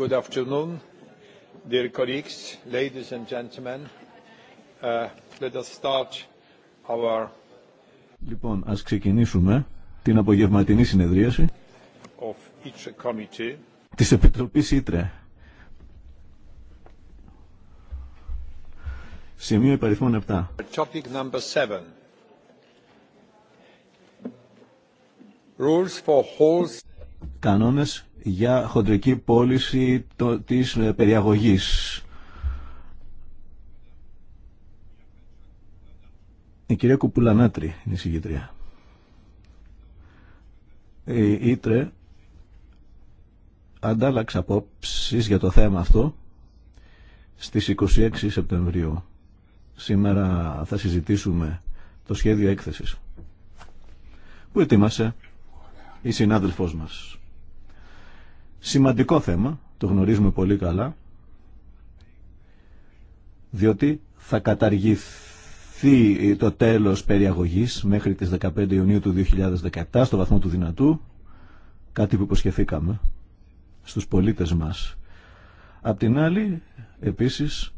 Good afternoon, dear colleagues, ladies and gentlemen. Let us start our... Λοιπόν, ας ξεκινήσουμε την απογευματινή συνεδρίαση of each committee. της Επιτροπής Ήτρε. Σημείο υπαριθμών 7. Topic number 7. rules Κανόνες για χοντρική πώληση το, της ε, περιαγωγής. Η κυρία Κουπουλανάτρη είναι η συγγητρία. Η Ήτρε αντάλλαξε απόψεις για το θέμα αυτό στις 26 Σεπτεμβρίου. Σήμερα θα συζητήσουμε το σχέδιο έκθεσης που ετοίμασε η συνάδελφός μας. Σημαντικό θέμα, το γνωρίζουμε πολύ καλά, διότι θα καταργηθεί το τέλος περιαγωγής μέχρι τις 15 Ιουνίου του 2017 στο βαθμό του δυνατού, κάτι που υποσχεθήκαμε στους πολίτες μας. Απ' την άλλη, επίσης,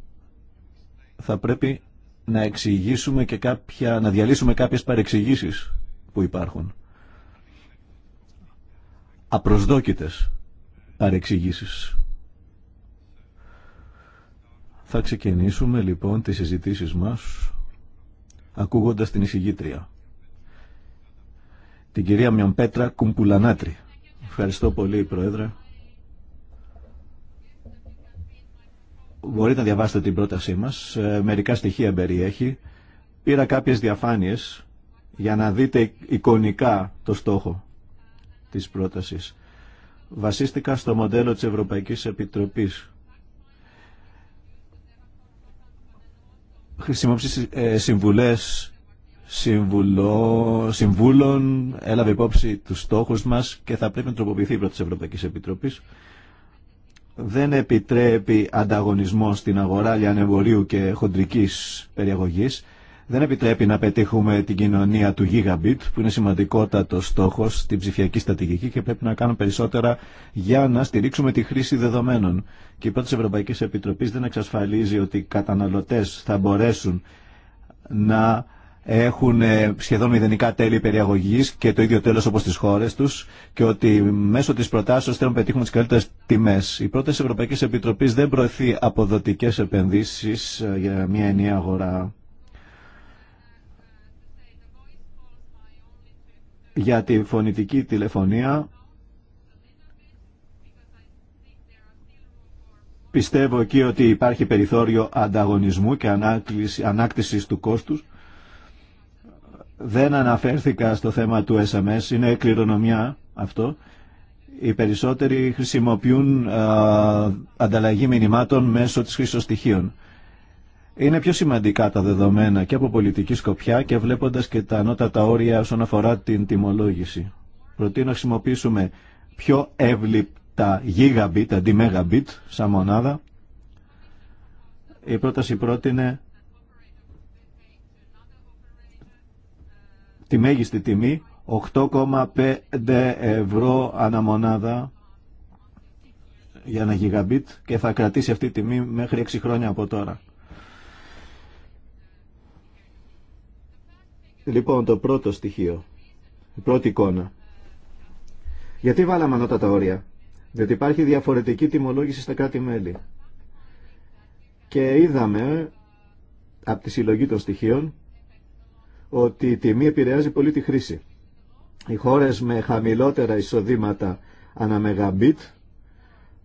θα πρέπει να εξηγήσουμε και κάποια, να διαλύσουμε κάποιες παρεξηγήσεις που υπάρχουν απροσδόκητες παρεξηγήσεις. Θα ξεκινήσουμε λοιπόν τις συζητήσεις μας ακούγοντας την εισηγήτρια. Την κυρία Μιονπέτρα Κουμπουλανάτρη. Ευχαριστώ πολύ Πρόεδρε. Μπορείτε να διαβάσετε την πρότασή μας. Ε, μερικά στοιχεία περιέχει. Πήρα κάποιες διαφάνειες για να δείτε εικονικά το στόχο της πρότασης. Βασίστηκα στο μοντέλο της Ευρωπαϊκής Επιτροπής. Χρησιμοποίησε ε, συμβουλές συμβουλό, συμβούλων, έλαβε υπόψη τους στόχους μας και θα πρέπει να τροποποιηθεί η πρώτη της Ευρωπαϊκής Επιτροπής. Δεν επιτρέπει ανταγωνισμό στην αγορά λιανεμπορίου και χοντρικής περιαγωγής δεν επιτρέπει να πετύχουμε την κοινωνία του Gigabit, που είναι σημαντικότατο στόχο στην ψηφιακή στρατηγική και πρέπει να κάνουμε περισσότερα για να στηρίξουμε τη χρήση δεδομένων. Και η πρώτη Ευρωπαϊκή Επιτροπή δεν εξασφαλίζει ότι οι καταναλωτέ θα μπορέσουν να έχουν ε, σχεδόν μηδενικά τέλη περιαγωγή και το ίδιο τέλο όπω στι χώρε του και ότι μέσω τη προτάσεω θέλουν να πετύχουμε τι καλύτερε τιμέ. Η πρόταση Ευρωπαϊκή Επιτροπή δεν προωθεί αποδοτικέ επενδύσει ε, για μια ενιαία αγορά. για τη φωνητική τηλεφωνία πιστεύω εκεί ότι υπάρχει περιθώριο ανταγωνισμού και ανάκτησης του κόστους δεν αναφέρθηκα στο θέμα του SMS, είναι κληρονομιά αυτό. Οι περισσότεροι χρησιμοποιούν ανταλλαγή μηνυμάτων μέσω της χρήσης στοιχείων είναι πιο σημαντικά τα δεδομένα και από πολιτική σκοπιά και βλέποντας και τα ανώτατα όρια όσον αφορά την τιμολόγηση. Προτείνω να χρησιμοποιήσουμε πιο εύληπτα gigabit αντί megabit σαν μονάδα. Η πρόταση πρότεινε τη μέγιστη τιμή 8,5 ευρώ αναμονάδα για ένα γιγαμπίτ και θα κρατήσει αυτή τη τιμή μέχρι 6 χρόνια από τώρα. Λοιπόν, το πρώτο στοιχείο, η πρώτη εικόνα. Γιατί βάλαμε ανώτατα τα όρια. Διότι υπάρχει διαφορετική τιμολόγηση στα κράτη-μέλη. Και είδαμε ε, από τη συλλογή των στοιχείων ότι η τιμή επηρεάζει πολύ τη χρήση. Οι χώρες με χαμηλότερα εισοδήματα αναμεγαμπίτ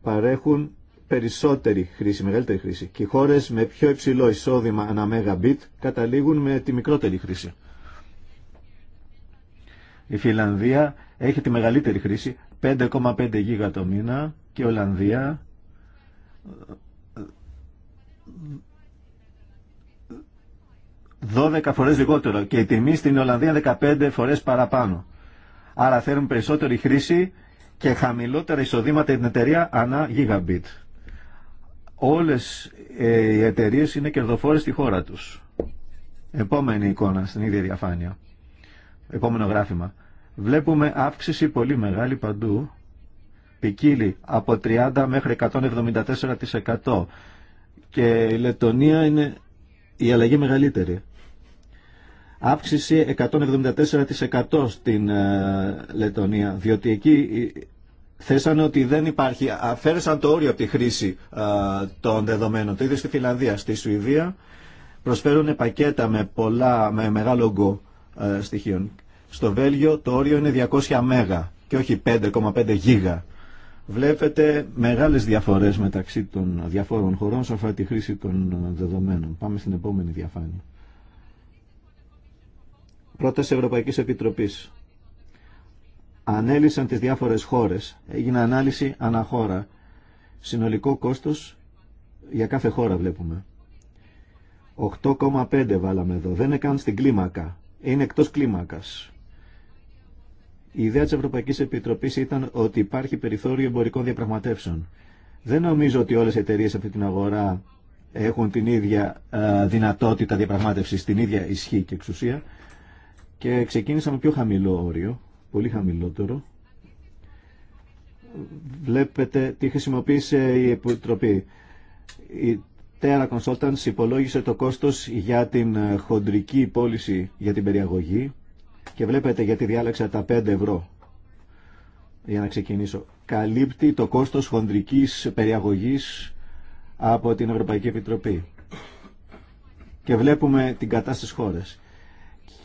παρέχουν περισσότερη χρήση, μεγαλύτερη χρήση. Και οι χώρες με πιο υψηλό εισόδημα μεγαμπίτ καταλήγουν με τη μικρότερη χρήση. Η Φιλανδία έχει τη μεγαλύτερη χρήση, 5,5 γίγα το μήνα και η Ολλανδία 12 φορές λιγότερο και η τιμή στην Ολλανδία 15 φορές παραπάνω. Άρα θέλουν περισσότερη χρήση και χαμηλότερα εισοδήματα την εταιρεία ανά γίγαμπιτ. Όλες ε, οι εταιρείες είναι κερδοφόρες στη χώρα τους. Επόμενη εικόνα στην ίδια διαφάνεια επόμενο γράφημα. Βλέπουμε αύξηση πολύ μεγάλη παντού, πικίλη από 30 μέχρι 174% και η Λετωνία είναι η αλλαγή μεγαλύτερη. Αύξηση 174% στην ε, Λετωνία, διότι εκεί ε, θέσανε ότι δεν υπάρχει, αφαίρεσαν το όριο από τη χρήση ε, των δεδομένων. Το ίδιο στη Φιλανδία, στη Σουηδία προσφέρουν πακέτα με πολλά, με μεγάλο γκο ε, Στο Βέλγιο το όριο είναι 200 μέγα και όχι 5,5 γίγα. Βλέπετε μεγάλες διαφορές μεταξύ των διαφόρων χωρών σε αυτή τη χρήση των δεδομένων. Πάμε στην επόμενη διαφάνεια. Πρόταση Ευρωπαϊκής Επιτροπής. Ανέλησαν τις διάφορες χώρες. Έγινε ανάλυση αναχώρα. Συνολικό κόστος για κάθε χώρα βλέπουμε. 8,5 βάλαμε εδώ. Δεν είναι καν στην κλίμακα είναι εκτός κλίμακας. Η ιδέα της Ευρωπαϊκής Επιτροπής ήταν ότι υπάρχει περιθώριο εμπορικών διαπραγματεύσεων. Δεν νομίζω ότι όλες οι εταιρείες αυτή την αγορά έχουν την ίδια ε, δυνατότητα διαπραγμάτευσης, την ίδια ισχύ και εξουσία και ξεκίνησα με πιο χαμηλό όριο, πολύ χαμηλότερο. Βλέπετε τι χρησιμοποίησε η Επιτροπή. Τέρα Consultants υπολόγισε το κόστος για την ε, χοντρική πώληση για την περιαγωγή και βλέπετε γιατί διάλεξα τα 5 ευρώ για να ξεκινήσω. Καλύπτει το κόστος χοντρικής περιαγωγής από την Ευρωπαϊκή Επιτροπή. Και βλέπουμε την κατάσταση χώρες.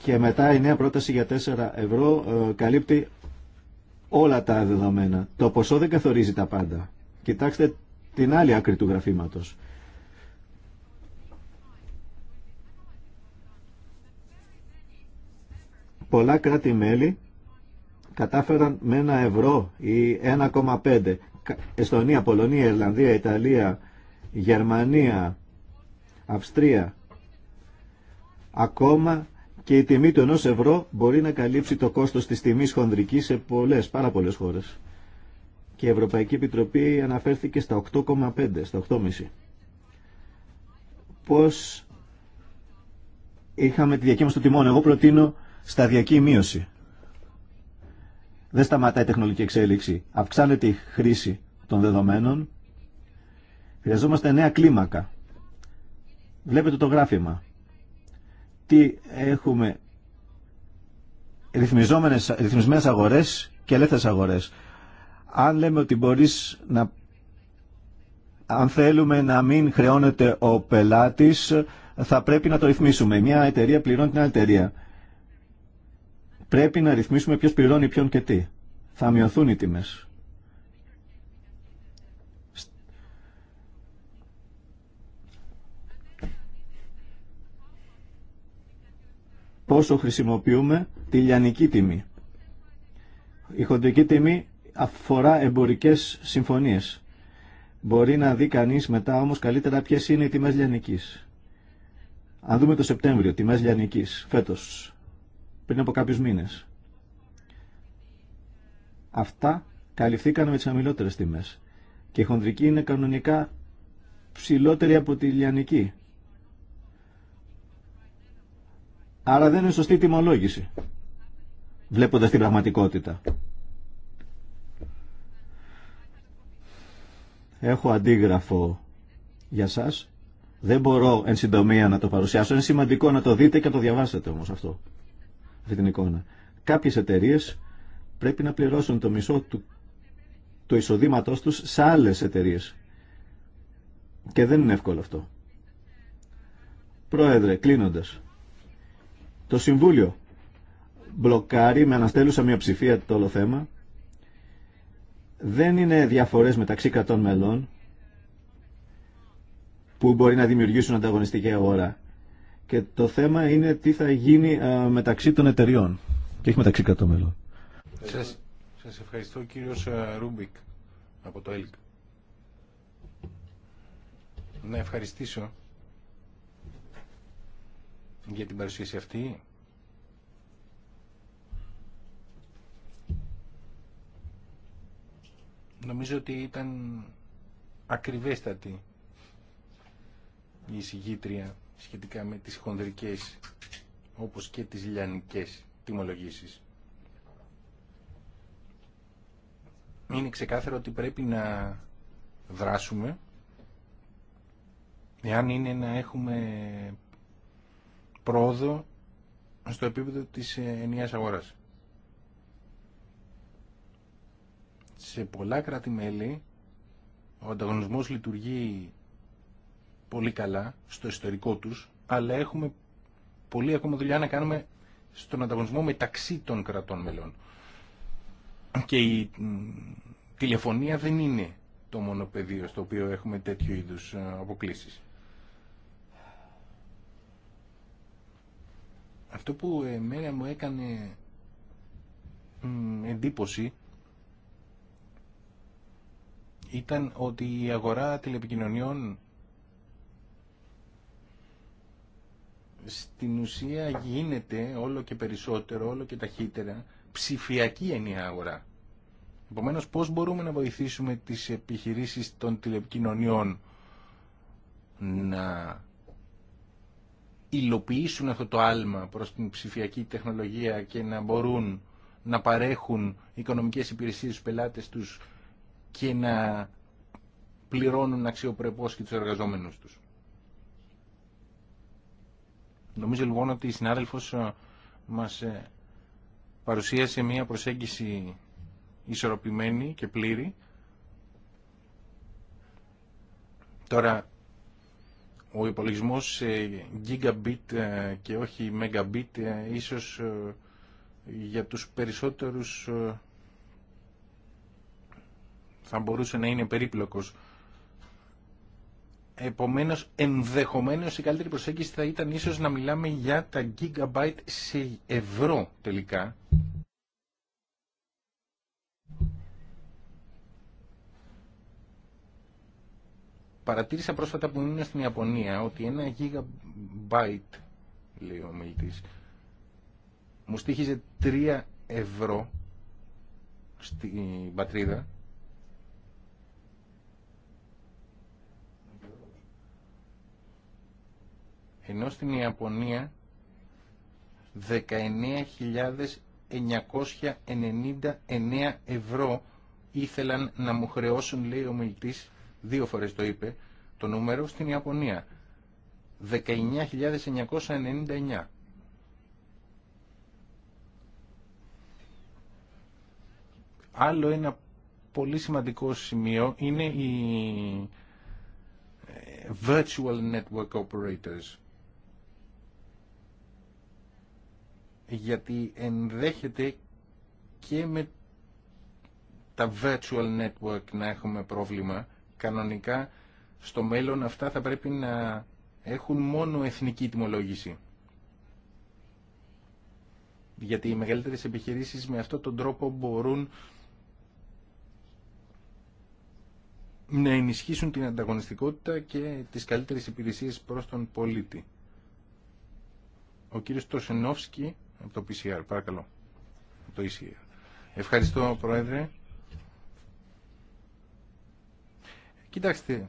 Και μετά η νέα πρόταση για 4 ευρώ ε, καλύπτει όλα τα δεδομένα. Το ποσό δεν καθορίζει τα πάντα. Κοιτάξτε την άλλη άκρη του γραφήματος. πολλά κράτη-μέλη κατάφεραν με ένα ευρώ ή 1,5. Εστονία, Πολωνία, Ιρλανδία, Ιταλία, Γερμανία, Αυστρία. Ακόμα και η τιμή του ενός ευρώ μπορεί να καλύψει το κόστος της τιμής χονδρικής σε πολλές, πάρα πολλές χώρες. Και η Ευρωπαϊκή Επιτροπή αναφέρθηκε στα 8,5, στα 8,5. Πώς είχαμε τη διακύμαση του τιμών. Εγώ προτείνω σταδιακή μείωση. Δεν σταματάει η τεχνολογική εξέλιξη. Αυξάνεται η χρήση των δεδομένων. Χρειαζόμαστε νέα κλίμακα. Βλέπετε το γράφημα. Τι έχουμε ρυθμιζόμενες, ρυθμισμένες αγορές και ελεύθερες αγορές. Αν λέμε ότι μπορείς να... Αν θέλουμε να μην χρεώνεται ο πελάτης, θα πρέπει να το ρυθμίσουμε. Μια εταιρεία πληρώνει την άλλη εταιρεία. Πρέπει να ρυθμίσουμε ποιος πληρώνει ποιον και τι. Θα μειωθούν οι τιμές. Πόσο χρησιμοποιούμε τη λιανική τιμή. Η χοντρική τιμή αφορά εμπορικές συμφωνίες. Μπορεί να δει κανείς μετά όμως καλύτερα ποιες είναι οι τιμές λιανικής. Αν δούμε το Σεπτέμβριο, τιμές λιανικής, φέτος, πριν από κάποιους μήνες. Αυτά καλυφθήκαν με τις χαμηλότερε τιμές και η χονδρική είναι κανονικά ψηλότερη από τη λιανική. Άρα δεν είναι σωστή τιμολόγηση, βλέποντας την πραγματικότητα. Έχω αντίγραφο για σας. Δεν μπορώ εν συντομία να το παρουσιάσω. Είναι σημαντικό να το δείτε και να το διαβάσετε όμως αυτό αυτή Κάποιες εταιρείε πρέπει να πληρώσουν το μισό του το εισοδήματός τους σε άλλες εταιρείε. Και δεν είναι εύκολο αυτό. Πρόεδρε, κλείνοντας, το Συμβούλιο μπλοκάρει με αναστέλουσα ψηφία το όλο θέμα. Δεν είναι διαφορές μεταξύ κρατών μελών που μπορεί να δημιουργήσουν ανταγωνιστική αγορά. Και το θέμα είναι τι θα γίνει ε, μεταξύ των εταιριών και όχι μεταξύ κατώμελων. Σας, σας ευχαριστώ κύριος ε, Ρούμπικ από το ΕΛΚ. Να ευχαριστήσω για την παρουσίαση αυτή. Νομίζω ότι ήταν ακριβέστατη η συγκήτρια σχετικά με τις χονδρικές όπως και τις λιανικές τιμολογήσεις. Είναι ξεκάθαρο ότι πρέπει να δράσουμε εάν είναι να έχουμε πρόοδο στο επίπεδο της ενιαίας αγοράς. Σε πολλά κράτη-μέλη ο ανταγωνισμός λειτουργεί πολύ καλά στο ιστορικό τους, αλλά έχουμε πολύ ακόμα δουλειά να κάνουμε στον ανταγωνισμό μεταξύ των κρατών μελών. Και η τηλεφωνία δεν είναι το μόνο πεδίο στο οποίο έχουμε τέτοιου είδους ε, αποκλήσεις. Αυτό που εμένα μου έκανε εντύπωση ήταν ότι η αγορά τηλεπικοινωνιών στην ουσία γίνεται όλο και περισσότερο, όλο και ταχύτερα ψηφιακή ενιαία αγορά. Επομένω, πώς μπορούμε να βοηθήσουμε τις επιχειρήσεις των τηλεπικοινωνιών να υλοποιήσουν αυτό το άλμα προς την ψηφιακή τεχνολογία και να μπορούν να παρέχουν οικονομικές υπηρεσίες στους πελάτες τους και να πληρώνουν αξιοπρεπώς και τους εργαζόμενους τους. Νομίζω λοιπόν ότι η συνάδελφος ε, μας ε, παρουσίασε μια προσέγγιση ισορροπημένη και πλήρη. Τώρα, ο υπολογισμός σε gigabit ε, και όχι megabit ίσως για τους περισσότερους θα μπορούσε να είναι περίπλοκος Επομένως, ενδεχομένως η καλύτερη προσέγγιση θα ήταν ίσως να μιλάμε για τα gigabyte σε ευρώ τελικά. Παρατήρησα πρόσφατα που ήμουν στην Ιαπωνία ότι ένα gigabyte, λέει ο μιλητής, μου στήχιζε 3 ευρώ στην πατρίδα ενώ στην Ιαπωνία 19.999 ευρώ ήθελαν να μου χρεώσουν, λέει ο μιλητής, δύο φορές το είπε, το νούμερο στην Ιαπωνία. 19.999. Άλλο ένα πολύ σημαντικό σημείο είναι οι ε, virtual network operators γιατί ενδέχεται και με τα virtual network να έχουμε πρόβλημα. Κανονικά στο μέλλον αυτά θα πρέπει να έχουν μόνο εθνική τιμολόγηση. Γιατί οι μεγαλύτερες επιχειρήσεις με αυτόν τον τρόπο μπορούν να ενισχύσουν την ανταγωνιστικότητα και τις καλύτερες υπηρεσίες προς τον πολίτη. Ο κύριος Τροσενόφσκι το PCR, παρακαλώ. Το ECR. Ευχαριστώ, Πρόεδρε. Κοιτάξτε,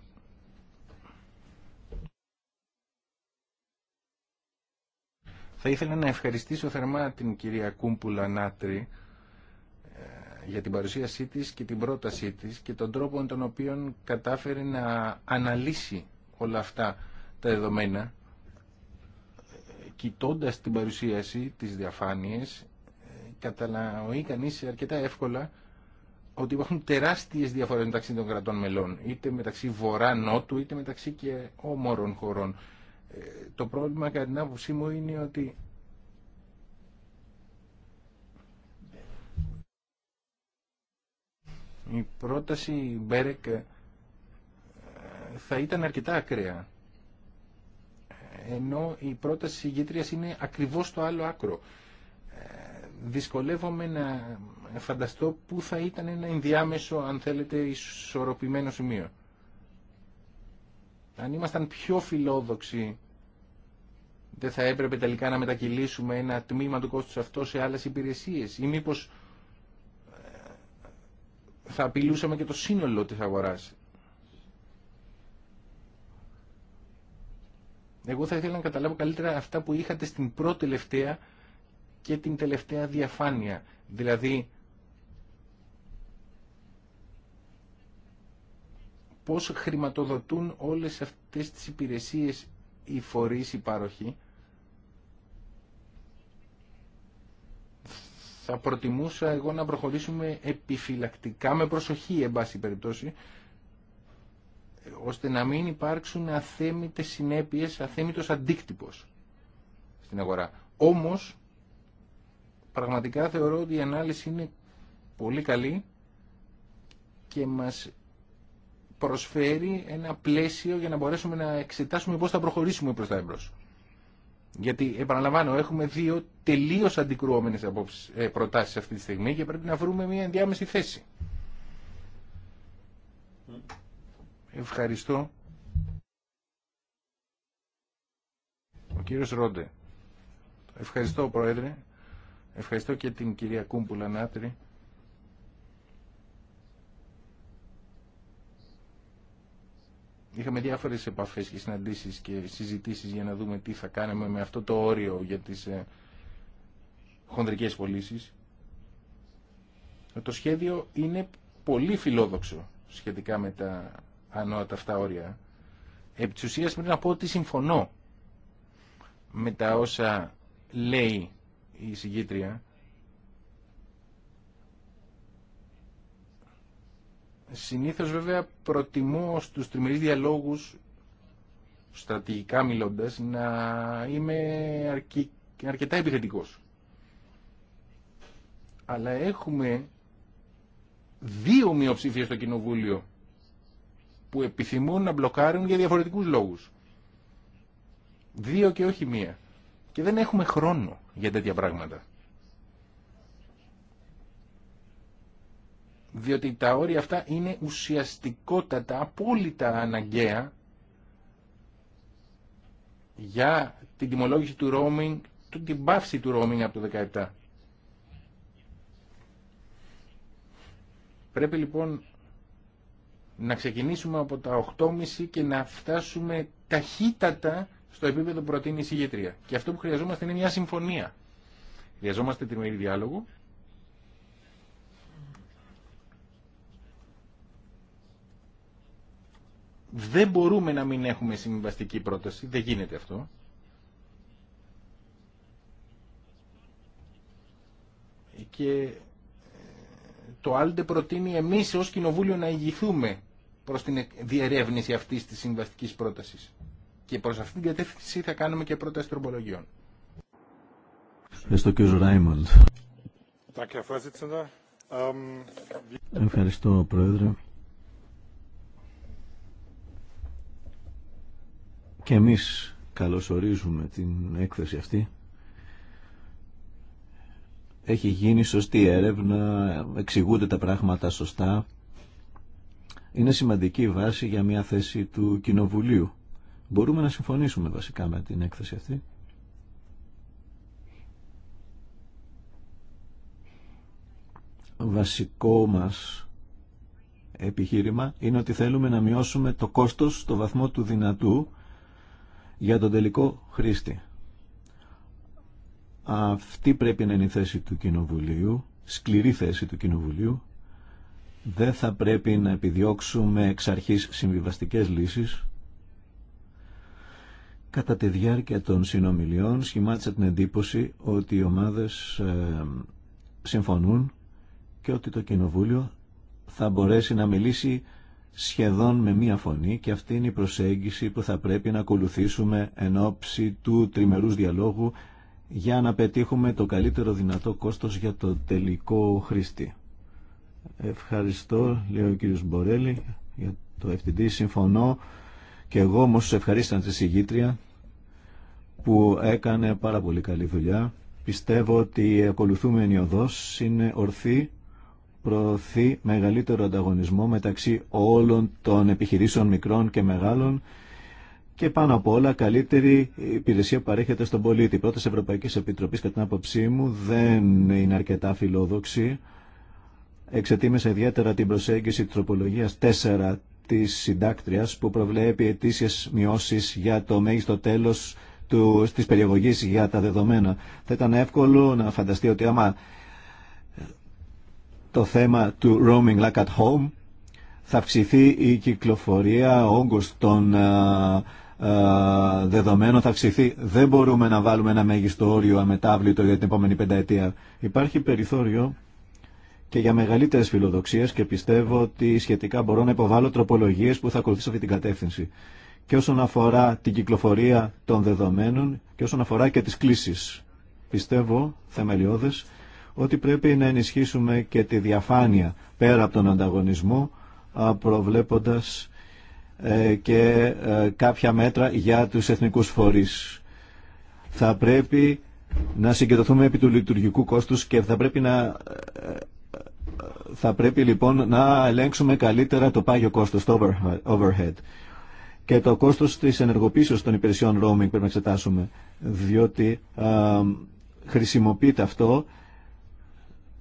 Θα ήθελα να ευχαριστήσω θερμά την κυρία Κούμπουλα Νάτρη ε, για την παρουσίασή της και την πρότασή της και τον τρόπο τον οποίο κατάφερε να αναλύσει όλα αυτά τα δεδομένα κοιτώντας την παρουσίαση της διαφάνειας ε, κατανοεί κανείς αρκετά εύκολα ότι υπάρχουν τεράστιες διαφορές μεταξύ των κρατών μελών, είτε μεταξύ βορρά-νότου, είτε μεταξύ και όμορων χωρών. Ε, το πρόβλημα κατά την άποψή μου είναι ότι η πρόταση Μπέρεκ ε, θα ήταν αρκετά ακραία ενώ η πρόταση συγκήτριας είναι ακριβώς το άλλο άκρο. Ε, δυσκολεύομαι να φανταστώ πού θα ήταν ένα ενδιάμεσο, αν θέλετε, ισορροπημένο σημείο. Αν ήμασταν πιο φιλόδοξοι, δεν θα έπρεπε τελικά να μετακυλήσουμε ένα τμήμα του κόστους αυτό σε άλλες υπηρεσίες ή μήπως ε, θα απειλούσαμε και το σύνολο της αγοράς. Εγώ θα ήθελα να καταλάβω καλύτερα αυτά που είχατε στην πρώτη τελευταία και την τελευταία διαφάνεια. Δηλαδή, πώς χρηματοδοτούν όλες αυτές τις υπηρεσίες οι φορείς, οι πάροχοι. Θα προτιμούσα εγώ να προχωρήσουμε επιφυλακτικά, με προσοχή, εν πάση περιπτώσει, ώστε να μην υπάρξουν αθέμητες συνέπειες, αθέμητος αντίκτυπος στην αγορά. Όμως, πραγματικά θεωρώ ότι η ανάλυση είναι πολύ καλή και μας προσφέρει ένα πλαίσιο για να μπορέσουμε να εξετάσουμε πώς θα προχωρήσουμε προς τα εμπρός. Γιατί, επαναλαμβάνω, έχουμε δύο τελείως αντικρουόμενες ε, προτάσεις αυτή τη στιγμή και πρέπει να βρούμε μια ενδιάμεση θέση. Ευχαριστώ. Ο κύριος Ρόντε. Ευχαριστώ, Πρόεδρε. Ευχαριστώ και την κυρία Κούμπουλα Νάτρη. Είχαμε διάφορες επαφές και συναντήσεις και συζητήσεις για να δούμε τι θα κάνουμε με αυτό το όριο για τις ε, χονδρικές πωλήσει. Το σχέδιο είναι πολύ φιλόδοξο σχετικά με τα ανώτατα αυτά όρια. Επί της ουσίας πρέπει να πω ότι συμφωνώ με τα όσα λέει η συγκήτρια Συνήθως βέβαια προτιμώ στους τριμερείς διαλόγους, στρατηγικά μιλώντας, να είμαι αρκετά επιθετικός. Αλλά έχουμε δύο μειοψήφια στο Κοινοβούλιο που επιθυμούν να μπλοκάρουν για διαφορετικούς λόγους. Δύο και όχι μία. Και δεν έχουμε χρόνο για τέτοια πράγματα. Διότι τα όρια αυτά είναι ουσιαστικότατα, απόλυτα αναγκαία για την τιμολόγηση του roaming, την πάυση του roaming από το 17. Πρέπει λοιπόν να ξεκινήσουμε από τα 8,5 και να φτάσουμε ταχύτατα στο επίπεδο που προτείνει η συγγετρία. Και αυτό που χρειαζόμαστε είναι μια συμφωνία. Χρειαζόμαστε τριμερή διάλογο. Δεν μπορούμε να μην έχουμε συμβαστική πρόταση, δεν γίνεται αυτό. Και το Άλντε προτείνει εμείς ως Κοινοβούλιο να ηγηθούμε προς την διερεύνηση αυτής της συμβαστικής πρότασης. Και προς αυτήν την κατεύθυνση θα κάνουμε και πρόταση τροπολογιών. Ευχαριστώ Ράιμοντ. Ευχαριστώ Πρόεδρε. Και εμείς καλωσορίζουμε την έκθεση αυτή έχει γίνει σωστή έρευνα, εξηγούνται τα πράγματα σωστά. Είναι σημαντική βάση για μια θέση του Κοινοβουλίου. Μπορούμε να συμφωνήσουμε βασικά με την έκθεση αυτή. Βασικό μας επιχείρημα είναι ότι θέλουμε να μειώσουμε το κόστος στο βαθμό του δυνατού για τον τελικό χρήστη. Αυτή πρέπει να είναι η θέση του Κοινοβουλίου, σκληρή θέση του Κοινοβουλίου. Δεν θα πρέπει να επιδιώξουμε εξ αρχής συμβιβαστικές λύσεις. Κατά τη διάρκεια των συνομιλιών σχημάτισε την εντύπωση ότι οι ομάδες ε, συμφωνούν και ότι το Κοινοβούλιο θα μπορέσει να μιλήσει σχεδόν με μία φωνή και αυτή είναι η προσέγγιση που θα πρέπει να ακολουθήσουμε εν ώψη του τριμερούς διαλόγου για να πετύχουμε το καλύτερο δυνατό κόστος για το τελικό χρήστη. Ευχαριστώ, λέει ο κύριος Μπορέλη, για το FTD. Συμφωνώ και εγώ όμως ευχαρίστησα τη συγγήτρια που έκανε πάρα πολύ καλή δουλειά. Πιστεύω ότι η ακολουθούμενη οδός είναι ορθή, προωθεί μεγαλύτερο ανταγωνισμό μεταξύ όλων των επιχειρήσεων μικρών και μεγάλων και πάνω απ' όλα καλύτερη υπηρεσία που παρέχεται στον πολίτη. Η πρώτης Ευρωπαϊκή Επιτροπή, κατά την άποψή μου, δεν είναι αρκετά φιλόδοξη. Εξετίμησα ιδιαίτερα την προσέγγιση τροπολογία 4 τη συντάκτρια που προβλέπει ετήσιε μειώσει για το μέγιστο τέλο τη περιεγωγή για τα δεδομένα. Θα ήταν εύκολο να φανταστεί ότι άμα το θέμα του roaming like at home θα αυξηθεί η κυκλοφορία, όγκος των ε, δεδομένο θα αυξηθεί. Δεν μπορούμε να βάλουμε ένα μέγιστο όριο αμετάβλητο για την επόμενη πενταετία. Υπάρχει περιθώριο και για μεγαλύτερε φιλοδοξίε και πιστεύω ότι σχετικά μπορώ να υποβάλω τροπολογίε που θα ακολουθήσω αυτή την κατεύθυνση. Και όσον αφορά την κυκλοφορία των δεδομένων και όσον αφορά και τι κλήσει. Πιστεύω, θεμελιώδε, ότι πρέπει να ενισχύσουμε και τη διαφάνεια πέρα από τον ανταγωνισμό προβλέποντας ε, και ε, κάποια μέτρα για τους εθνικούς φορείς. Θα πρέπει να συγκεντρωθούμε επί του λειτουργικού κόστους και θα πρέπει να... Ε, θα πρέπει λοιπόν να ελέγξουμε καλύτερα το πάγιο κόστος, το overhead και το κόστος της ενεργοποίησης των υπηρεσιών roaming πρέπει να εξετάσουμε διότι χρησιμοποιείται αυτό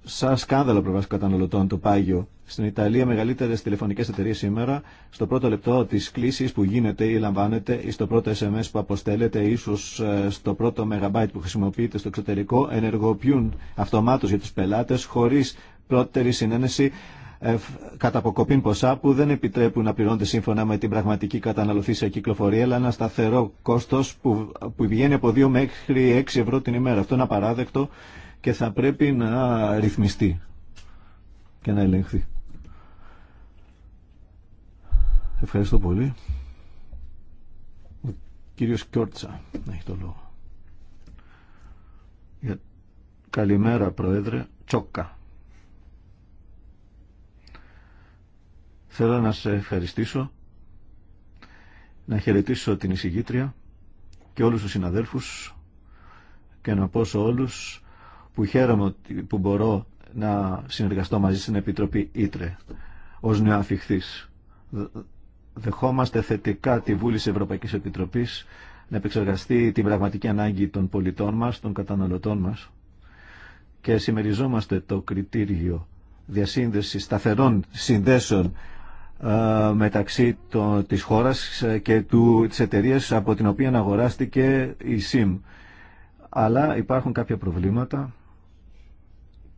σαν σκάνδαλο προβάσεις καταναλωτών το πάγιο στην Ιταλία μεγαλύτερες τηλεφωνικές εταιρείες σήμερα στο πρώτο λεπτό της κλήσης που γίνεται ή λαμβάνεται ή στο πρώτο SMS που αποστέλλεται ίσως ε, στο πρώτο megabyte που χρησιμοποιείται στο εξωτερικό ενεργοποιούν αυτομάτως για τους πελάτες χωρίς πρώτερη συνένεση ε, κατά αποκοπήν ποσά που δεν επιτρέπουν να πληρώνται σύμφωνα με την πραγματική καταναλωθή σε κυκλοφορία, αλλά ένα σταθερό κόστο που, που βγαίνει από 2 μέχρι 6 ευρώ την ημέρα. Αυτό είναι απαράδεκτο και θα πρέπει να ρυθμιστεί και να ελεγχθεί. Ευχαριστώ πολύ. Ο κύριος Κιόρτσα έχει το λόγο. Για... Καλημέρα Πρόεδρε Τσόκα. Θέλω να σε ευχαριστήσω, να χαιρετήσω την εισηγήτρια και όλους τους συναδέλφους και να πω σε όλους που χαίρομαι που μπορώ να συνεργαστώ μαζί στην Επιτροπή Ήτρε ως νεοαφιχθής δεχόμαστε θετικά τη βούληση Ευρωπαϊκής Επιτροπής να επεξεργαστεί την πραγματική ανάγκη των πολιτών μας, των καταναλωτών μας και συμμεριζόμαστε το κριτήριο διασύνδεσης σταθερών συνδέσεων ε, μεταξύ το, της χώρας ε, και του, της εταιρεία από την οποία αγοράστηκε η ΣΥΜ. Αλλά υπάρχουν κάποια προβλήματα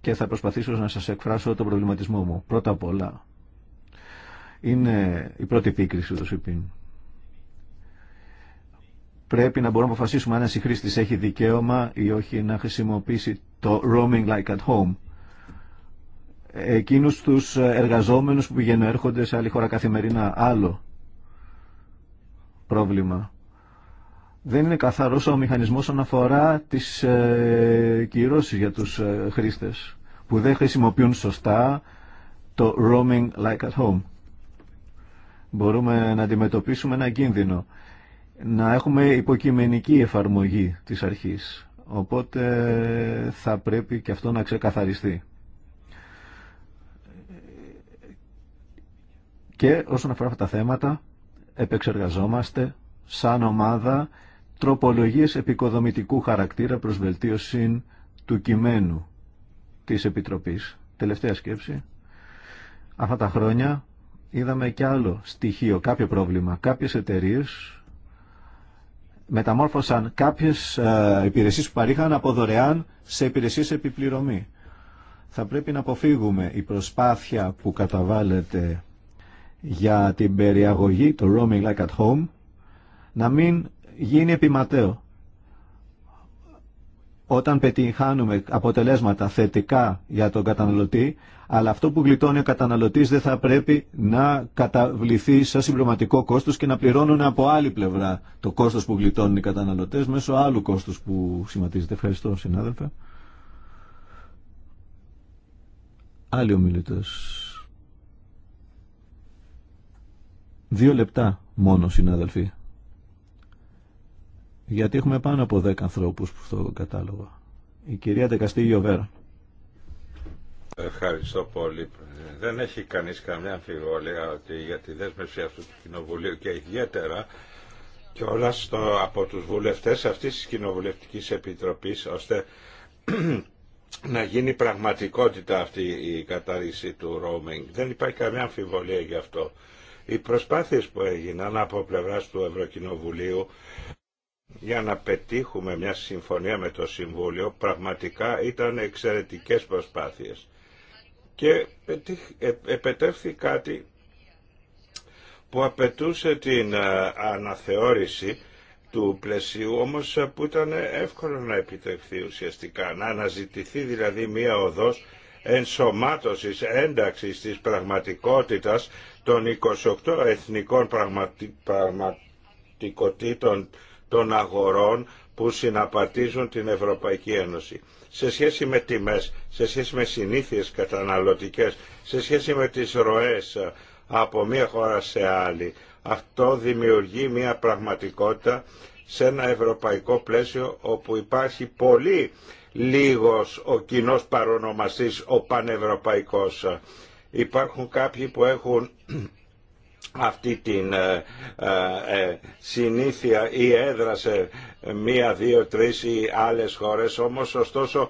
και θα προσπαθήσω να σας εκφράσω τον προβληματισμό μου. Πρώτα απ' όλα, είναι η πρώτη επίκριση του ΣΥΠΗΝ. Πρέπει να μπορούμε να αποφασίσουμε αν ένα χρήστης έχει δικαίωμα ή όχι να χρησιμοποιήσει το roaming like at home. Εκείνους τους εργαζόμενους που πηγαίνουν έρχονται σε άλλη χώρα καθημερινά. Άλλο πρόβλημα. Δεν είναι καθαρός ο μηχανισμός όσον αφορά τις ε, κυρώσεις για τους ε, χρήστες που δεν χρησιμοποιούν σωστά το roaming like at home μπορούμε να αντιμετωπίσουμε ένα κίνδυνο. Να έχουμε υποκειμενική εφαρμογή της αρχής. Οπότε θα πρέπει και αυτό να ξεκαθαριστεί. Και όσον αφορά αυτά τα θέματα, επεξεργαζόμαστε σαν ομάδα τροπολογίες επικοδομητικού χαρακτήρα προς βελτίωση του κειμένου της Επιτροπής. Τελευταία σκέψη. Αυτά τα χρόνια είδαμε και άλλο στοιχείο, κάποιο πρόβλημα. Κάποιες εταιρείε μεταμόρφωσαν κάποιες ε, υπηρεσίες που παρήχαν από δωρεάν σε υπηρεσίες επιπληρωμή. Θα πρέπει να αποφύγουμε η προσπάθεια που καταβάλλεται για την περιαγωγή, το roaming like at home, να μην γίνει επιματέο όταν πετυχάνουμε αποτελέσματα θετικά για τον καταναλωτή, αλλά αυτό που γλιτώνει ο καταναλωτής δεν θα πρέπει να καταβληθεί σαν συμπληρωματικό κόστο και να πληρώνουν από άλλη πλευρά το κόστος που γλιτώνουν οι καταναλωτέ μέσω άλλου κόστου που σχηματίζεται. Ευχαριστώ, συνάδελφε. Άλλοι ομιλητέ. Δύο λεπτά μόνο, συνάδελφοι γιατί έχουμε πάνω από 10 ανθρώπους που στο κατάλογο. Η κυρία Δεκαστήγιο Βέρα. Ευχαριστώ πολύ. Δεν έχει κανείς καμιά αμφιβολία ότι για τη δέσμευση αυτού του Κοινοβουλίου και ιδιαίτερα και όλα στο, από τους βουλευτές αυτής της Κοινοβουλευτικής Επιτροπής ώστε να γίνει πραγματικότητα αυτή η κατάρρηση του roaming. Δεν υπάρχει καμία αμφιβολία γι' αυτό. Οι προσπάθειες που έγιναν από πλευράς του Ευρωκοινοβουλίου για να πετύχουμε μια συμφωνία με το Συμβούλιο πραγματικά ήταν εξαιρετικές προσπάθειες και ε, επετεύθη κάτι που απαιτούσε την ε, αναθεώρηση του πλαισίου όμως ε, που ήταν εύκολο να επιτευχθεί ουσιαστικά να αναζητηθεί δηλαδή μια οδός ενσωμάτωσης, ένταξης της πραγματικότητας των 28 εθνικών πραγματικότητων των αγορών που συναπατίζουν την Ευρωπαϊκή Ένωση. Σε σχέση με τιμές, σε σχέση με συνήθειες καταναλωτικές, σε σχέση με τις ροές ε, από μία χώρα σε άλλη, αυτό δημιουργεί μία πραγματικότητα σε ένα ευρωπαϊκό πλαίσιο όπου υπάρχει πολύ λίγος ο κοινός παρονομαστής, ο πανευρωπαϊκός. Υπάρχουν κάποιοι που έχουν αυτή την ε, ε, συνήθεια ή έδρασε μία, δύο, τρεις ή άλλες χώρες όμως ωστόσο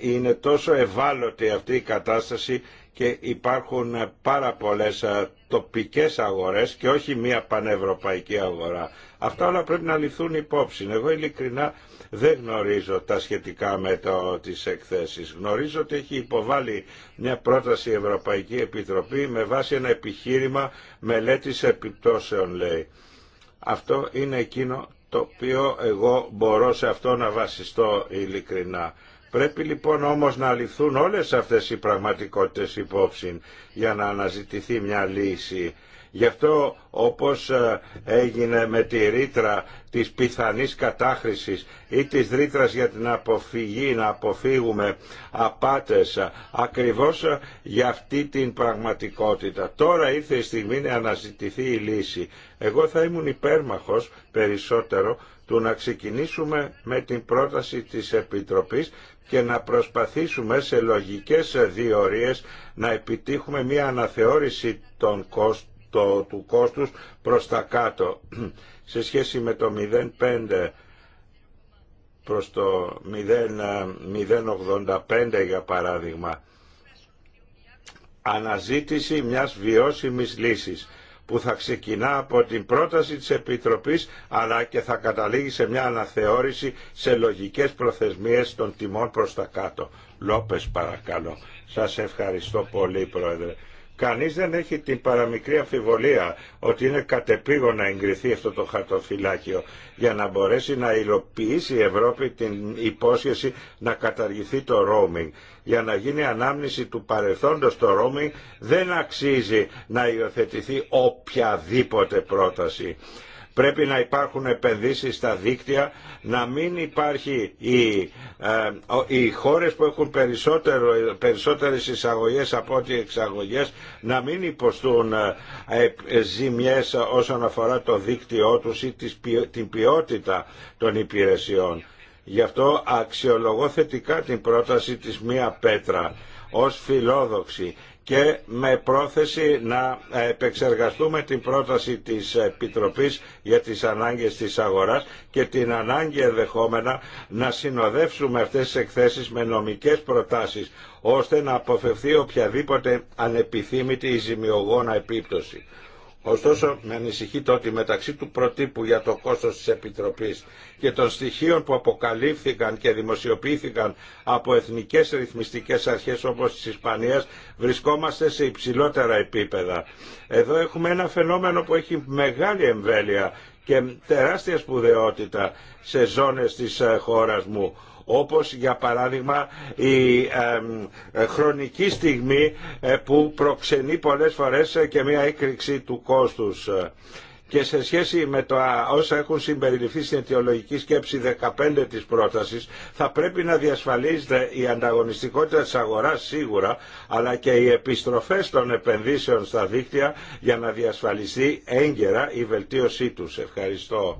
είναι τόσο ευάλωτη αυτή η κατάσταση και υπάρχουν πάρα πολλές ε, τοπικές αγορές και όχι μια πανευρωπαϊκή αγορά. Αυτά όλα πρέπει να ληφθούν υπόψη. Εγώ ειλικρινά δεν γνωρίζω τα σχετικά με το, τις εκθέσεις. Γνωρίζω ότι έχει υποβάλει μια πρόταση η Ευρωπαϊκή Επιτροπή με βάση ένα επιχείρημα μελέτης επιπτώσεων λέει. Αυτό είναι εκείνο το οποίο εγώ μπορώ σε αυτό να βασιστώ ειλικρινά. Πρέπει λοιπόν όμως να ληφθούν όλες αυτές οι πραγματικότητες υπόψη για να αναζητηθεί μια λύση. Γι' αυτό όπως ε, έγινε με τη ρήτρα της πιθανής κατάχρησης ή της ρήτρα για την αποφυγή, να αποφύγουμε απάτες, ε, ακριβώς ε, για αυτή την πραγματικότητα. Τώρα ήρθε η στιγμή να αναζητηθεί η λύση. Εγώ θα ήμουν υπέρμαχος περισσότερο του να ξεκινήσουμε με την πρόταση της Επιτροπής και να προσπαθήσουμε σε λογικές διορίες να επιτύχουμε μια αναθεώρηση των το, του κόστους προς τα κάτω σε σχέση με το 0,5 προς το 0,85 για παράδειγμα αναζήτηση μιας βιώσιμης λύσης που θα ξεκινά από την πρόταση της Επιτροπής αλλά και θα καταλήγει σε μια αναθεώρηση σε λογικές προθεσμίες των τιμών προς τα κάτω. Λόπες παρακαλώ. Σας ευχαριστώ πολύ Πρόεδρε. Κανείς δεν έχει την παραμικρή αμφιβολία ότι είναι κατεπήγον να εγκριθεί αυτό το χαρτοφυλάκιο για να μπορέσει να υλοποιήσει η Ευρώπη την υπόσχεση να καταργηθεί το roaming. Για να γίνει ανάμνηση του παρελθόντος το roaming δεν αξίζει να υιοθετηθεί οποιαδήποτε πρόταση. Πρέπει να υπάρχουν επενδύσεις στα δίκτυα, να μην υπάρχει ε, οι, ε, χώρες που έχουν περισσότερο, περισσότερες εισαγωγές από ό,τι εξαγωγές, να μην υποστούν ε, ε, ζημιές όσον αφορά το δίκτυό τους ή την ποιότητα των υπηρεσιών. Γι' αυτό αξιολογώ θετικά την πρόταση της Μία Πέτρα ως φιλόδοξη και με πρόθεση να επεξεργαστούμε την πρόταση της Επιτροπής για τις ανάγκες της αγοράς και την ανάγκη ενδεχόμενα να συνοδεύσουμε αυτές τις εκθέσεις με νομικές προτάσεις ώστε να αποφευθεί οποιαδήποτε ανεπιθύμητη ή ζημιογόνα επίπτωση. Ωστόσο, με ανησυχεί το ότι μεταξύ του προτύπου για το κόστος της Επιτροπής και των στοιχείων που αποκαλύφθηκαν και δημοσιοποιήθηκαν από εθνικές ρυθμιστικές αρχές όπως της Ισπανίας, βρισκόμαστε σε υψηλότερα επίπεδα. Εδώ έχουμε ένα φαινόμενο που έχει μεγάλη εμβέλεια και τεράστια σπουδαιότητα σε ζώνες της ε, χώρας μου όπως για παράδειγμα η ε, χρονική στιγμή ε, που προξενεί πολλές φορές ε, και μια έκρηξη του κόστους και σε σχέση με το όσα έχουν συμπεριληφθεί στην αιτιολογική σκέψη 15 της πρότασης θα πρέπει να διασφαλίζεται η ανταγωνιστικότητα της αγοράς σίγουρα αλλά και οι επιστροφές των επενδύσεων στα δίκτυα για να διασφαλιστεί έγκαιρα η βελτίωσή τους. Ευχαριστώ.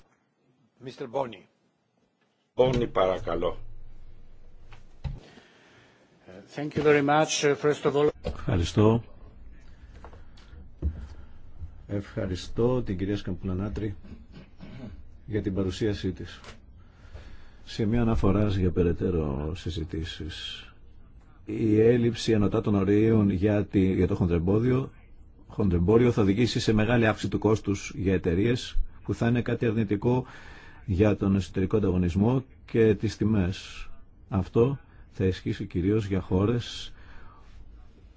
Μίστερ Μπόνι. Μπόνι παρακαλώ. Uh, Ευχαριστώ. Ευχαριστώ την κυρία Σκαμπουλανάτρη για την παρουσίασή της. Σε μια αναφορά για περαιτέρω συζητήσεις. Η έλλειψη ενωτά των ορίων για, για το χοντρεμπόδιο χοντρεμπόριο θα οδηγήσει σε μεγάλη αύξηση του κόστους για εταιρείε που θα είναι κάτι αρνητικό για τον εσωτερικό ανταγωνισμό και τις τιμές. Αυτό θα ισχύσει κυρίως για χώρες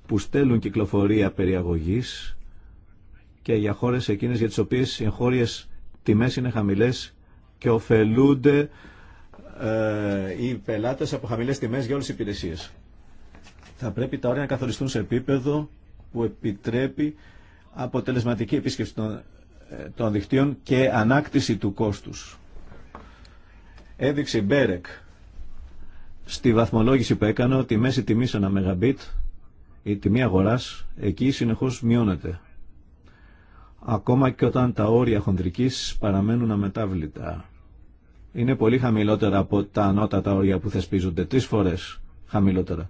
που στέλνουν κυκλοφορία περιαγωγής και για χώρες εκείνες για τις οποίες οι εγχώριες τιμές είναι χαμηλές και ωφελούνται ε, οι πελάτες από χαμηλές τιμές για όλες τις υπηρεσίες. Θα πρέπει τα όρια να καθοριστούν σε επίπεδο που επιτρέπει αποτελεσματική επίσκεψη των, ε, των δικτύων και ανάκτηση του κόστους. Έδειξε Μπέρεκ στη βαθμολόγηση που έκανα ότι η μέση τιμή σε ένα μεγαμπίτ, η τιμή αγοράς, εκεί συνεχώς μειώνεται. Ακόμα και όταν τα όρια χοντρικής παραμένουν αμετάβλητα. Είναι πολύ χαμηλότερα από τα ανώτατα όρια που θεσπίζονται, τρεις φορές χαμηλότερα.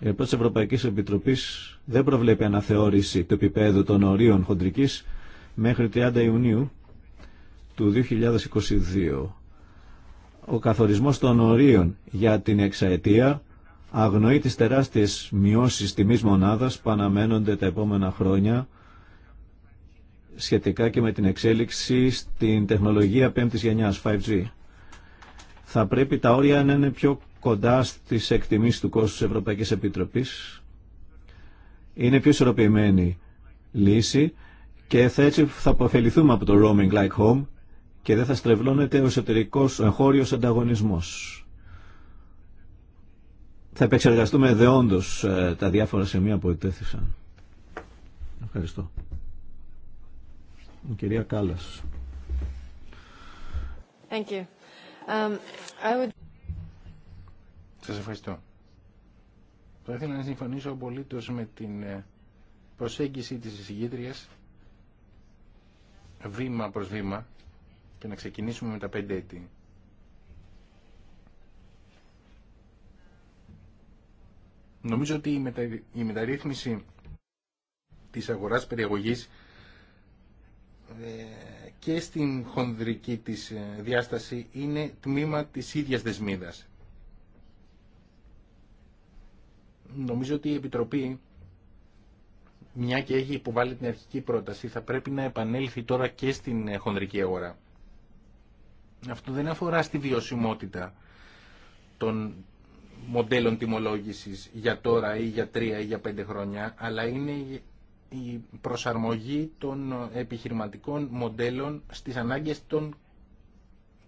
Η Ευρωπαϊκή της Επιτροπής δεν προβλέπει αναθεώρηση του επίπεδου των ορίων χοντρικής μέχρι 30 Ιουνίου του 2022. Ο καθορισμός των ορίων για την εξαετία αγνοεί τις τεράστιες μειώσεις τιμής μονάδας που αναμένονται τα επόμενα χρόνια σχετικά και με την εξέλιξη στην τεχνολογία πέμπτης γενιάς 5G. Θα πρέπει τα όρια να είναι πιο κοντά στις εκτιμήσεις του κόστου της Ευρωπαϊκής Επιτροπής. Είναι πιο ισορροπημένη λύση και θα έτσι θα αποφεληθούμε από το roaming like home και δεν θα στρεβλώνεται ο εσωτερικός εγχώριος ανταγωνισμός. Θα επεξεργαστούμε δεόντως ε, τα διάφορα σημεία που ετέθησαν. Ευχαριστώ. Η κυρία Κάλλας. Um, Σας ευχαριστώ. Θα ήθελα να συμφωνήσω απολύτως με την ε, προσέγγιση της εισηγήτριας βήμα προς βήμα και να ξεκινήσουμε με τα πέντε έτη. Νομίζω ότι η, μεταρρύθμιση της αγοράς περιεγωγής ε, και στην χονδρική της ε, διάσταση είναι τμήμα της ίδιας δεσμίδας. Νομίζω ότι η Επιτροπή, μια και έχει υποβάλει την αρχική πρόταση, θα πρέπει να επανέλθει τώρα και στην ε, χονδρική αγορά. Αυτό δεν αφορά στη βιωσιμότητα των μοντέλων τιμολόγησης για τώρα ή για τρία ή για πέντε χρόνια, αλλά είναι η προσαρμογή των επιχειρηματικών μοντέλων στις ανάγκες των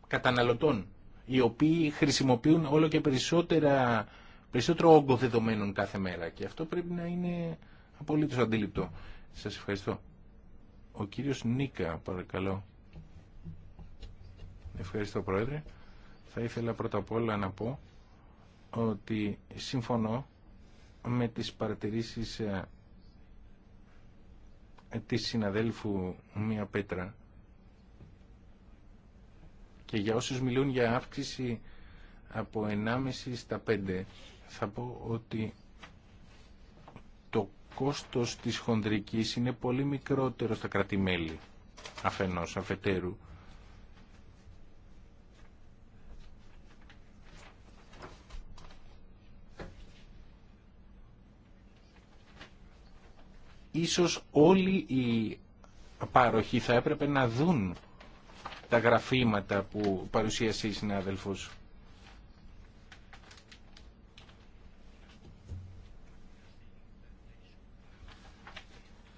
καταναλωτών, οι οποίοι χρησιμοποιούν όλο και περισσότερα, περισσότερο όγκο δεδομένων κάθε μέρα. Και αυτό πρέπει να είναι απολύτως αντιληπτό. Σας ευχαριστώ. Ο κύριος Νίκα, παρακαλώ. Ευχαριστώ Πρόεδρε. Θα ήθελα πρώτα απ' όλα να πω ότι συμφωνώ με τις παρατηρήσεις ε, της συναδέλφου Μία Πέτρα και για όσους μιλούν για αύξηση από 1,5 στα 5 θα πω ότι το κόστος της χονδρικής είναι πολύ μικρότερο στα κρατημέλη αφενός, αφετέρου ίσως όλοι οι πάροχοι θα έπρεπε να δουν τα γραφήματα που παρουσίασε η συνάδελφος.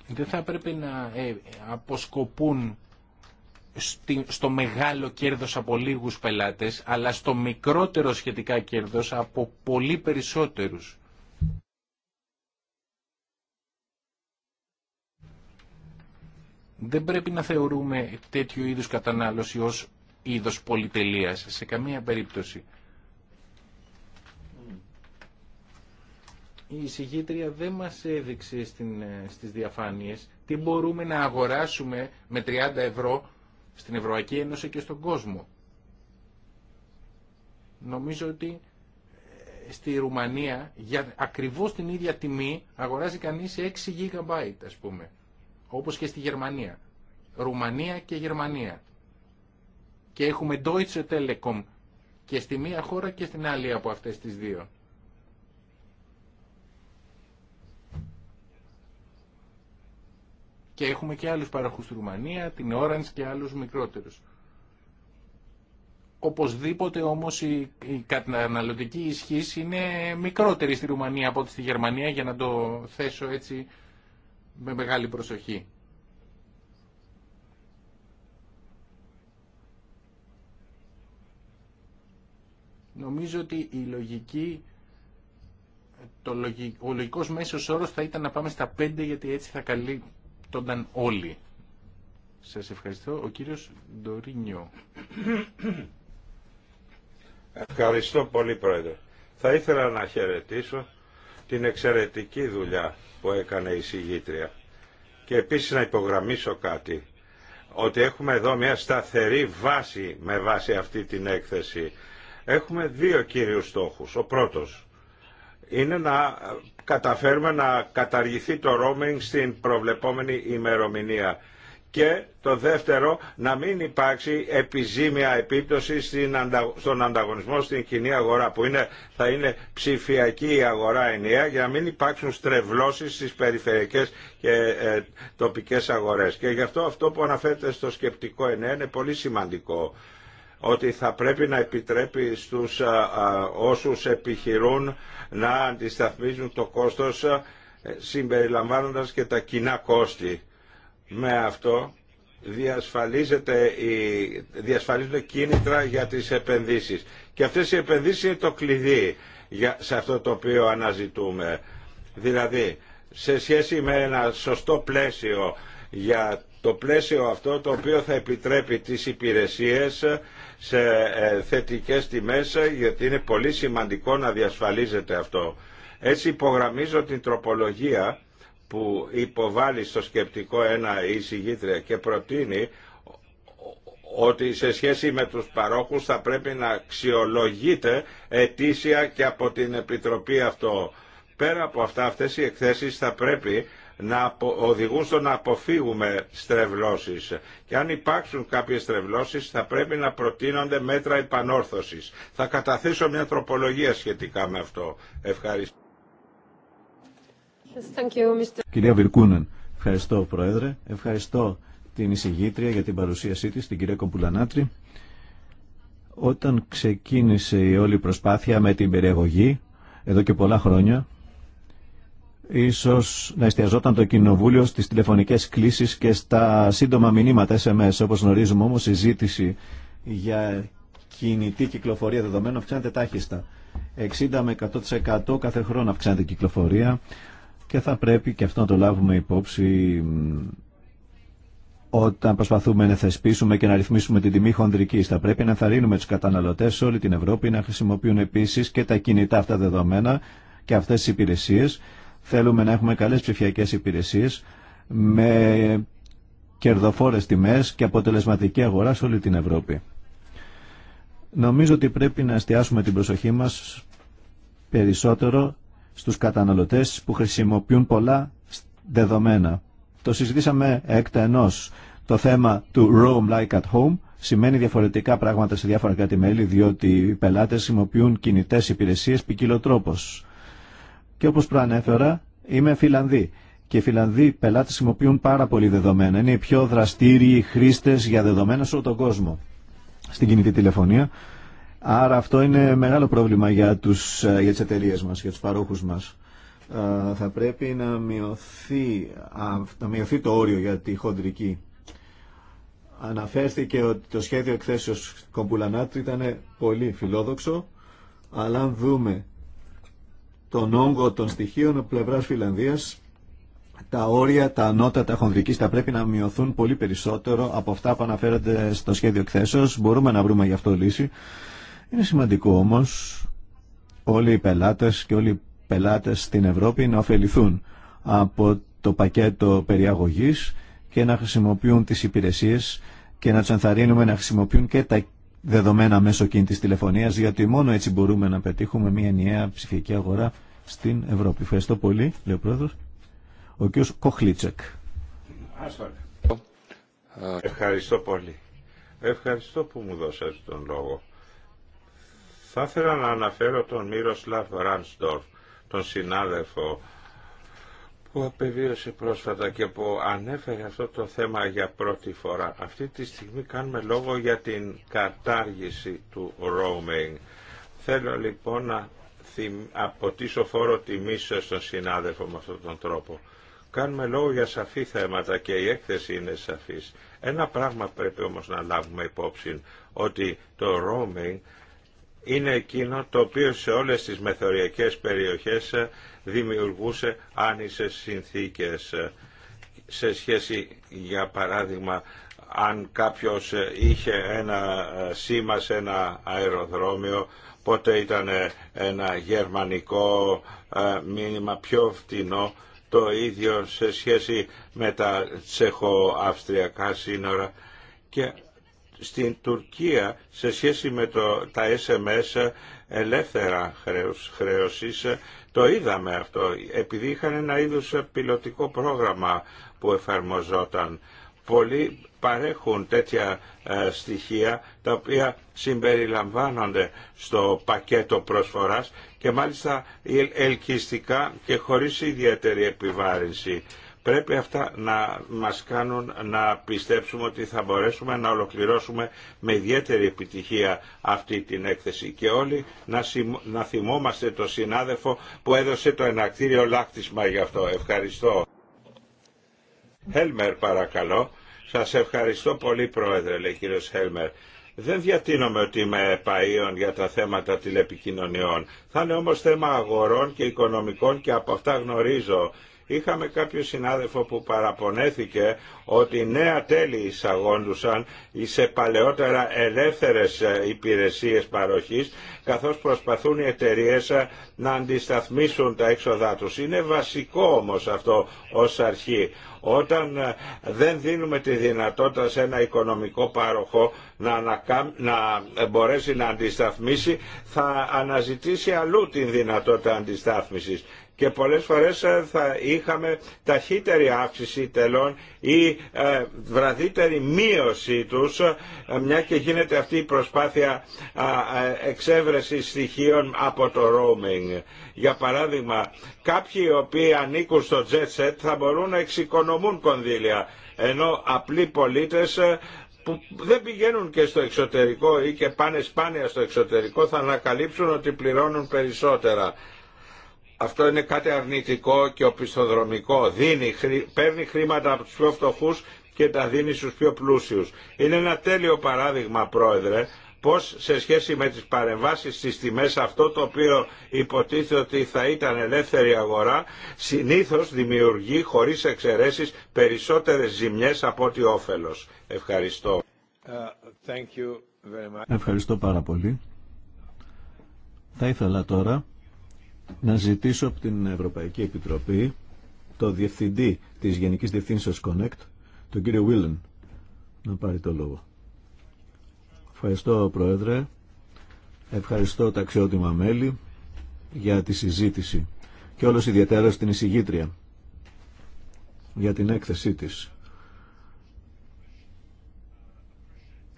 Δεν θα έπρεπε να ε, αποσκοπούν στο μεγάλο κέρδος από λίγους πελάτες, αλλά στο μικρότερο σχετικά κέρδος από πολύ περισσότερους. δεν πρέπει να θεωρούμε τέτοιο είδους κατανάλωση ως είδος πολυτελείας σε καμία περίπτωση. Η εισηγήτρια δεν μας έδειξε στην, ε, στις διαφάνειες τι μπορούμε να αγοράσουμε με 30 ευρώ στην Ευρωπαϊκή Ένωση και στον κόσμο. Νομίζω ότι ε, στη Ρουμανία για ακριβώς την ίδια τιμή αγοράζει κανείς 6 GB ας πούμε όπως και στη Γερμανία. Ρουμανία και Γερμανία. Και έχουμε Deutsche Telekom και στη μία χώρα και στην άλλη από αυτές τις δύο. Και έχουμε και άλλους παραχούς στη Ρουμανία, την Orange και άλλους μικρότερους. Οπωσδήποτε όμως η, η καταναλωτική ισχύς είναι μικρότερη στη Ρουμανία από ό,τι στη Γερμανία, για να το θέσω έτσι με μεγάλη προσοχή. Νομίζω ότι η λογική, το ο λογικός μέσος όρος θα ήταν να πάμε στα 5 γιατί έτσι θα καλύπτονταν όλοι. Σας ευχαριστώ. Ο κύριος Ντορίνιο. Ευχαριστώ πολύ πρόεδρε. Θα ήθελα να χαιρετήσω την εξαιρετική δουλειά που έκανε η συγγήτρια. Και επίσης να υπογραμμίσω κάτι, ότι έχουμε εδώ μια σταθερή βάση με βάση αυτή την έκθεση. Έχουμε δύο κύριους στόχους. Ο πρώτος είναι να καταφέρουμε να καταργηθεί το roaming στην προβλεπόμενη ημερομηνία και το δεύτερο να μην υπάρξει επιζήμια επίπτωση στον ανταγωνισμό στην κοινή αγορά που είναι, θα είναι ψηφιακή η αγορά ενιαία για να μην υπάρξουν στρεβλώσεις στις περιφερειακές και ε, τοπικές αγορές. Και γι' αυτό αυτό που αναφέρεται στο σκεπτικό ενέα είναι πολύ σημαντικό ότι θα πρέπει να επιτρέπει στους όσους επιχειρούν να αντισταθμίζουν το κόστος ε, συμπεριλαμβάνοντας και τα κοινά κόστη με αυτό διασφαλίζεται διασφαλίζονται κίνητρα για τις επενδύσεις. Και αυτές οι επενδύσεις είναι το κλειδί για, σε αυτό το οποίο αναζητούμε. Δηλαδή, σε σχέση με ένα σωστό πλαίσιο για το πλαίσιο αυτό το οποίο θα επιτρέπει τις υπηρεσίες σε ε, θετικές τιμές γιατί είναι πολύ σημαντικό να διασφαλίζεται αυτό. Έτσι υπογραμμίζω την τροπολογία που υποβάλλει στο σκεπτικό ένα εισηγήτρια και προτείνει ότι σε σχέση με τους παρόχους θα πρέπει να αξιολογείται ετήσια και από την Επιτροπή αυτό. Πέρα από αυτά, αυτές οι εκθέσεις θα πρέπει να οδηγούν στο να αποφύγουμε στρεβλώσεις. Και αν υπάρξουν κάποιες στρεβλώσεις θα πρέπει να προτείνονται μέτρα επανόρθωσης. Θα καταθέσω μια τροπολογία σχετικά με αυτό. Ευχαριστώ. Κυρία Βιρκούνεν, ευχαριστώ Πρόεδρε, ευχαριστώ την εισηγήτρια για την παρουσίασή της, την κυρία Κομπουλανάτρη. Όταν ξεκίνησε η όλη προσπάθεια με την περιεγωγή, εδώ και πολλά χρόνια, ίσως να εστιαζόταν το Κοινοβούλιο στις τηλεφωνικές κλήσεις και στα σύντομα μηνύματα SMS. Όπως γνωρίζουμε όμως, συζήτηση για κινητή κυκλοφορία δεδομένων αυξάνεται τάχιστα. 60 με 100% κάθε χρόνο αυξάνεται η κυκλοφορία και θα πρέπει και αυτό να το λάβουμε υπόψη όταν προσπαθούμε να θεσπίσουμε και να ρυθμίσουμε την τιμή χονδρική. Θα πρέπει να ενθαρρύνουμε του καταναλωτέ σε όλη την Ευρώπη να χρησιμοποιούν επίση και τα κινητά αυτά δεδομένα και αυτέ τι υπηρεσίε. Θέλουμε να έχουμε καλέ ψηφιακέ υπηρεσίε με κερδοφόρε τιμέ και αποτελεσματική αγορά σε όλη την Ευρώπη. Νομίζω ότι πρέπει να εστιάσουμε την προσοχή μας περισσότερο στους καταναλωτές που χρησιμοποιούν πολλά δεδομένα. Το συζητήσαμε εκτενώς. Το θέμα του Roam Like at Home σημαίνει διαφορετικά πράγματα σε διάφορα κράτη-μέλη, διότι οι πελάτες χρησιμοποιούν κινητές υπηρεσίες ποικίλο τρόπο. Και όπως προανέφερα, είμαι Φιλανδή. Και οι Φιλανδοί πελάτες χρησιμοποιούν πάρα πολύ δεδομένα. Είναι οι πιο δραστήριοι χρήστες για δεδομένα σε όλο τον κόσμο. Στην κινητή τηλεφωνία Άρα αυτό είναι μεγάλο πρόβλημα για, τους, ε, για τις εταιρείες μας, για τους παρόχους μας. Ε, θα πρέπει να μειωθεί, να το όριο για τη χοντρική. Αναφέρθηκε ότι το σχέδιο εκθέσεως Κομπουλανάτρη ήταν πολύ φιλόδοξο, αλλά αν δούμε τον όγκο των στοιχείων από πλευράς Φιλανδίας, τα όρια, τα ανώτατα χονδρική θα πρέπει να μειωθούν πολύ περισσότερο από αυτά που αναφέρονται στο σχέδιο εκθέσεως. Μπορούμε να βρούμε γι' αυτό λύση. Είναι σημαντικό όμως όλοι οι πελάτες και όλοι οι πελάτες στην Ευρώπη να ωφεληθούν από το πακέτο περιαγωγής και να χρησιμοποιούν τις υπηρεσίες και να τους ενθαρρύνουμε να χρησιμοποιούν και τα δεδομένα μέσω κινητής τηλεφωνίας γιατί μόνο έτσι μπορούμε να πετύχουμε μια ενιαία ψηφιακή αγορά στην Ευρώπη. Ευχαριστώ πολύ, λέει ο Πρόεδρος. Ο κ. Κοχλίτσεκ. Ευχαριστώ πολύ. Ευχαριστώ που μου δώσατε τον λόγο. Θα ήθελα να αναφέρω τον Μύροσλαφ Ράνστορφ, τον συνάδελφο που απεβίωσε πρόσφατα και που ανέφερε αυτό το θέμα για πρώτη φορά. Αυτή τη στιγμή κάνουμε λόγο για την κατάργηση του roaming. Θέλω λοιπόν να αποτίσω φόρο τιμή στον συνάδελφο με αυτόν τον τρόπο. Κάνουμε λόγο για σαφή θέματα και η έκθεση είναι σαφής. Ένα πράγμα πρέπει όμως να λάβουμε υπόψη, ότι το roaming είναι εκείνο το οποίο σε όλες τις μεθοριακές περιοχές δημιουργούσε άνισες συνθήκες σε σχέση για παράδειγμα αν κάποιος είχε ένα σήμα σε ένα αεροδρόμιο πότε ήταν ένα γερμανικό ε, μήνυμα πιο φτηνό το ίδιο σε σχέση με τα τσεχοαυστριακά σύνορα και στην Τουρκία σε σχέση με το, τα SMS ελεύθερα χρέωσης. Το είδαμε αυτό επειδή είχαν ένα είδους πιλωτικό πρόγραμμα που εφαρμοζόταν. Πολλοί παρέχουν τέτοια ε, στοιχεία τα οποία συμπεριλαμβάνονται στο πακέτο προσφοράς και μάλιστα ελκυστικά και χωρίς ιδιαίτερη επιβάρυνση. Πρέπει αυτά να μας κάνουν να πιστέψουμε ότι θα μπορέσουμε να ολοκληρώσουμε με ιδιαίτερη επιτυχία αυτή την έκθεση και όλοι να, να θυμόμαστε το συνάδελφο που έδωσε το ενακτήριο λάκτισμα γι' αυτό. Ευχαριστώ. Χέλμερ παρακαλώ. Σας ευχαριστώ πολύ Πρόεδρε, λέει κύριος Χέλμερ. Δεν διατείνομαι ότι είμαι παίων για τα θέματα τηλεπικοινωνιών. Θα είναι όμως θέμα αγορών και οικονομικών και από αυτά γνωρίζω Είχαμε κάποιο συνάδελφο που παραπονέθηκε ότι νέα τέλη εισαγόντουσαν σε παλαιότερα ελεύθερες ε, υπηρεσίες παροχής καθώς προσπαθούν οι εταιρείε ε, να αντισταθμίσουν τα έξοδά τους. Είναι βασικό όμως αυτό ως αρχή. Όταν ε, δεν δίνουμε τη δυνατότητα σε ένα οικονομικό πάροχο να, να μπορέσει να αντισταθμίσει, θα αναζητήσει αλλού την δυνατότητα αντιστάθμισης και πολλές φορές ε, θα είχαμε ταχύτερη αύξηση τελών ή ε, βραδύτερη μείωση τους ε, μια και γίνεται αυτή η προσπάθεια εξέβρεση στοιχείων από το roaming. Για παράδειγμα, κάποιοι οι οποίοι ανήκουν στο jet set θα μπορούν να εξοικονομούν κονδύλια, ενώ απλοί πολίτες που δεν πηγαίνουν και στο εξωτερικό ή και πάνε σπάνια στο εξωτερικό θα ανακαλύψουν ότι πληρώνουν περισσότερα αυτό είναι κάτι αρνητικό και οπισθοδρομικό. Δίνει, παίρνει χρήματα από τους πιο φτωχούς και τα δίνει στους πιο πλούσιους. Είναι ένα τέλειο παράδειγμα, Πρόεδρε, πώς σε σχέση με τις παρεμβάσεις στις τιμές αυτό το οποίο υποτίθεται ότι θα ήταν ελεύθερη αγορά συνήθως δημιουργεί χωρίς εξαιρέσεις περισσότερες ζημιές από ό,τι όφελος. Ευχαριστώ. Uh, Ευχαριστώ πάρα πολύ. Θα ήθελα τώρα να ζητήσω από την Ευρωπαϊκή Επιτροπή το Διευθυντή της Γενικής Διεύθυνσης Connect, τον κύριο Βίλεν, να πάρει το λόγο. Ευχαριστώ, Πρόεδρε. Ευχαριστώ τα αξιότιμα μέλη για τη συζήτηση και όλος ιδιαίτερα στην εισηγήτρια για την έκθεσή της.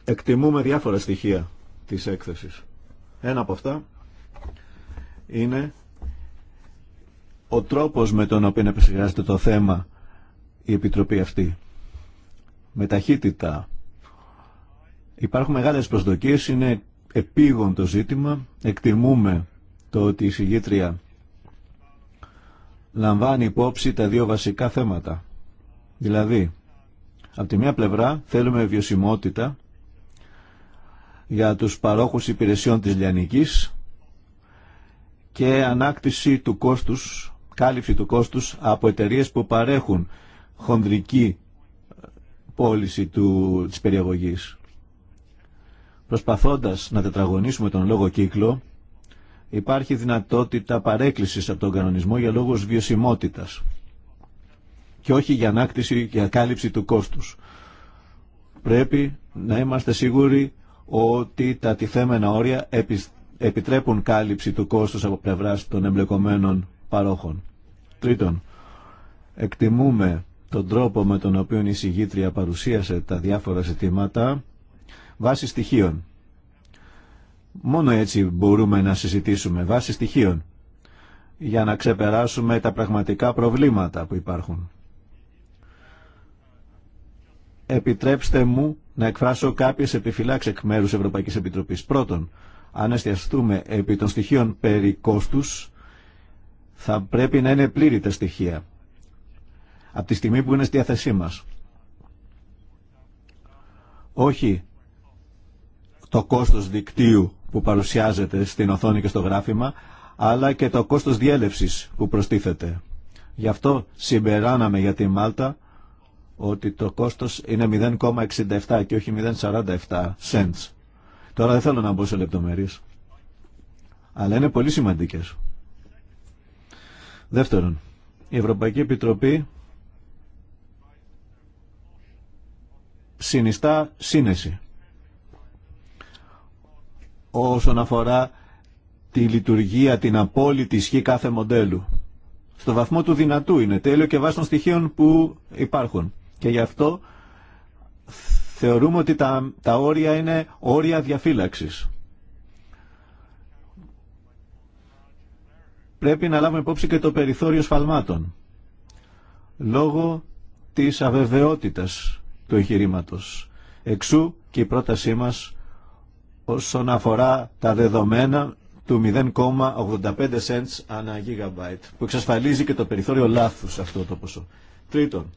Εκτιμούμε διάφορα στοιχεία της έκθεσης. Ένα από αυτά είναι ο τρόπος με τον οποίο επεξεργάζεται το θέμα η Επιτροπή αυτή. Με ταχύτητα. Υπάρχουν μεγάλες προσδοκίες, είναι επίγον το ζήτημα. Εκτιμούμε το ότι η συγγήτρια λαμβάνει υπόψη τα δύο βασικά θέματα. Δηλαδή, από τη μία πλευρά θέλουμε βιωσιμότητα για τους παρόχους υπηρεσιών της Λιανικής και ανάκτηση του κόστους κάλυψη του κόστους από εταιρείε που παρέχουν χονδρική πώληση του, της περιαγωγής. Προσπαθώντας να τετραγωνίσουμε τον λόγο κύκλο, υπάρχει δυνατότητα παρέκκλησης από τον κανονισμό για λόγους βιωσιμότητας και όχι για ανάκτηση και κάλυψη του κόστους. Πρέπει να είμαστε σίγουροι ότι τα τιθέμενα όρια επιτρέπουν κάλυψη του κόστους από πλευράς των εμπλεκομένων παρόχων. Τρίτον, εκτιμούμε τον τρόπο με τον οποίο η συγγήτρια παρουσίασε τα διάφορα ζητήματα βάσει στοιχείων. Μόνο έτσι μπορούμε να συζητήσουμε βάσει στοιχείων για να ξεπεράσουμε τα πραγματικά προβλήματα που υπάρχουν. Επιτρέψτε μου να εκφράσω κάποιες επιφυλάξεις εκ μέρους Ευρωπαϊκής Επιτροπής. Πρώτον, αν εστιαστούμε επί των στοιχείων περί κόστους, θα πρέπει να είναι πλήρη τα στοιχεία από τη στιγμή που είναι στη διάθεσή μας. Όχι το κόστος δικτύου που παρουσιάζεται στην οθόνη και στο γράφημα, αλλά και το κόστος διέλευσης που προστίθεται. Γι' αυτό συμπεράναμε για τη Μάλτα ότι το κόστος είναι 0,67 και όχι 0,47 cents. Τώρα δεν θέλω να μπω σε λεπτομέρειες, αλλά είναι πολύ σημαντικές. Δεύτερον, η Ευρωπαϊκή Επιτροπή συνιστά σύνεση όσον αφορά τη λειτουργία, την απόλυτη ισχύ κάθε μοντέλου. Στο βαθμό του δυνατού είναι τέλειο και βάσει των στοιχείων που υπάρχουν. Και γι' αυτό θεωρούμε ότι τα, τα όρια είναι όρια διαφύλαξης. πρέπει να λάβουμε υπόψη και το περιθώριο σφαλμάτων λόγω της αβεβαιότητας του εγχειρήματο. Εξού και η πρότασή μας όσον αφορά τα δεδομένα του 0,85 cents ανά gigabyte που εξασφαλίζει και το περιθώριο λάθους αυτό το ποσό. Τρίτον,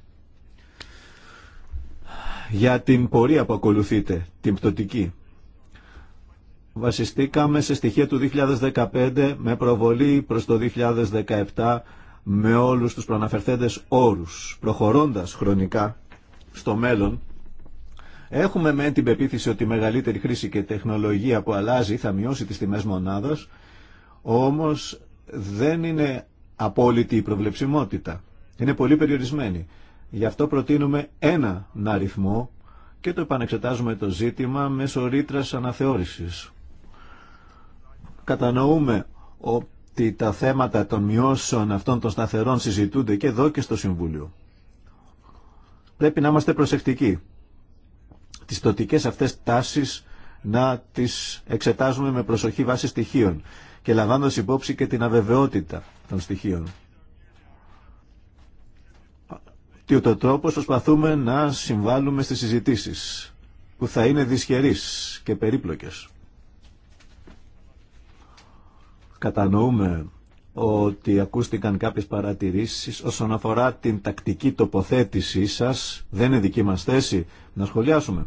για την πορεία που ακολουθείτε, την πτωτική βασιστήκαμε σε στοιχεία του 2015 με προβολή προς το 2017 με όλους τους προαναφερθέντες όρους, προχωρώντας χρονικά στο μέλλον. Έχουμε με την πεποίθηση ότι η μεγαλύτερη χρήση και τεχνολογία που αλλάζει θα μειώσει τις τιμές μονάδας, όμως δεν είναι απόλυτη η προβλεψιμότητα. Είναι πολύ περιορισμένη. Γι' αυτό προτείνουμε έναν αριθμό και το επανεξετάζουμε το ζήτημα μέσω ρήτρα αναθεώρησης. Κατανοούμε ότι τα θέματα των μειώσεων αυτών των σταθερών συζητούνται και εδώ και στο Συμβούλιο. Πρέπει να είμαστε προσεκτικοί. Τις τοτικές αυτές τάσεις να τις εξετάζουμε με προσοχή βάση στοιχείων και λαμβάνοντας υπόψη και την αβεβαιότητα των στοιχείων. Τι ούτω τρόπος προσπαθούμε να συμβάλλουμε στις συζητήσεις που θα είναι δυσχερείς και περίπλοκες. Κατανοούμε ότι ακούστηκαν κάποιες παρατηρήσεις όσον αφορά την τακτική τοποθέτησή σας. Δεν είναι δική μας θέση να σχολιάσουμε.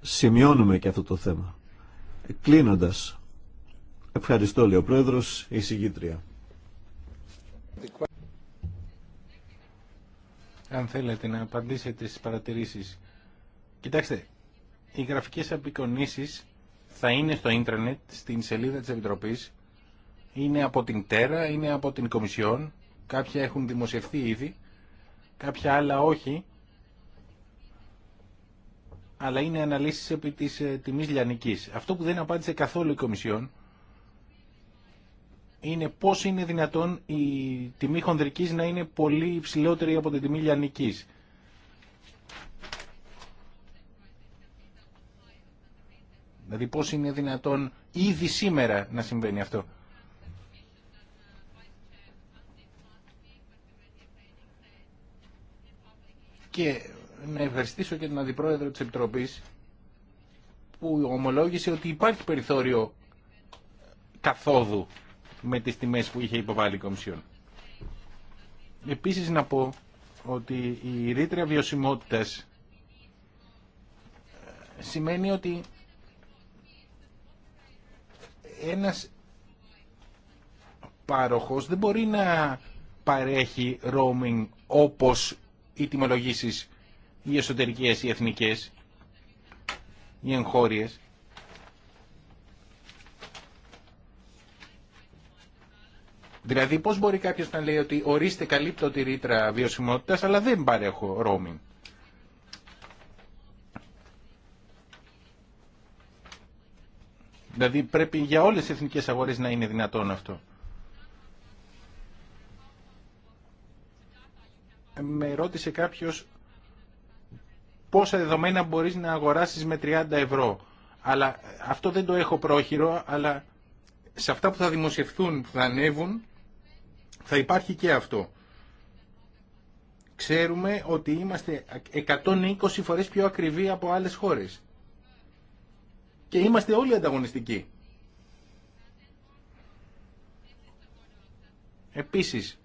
Σημειώνουμε και αυτό το θέμα. Κλείνοντας, ευχαριστώ λέει ο Πρόεδρος, η συγγήτρια. Αν θέλετε να απαντήσετε στις παρατηρήσεις. Κοιτάξτε, οι γραφικές απεικονίσεις θα είναι στο ίντερνετ στην σελίδα της Επιτροπής. Είναι από την Τέρα, είναι από την Κομισιόν. Κάποια έχουν δημοσιευθεί ήδη, κάποια άλλα όχι. Αλλά είναι αναλύσεις επί της ε, τιμής λιανικής. Αυτό που δεν απάντησε καθόλου η Κομισιόν είναι πώς είναι δυνατόν η τιμή χονδρικής να είναι πολύ υψηλότερη από την τιμή λιανικής. Δηλαδή πώς είναι δυνατόν ήδη σήμερα να συμβαίνει αυτό. Και να ευχαριστήσω και τον Αντιπρόεδρο της Επιτροπής που ομολόγησε ότι υπάρχει περιθώριο καθόδου με τις τιμές που είχε υποβάλει η Κομισιόν. Επίσης να πω ότι η ρήτρα βιωσιμότητας ε, σημαίνει ότι ένας πάροχος δεν μπορεί να παρέχει roaming όπως οι τιμολογήσεις οι εσωτερικές, οι εθνικές, οι εγχώριες. Δηλαδή πώς μπορεί κάποιος να λέει ότι ορίστε καλύπτω τη ρήτρα βιωσιμότητας αλλά δεν παρέχω roaming. Δηλαδή πρέπει για όλες τις εθνικές αγορές να είναι δυνατόν αυτό. Με ρώτησε κάποιος πόσα δεδομένα μπορείς να αγοράσεις με 30 ευρώ. Αλλά αυτό δεν το έχω πρόχειρο, αλλά σε αυτά που θα δημοσιευθούν, που θα ανέβουν, θα υπάρχει και αυτό. Ξέρουμε ότι είμαστε 120 φορές πιο ακριβοί από άλλες χώρες και είμαστε όλοι ανταγωνιστικοί. Επίσης,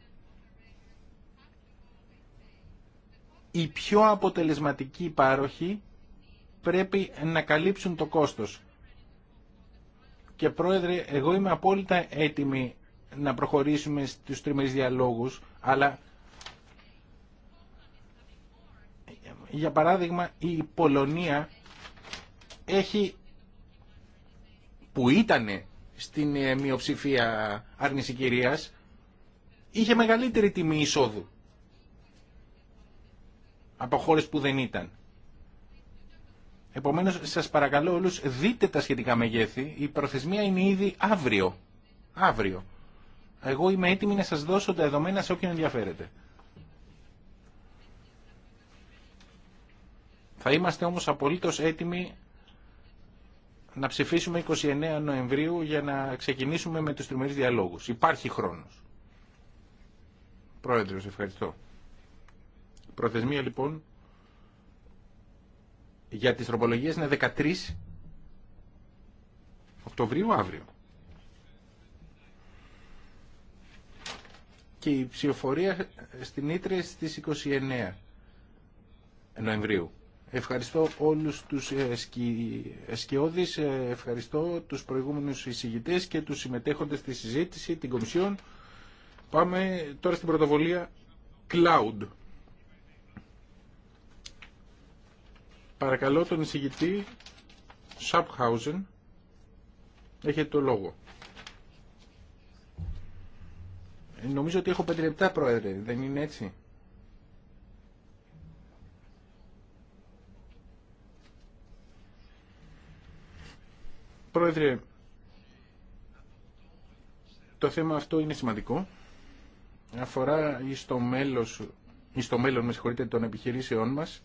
οι πιο αποτελεσματικοί πάροχοι πρέπει να καλύψουν το κόστος. Και πρόεδρε, εγώ είμαι απόλυτα έτοιμη να προχωρήσουμε στους τριμερείς διαλόγους, αλλά για παράδειγμα η Πολωνία έχει που ήταν στην ε, μειοψηφία άρνηση κυρίας είχε μεγαλύτερη τιμή εισόδου από χώρε που δεν ήταν. Επομένως, σας παρακαλώ όλους, δείτε τα σχετικά μεγέθη. Η προθεσμία είναι ήδη αύριο. Αύριο. Εγώ είμαι έτοιμη να σας δώσω τα εδωμένα σε όποιον ενδιαφέρεται. Θα είμαστε όμως απολύτως έτοιμοι να ψηφίσουμε 29 Νοεμβρίου για να ξεκινήσουμε με τους τριμερείς διαλόγους. Υπάρχει χρόνος. Πρόεδρος, ευχαριστώ. Προθεσμία λοιπόν για τις τροπολογίες είναι 13 Οκτωβρίου αύριο. Και η ψηφοφορία στην Ήτρε στις 29 Νοεμβρίου. Ευχαριστώ όλους τους ε, ε, σκιώδεις, ε, ευχαριστώ τους προηγούμενους εισηγητές και τους συμμετέχοντες στη συζήτηση, την Κομισιόν. Πάμε τώρα στην πρωτοβολία Cloud. Παρακαλώ τον εισηγητή Σαπχάουζεν. Έχετε το λόγο. Νομίζω ότι έχω πέντε λεπτά, Πρόεδρε. Δεν είναι έτσι. Πρόεδρε, το θέμα αυτό είναι σημαντικό. Αφορά στο, μέλος, στο μέλλον με συγχωρείτε, των επιχειρήσεών μας,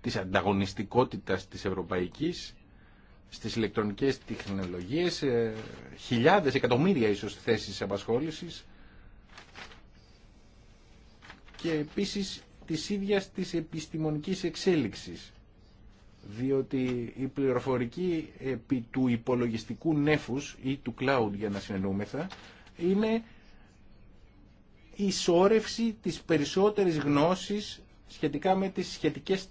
της ανταγωνιστικότητας της ευρωπαϊκής, στις ηλεκτρονικές τεχνολογίες, ε, χιλιάδες, εκατομμύρια ίσως θέσεις απασχόλησης και επίσης της ίδιας της επιστημονικής εξέλιξης διότι η πληροφορική επί του υπολογιστικού νέφους ή του cloud για να συνεννοούμεθα είναι η σόρευση της περισσότερης γνώσης σχετικά με τις σχετικές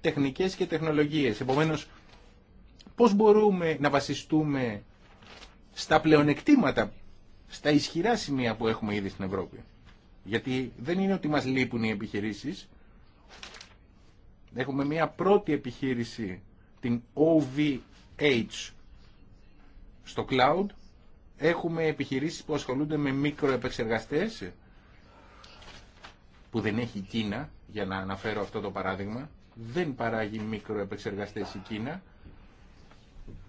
τεχνικές και τεχνολογίες. Επομένως, πώς μπορούμε να βασιστούμε στα πλεονεκτήματα, στα ισχυρά σημεία που έχουμε ήδη στην Ευρώπη. Γιατί δεν είναι ότι μας λείπουν οι επιχειρήσεις, Έχουμε μια πρώτη επιχείρηση, την OVH, στο cloud. Έχουμε επιχειρήσεις που ασχολούνται με μικροεπεξεργαστές, που δεν έχει η Κίνα, για να αναφέρω αυτό το παράδειγμα. Δεν παράγει μικροεπεξεργαστές η Κίνα.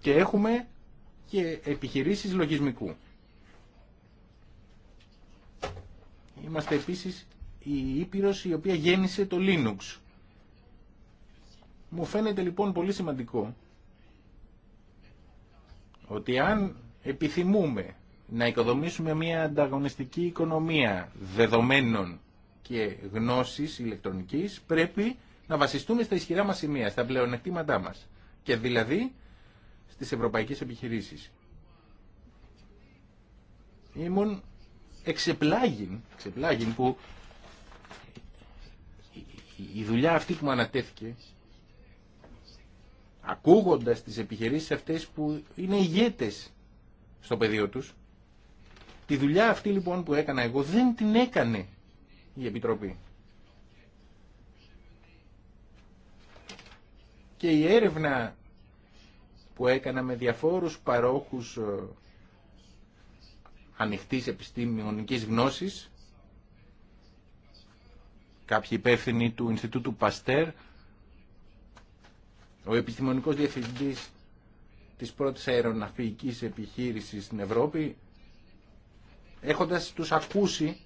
Και έχουμε και επιχειρήσεις λογισμικού. Είμαστε επίσης η Ήπειρος η οποία γέννησε το Linux μου φαίνεται λοιπόν πολύ σημαντικό ότι αν επιθυμούμε να οικοδομήσουμε μια ανταγωνιστική οικονομία δεδομένων και γνώσης ηλεκτρονικής, πρέπει να βασιστούμε στα ισχυρά μας σημεία, στα πλεονεκτήματά μας και δηλαδή στις ευρωπαϊκές επιχειρήσεις. Ήμουν εξεπλάγην, εξεπλάγην που η δουλειά αυτή που μου ανατέθηκε ακούγοντας τις επιχειρήσεις αυτές που είναι ηγέτες στο πεδίο τους. Τη δουλειά αυτή λοιπόν που έκανα εγώ δεν την έκανε η Επιτροπή. Και η έρευνα που έκανα με διαφόρους παρόχους ε, ανοιχτής επιστημονικής γνώσης, κάποιοι υπεύθυνοι του Ινστιτούτου Παστέρ, ο επιστημονικός διευθυντής της πρώτης αεροναυπηγικής επιχείρησης στην Ευρώπη, έχοντας τους ακούσει,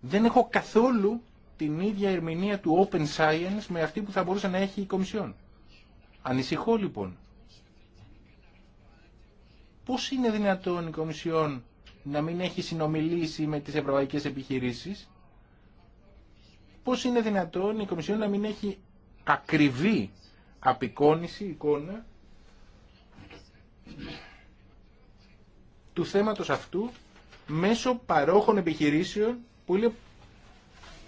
δεν έχω καθόλου την ίδια ερμηνεία του Open Science με αυτή που θα μπορούσε να έχει η Κομισιόν. Ανησυχώ λοιπόν. Πώς είναι δυνατόν η Κομισιόν να μην έχει συνομιλήσει με τις ευρωπαϊκές επιχειρήσεις, πώς είναι δυνατόν η Κομισιόν να μην έχει ακριβή απεικόνηση, εικόνα του θέματος αυτού μέσω παρόχων επιχειρήσεων που είναι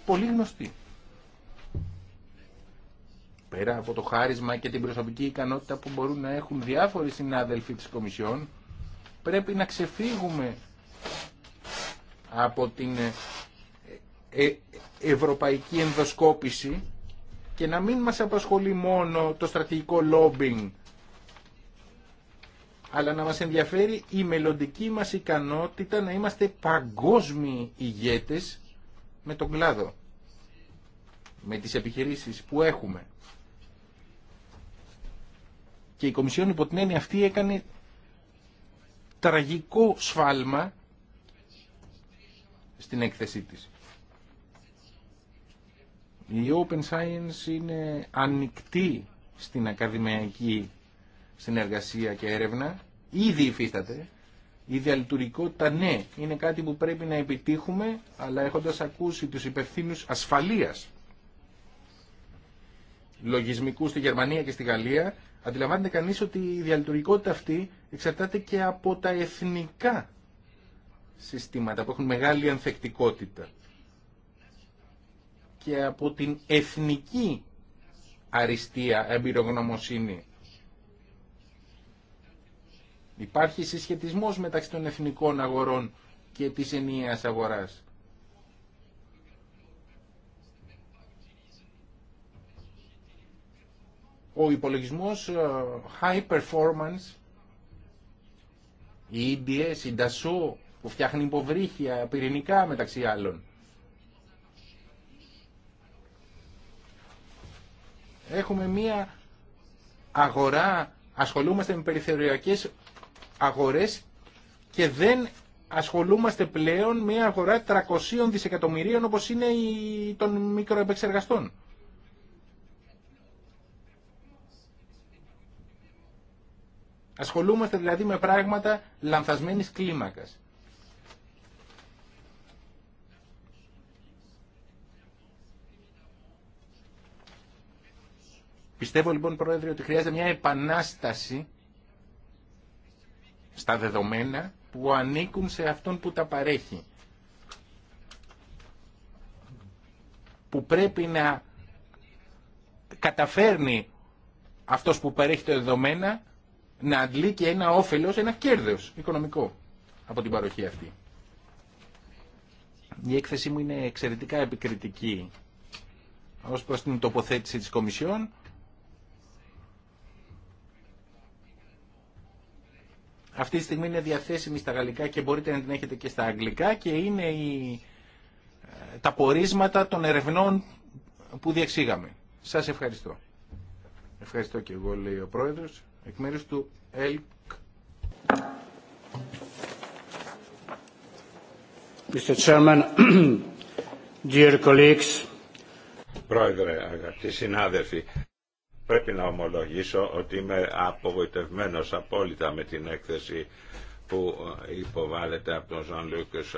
πολύ γνωστοί. Πέρα από το χάρισμα και την προσωπική ικανότητα που μπορούν να έχουν διάφοροι συνάδελφοι της Κομισιόν, πρέπει να ξεφύγουμε από την ε, ε, ευρωπαϊκή ενδοσκόπηση και να μην μας απασχολεί μόνο το στρατηγικό λόμπινγκ αλλά να μας ενδιαφέρει η μελλοντική μας ικανότητα να είμαστε παγκόσμιοι ηγέτες με τον κλάδο, με τις επιχειρήσεις που έχουμε. Και η Κομισιόν υπό την έννοια αυτή έκανε τραγικό σφάλμα στην έκθεσή της. Η Open Science είναι ανοιχτή στην ακαδημαϊκή συνεργασία και έρευνα. Ήδη υφίσταται. Η διαλειτουργικότητα ναι, είναι κάτι που πρέπει να επιτύχουμε, αλλά έχοντας ακούσει τους υπευθύνου ασφαλείας λογισμικού στη Γερμανία και στη Γαλλία, αντιλαμβάνεται κανείς ότι η διαλειτουργικότητα αυτή εξαρτάται και από τα εθνικά συστήματα που έχουν μεγάλη ανθεκτικότητα και από την εθνική αριστεία εμπειρογνωμοσύνη. Υπάρχει συσχετισμός μεταξύ των εθνικών αγορών και της ενιαίας αγοράς. Ο υπολογισμός ε, high performance, η EDS, η DASO που φτιάχνει υποβρύχια πυρηνικά μεταξύ άλλων, Έχουμε μία αγορά, ασχολούμαστε με περιθωριακές αγορές και δεν ασχολούμαστε πλέον με αγορά 300 δισεκατομμυρίων όπως είναι η των μικροεπεξεργαστών. Ασχολούμαστε δηλαδή με πράγματα λανθασμένης κλίμακας. Πιστεύω λοιπόν, Πρόεδρε, ότι χρειάζεται μια επανάσταση στα δεδομένα που ανήκουν σε αυτόν που τα παρέχει. Που πρέπει να καταφέρνει αυτός που παρέχει τα δεδομένα να αντλεί και ένα όφελος, ένα κέρδος οικονομικό από την παροχή αυτή. Η έκθεσή μου είναι εξαιρετικά επικριτική ως προς την τοποθέτηση της Κομισιόν Αυτή τη στιγμή είναι διαθέσιμη στα γαλλικά και μπορείτε να την έχετε και στα αγγλικά και είναι η... Ε, τα πορίσματα των ερευνών που διεξήγαμε. Σας ευχαριστώ. Ευχαριστώ και εγώ, λέει ο Πρόεδρος, εκ μέρους του ΕΛΚ. Mr. Chairman, dear colleagues. Πρόεδρε, αγαπητοί συνάδελφοι, Πρέπει να ομολογήσω ότι είμαι απογοητευμένος απόλυτα με την έκθεση που υποβάλλεται από τον Ζαν Λούκος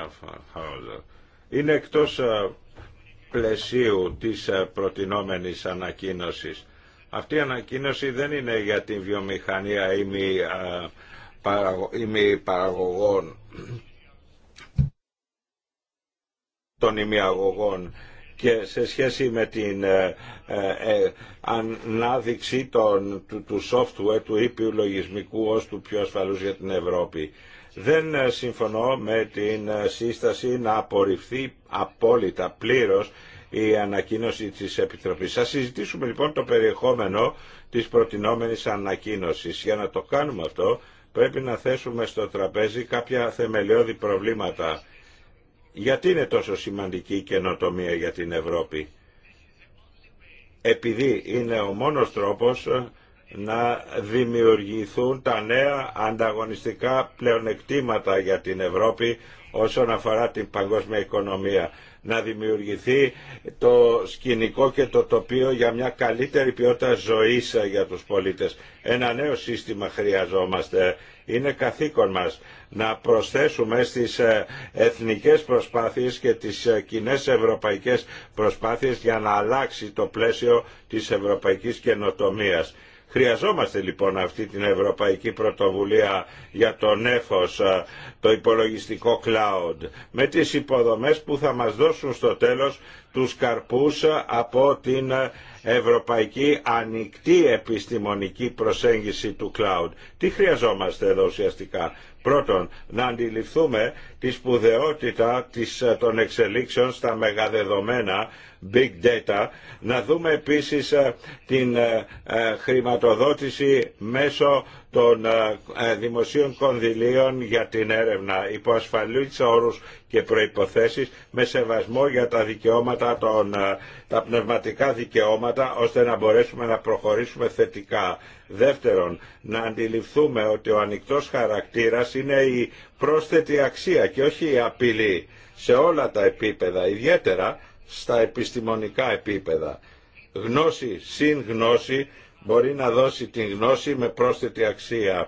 Είναι εκτός ε, πλαισίου της ε, προτινόμενης ανακοίνωσης. Αυτή η ανακοίνωση δεν είναι για την βιομηχανία ή ε, των ημιαγωγών και σε σχέση με την ε, ε, ε, ανάδειξη του, του software του ήπιου λογισμικού ως του πιο ασφαλούς για την Ευρώπη. Δεν συμφωνώ με την σύσταση να απορριφθεί απόλυτα πλήρως η ανακοίνωση της Επιτροπής. Θα συζητήσουμε λοιπόν το περιεχόμενο της προτινόμενης ανακοίνωσης. Για να το κάνουμε αυτό πρέπει να θέσουμε στο τραπέζι κάποια θεμελιώδη προβλήματα γιατί είναι τόσο σημαντική η καινοτομία για την Ευρώπη. Επειδή είναι ο μόνος τρόπος να δημιουργηθούν τα νέα ανταγωνιστικά πλεονεκτήματα για την Ευρώπη όσον αφορά την παγκόσμια οικονομία. Να δημιουργηθεί το σκηνικό και το τοπίο για μια καλύτερη ποιότητα ζωής για τους πολίτες. Ένα νέο σύστημα χρειαζόμαστε είναι καθήκον μας να προσθέσουμε στις ε, εθνικές προσπάθειες και τις ε, κοινέ ευρωπαϊκές προσπάθειες για να αλλάξει το πλαίσιο της ευρωπαϊκής καινοτομίας. Χρειαζόμαστε λοιπόν αυτή την ευρωπαϊκή πρωτοβουλία για το νέφος, ε, το υπολογιστικό cloud, με τις υποδομές που θα μας δώσουν στο τέλος τους καρπούς από την ευρωπαϊκή ανοιχτή επιστημονική προσέγγιση του cloud. Τι χρειαζόμαστε εδώ ουσιαστικά. Πρώτον, να αντιληφθούμε τη σπουδαιότητα της, ε, των εξελίξεων στα μεγαδεδομένα big data, να δούμε επίσης ε, την ε, χρηματοδότηση μέσω των δημοσίων κονδυλίων για την έρευνα υπό ασφαλείς όρους και προϋποθέσεις με σεβασμό για τα δικαιώματα, των, τα πνευματικά δικαιώματα ώστε να μπορέσουμε να προχωρήσουμε θετικά Δεύτερον, να αντιληφθούμε ότι ο ανοιχτός χαρακτήρας είναι η πρόσθετη αξία και όχι η απειλή σε όλα τα επίπεδα, ιδιαίτερα στα επιστημονικά επίπεδα. Γνώση συν γνώση μπορεί να δώσει την γνώση με πρόσθετη αξία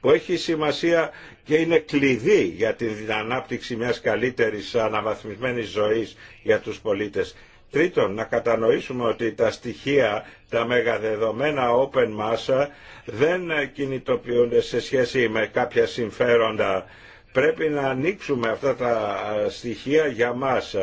που έχει σημασία και είναι κλειδί για την ανάπτυξη μιας καλύτερης αναβαθμισμένης ζωής για τους πολίτες. Τρίτον, να κατανοήσουμε ότι τα στοιχεία, τα μεγαδεδομένα open massa δεν κινητοποιούνται σε σχέση με κάποια συμφέροντα. Πρέπει να ανοίξουμε αυτά τα στοιχεία για μας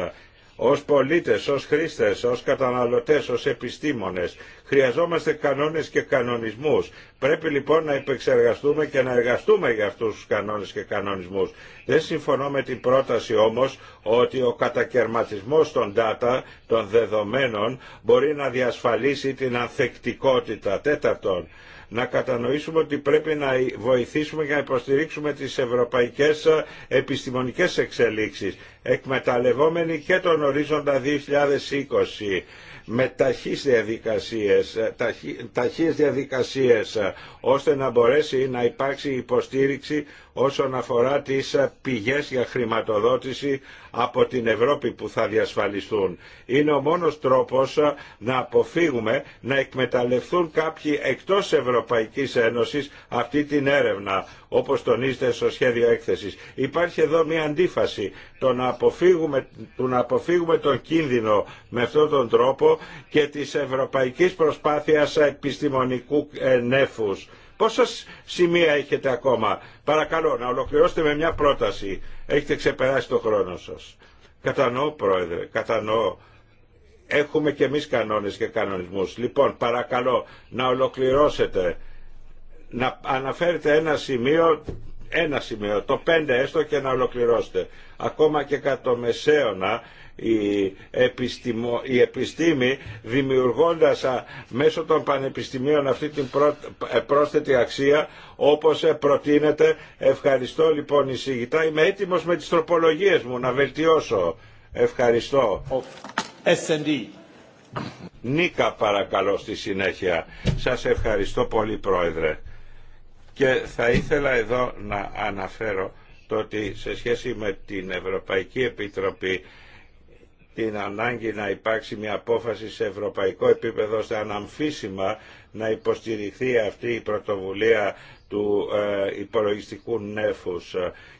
ως πολίτες, ως χρήστες, ως καταναλωτές, ως επιστήμονες. Χρειαζόμαστε κανόνες και κανονισμούς. Πρέπει λοιπόν να επεξεργαστούμε και να εργαστούμε για αυτούς τους κανόνες και κανονισμούς. Δεν συμφωνώ με την πρόταση όμως ότι ο κατακαιρματισμός των data, των δεδομένων, μπορεί να διασφαλίσει την ανθεκτικότητα. Τέταρτον, να κατανοήσουμε ότι πρέπει να βοηθήσουμε και να υποστηρίξουμε τις ευρωπαϊκές ε, επιστημονικές εξελίξεις, εκμεταλλευόμενοι και τον ορίζοντα 2020 με ταχύς διαδικασίες, ε, ταχύ, διαδικασίες ε, ώστε να μπορέσει να υπάρξει υποστήριξη όσον αφορά τις ε, πηγές για χρηματοδότηση από την Ευρώπη που θα διασφαλιστούν. Είναι ο μόνος τρόπος ε, να αποφύγουμε να εκμεταλλευτούν κάποιοι εκτός Ευρωπαϊκής Ένωσης αυτή την έρευνα, όπως τονίζεται στο σχέδιο έκθεσης. Υπάρχει εδώ μια αντίφαση το να αποφύγουμε, του να αποφύγουμε τον κίνδυνο με αυτόν τον τρόπο και της ευρωπαϊκής προσπάθειας επιστημονικού ε, νέφους Πόσα σημεία έχετε ακόμα. Παρακαλώ να ολοκληρώσετε με μια πρόταση. Έχετε ξεπεράσει το χρόνο σας. Κατανοώ πρόεδρε, κατανοώ. Έχουμε και εμείς κανόνες και κανονισμούς. Λοιπόν, παρακαλώ να ολοκληρώσετε, να αναφέρετε ένα σημείο, ένα σημείο, το πέντε έστω και να ολοκληρώσετε. Ακόμα και κατ' το μεσαίωνα η, επιστημο, η επιστήμη δημιουργώντας μέσω των πανεπιστημίων αυτή την ε, πρόσθετη αξία όπως ε, προτείνεται. Ευχαριστώ λοιπόν εισηγητά. Είμαι έτοιμος με τις τροπολογίες μου να βελτιώσω. Ευχαριστώ. SND. Νίκα παρακαλώ στη συνέχεια. Σας ευχαριστώ πολύ πρόεδρε. Και θα ήθελα εδώ να αναφέρω το ότι σε σχέση με την Ευρωπαϊκή Επιτροπή την ανάγκη να υπάρξει μια απόφαση σε ευρωπαϊκό επίπεδο ώστε αναμφίσιμα να υποστηριχθεί αυτή η πρωτοβουλία του ε, υπολογιστικού νέφους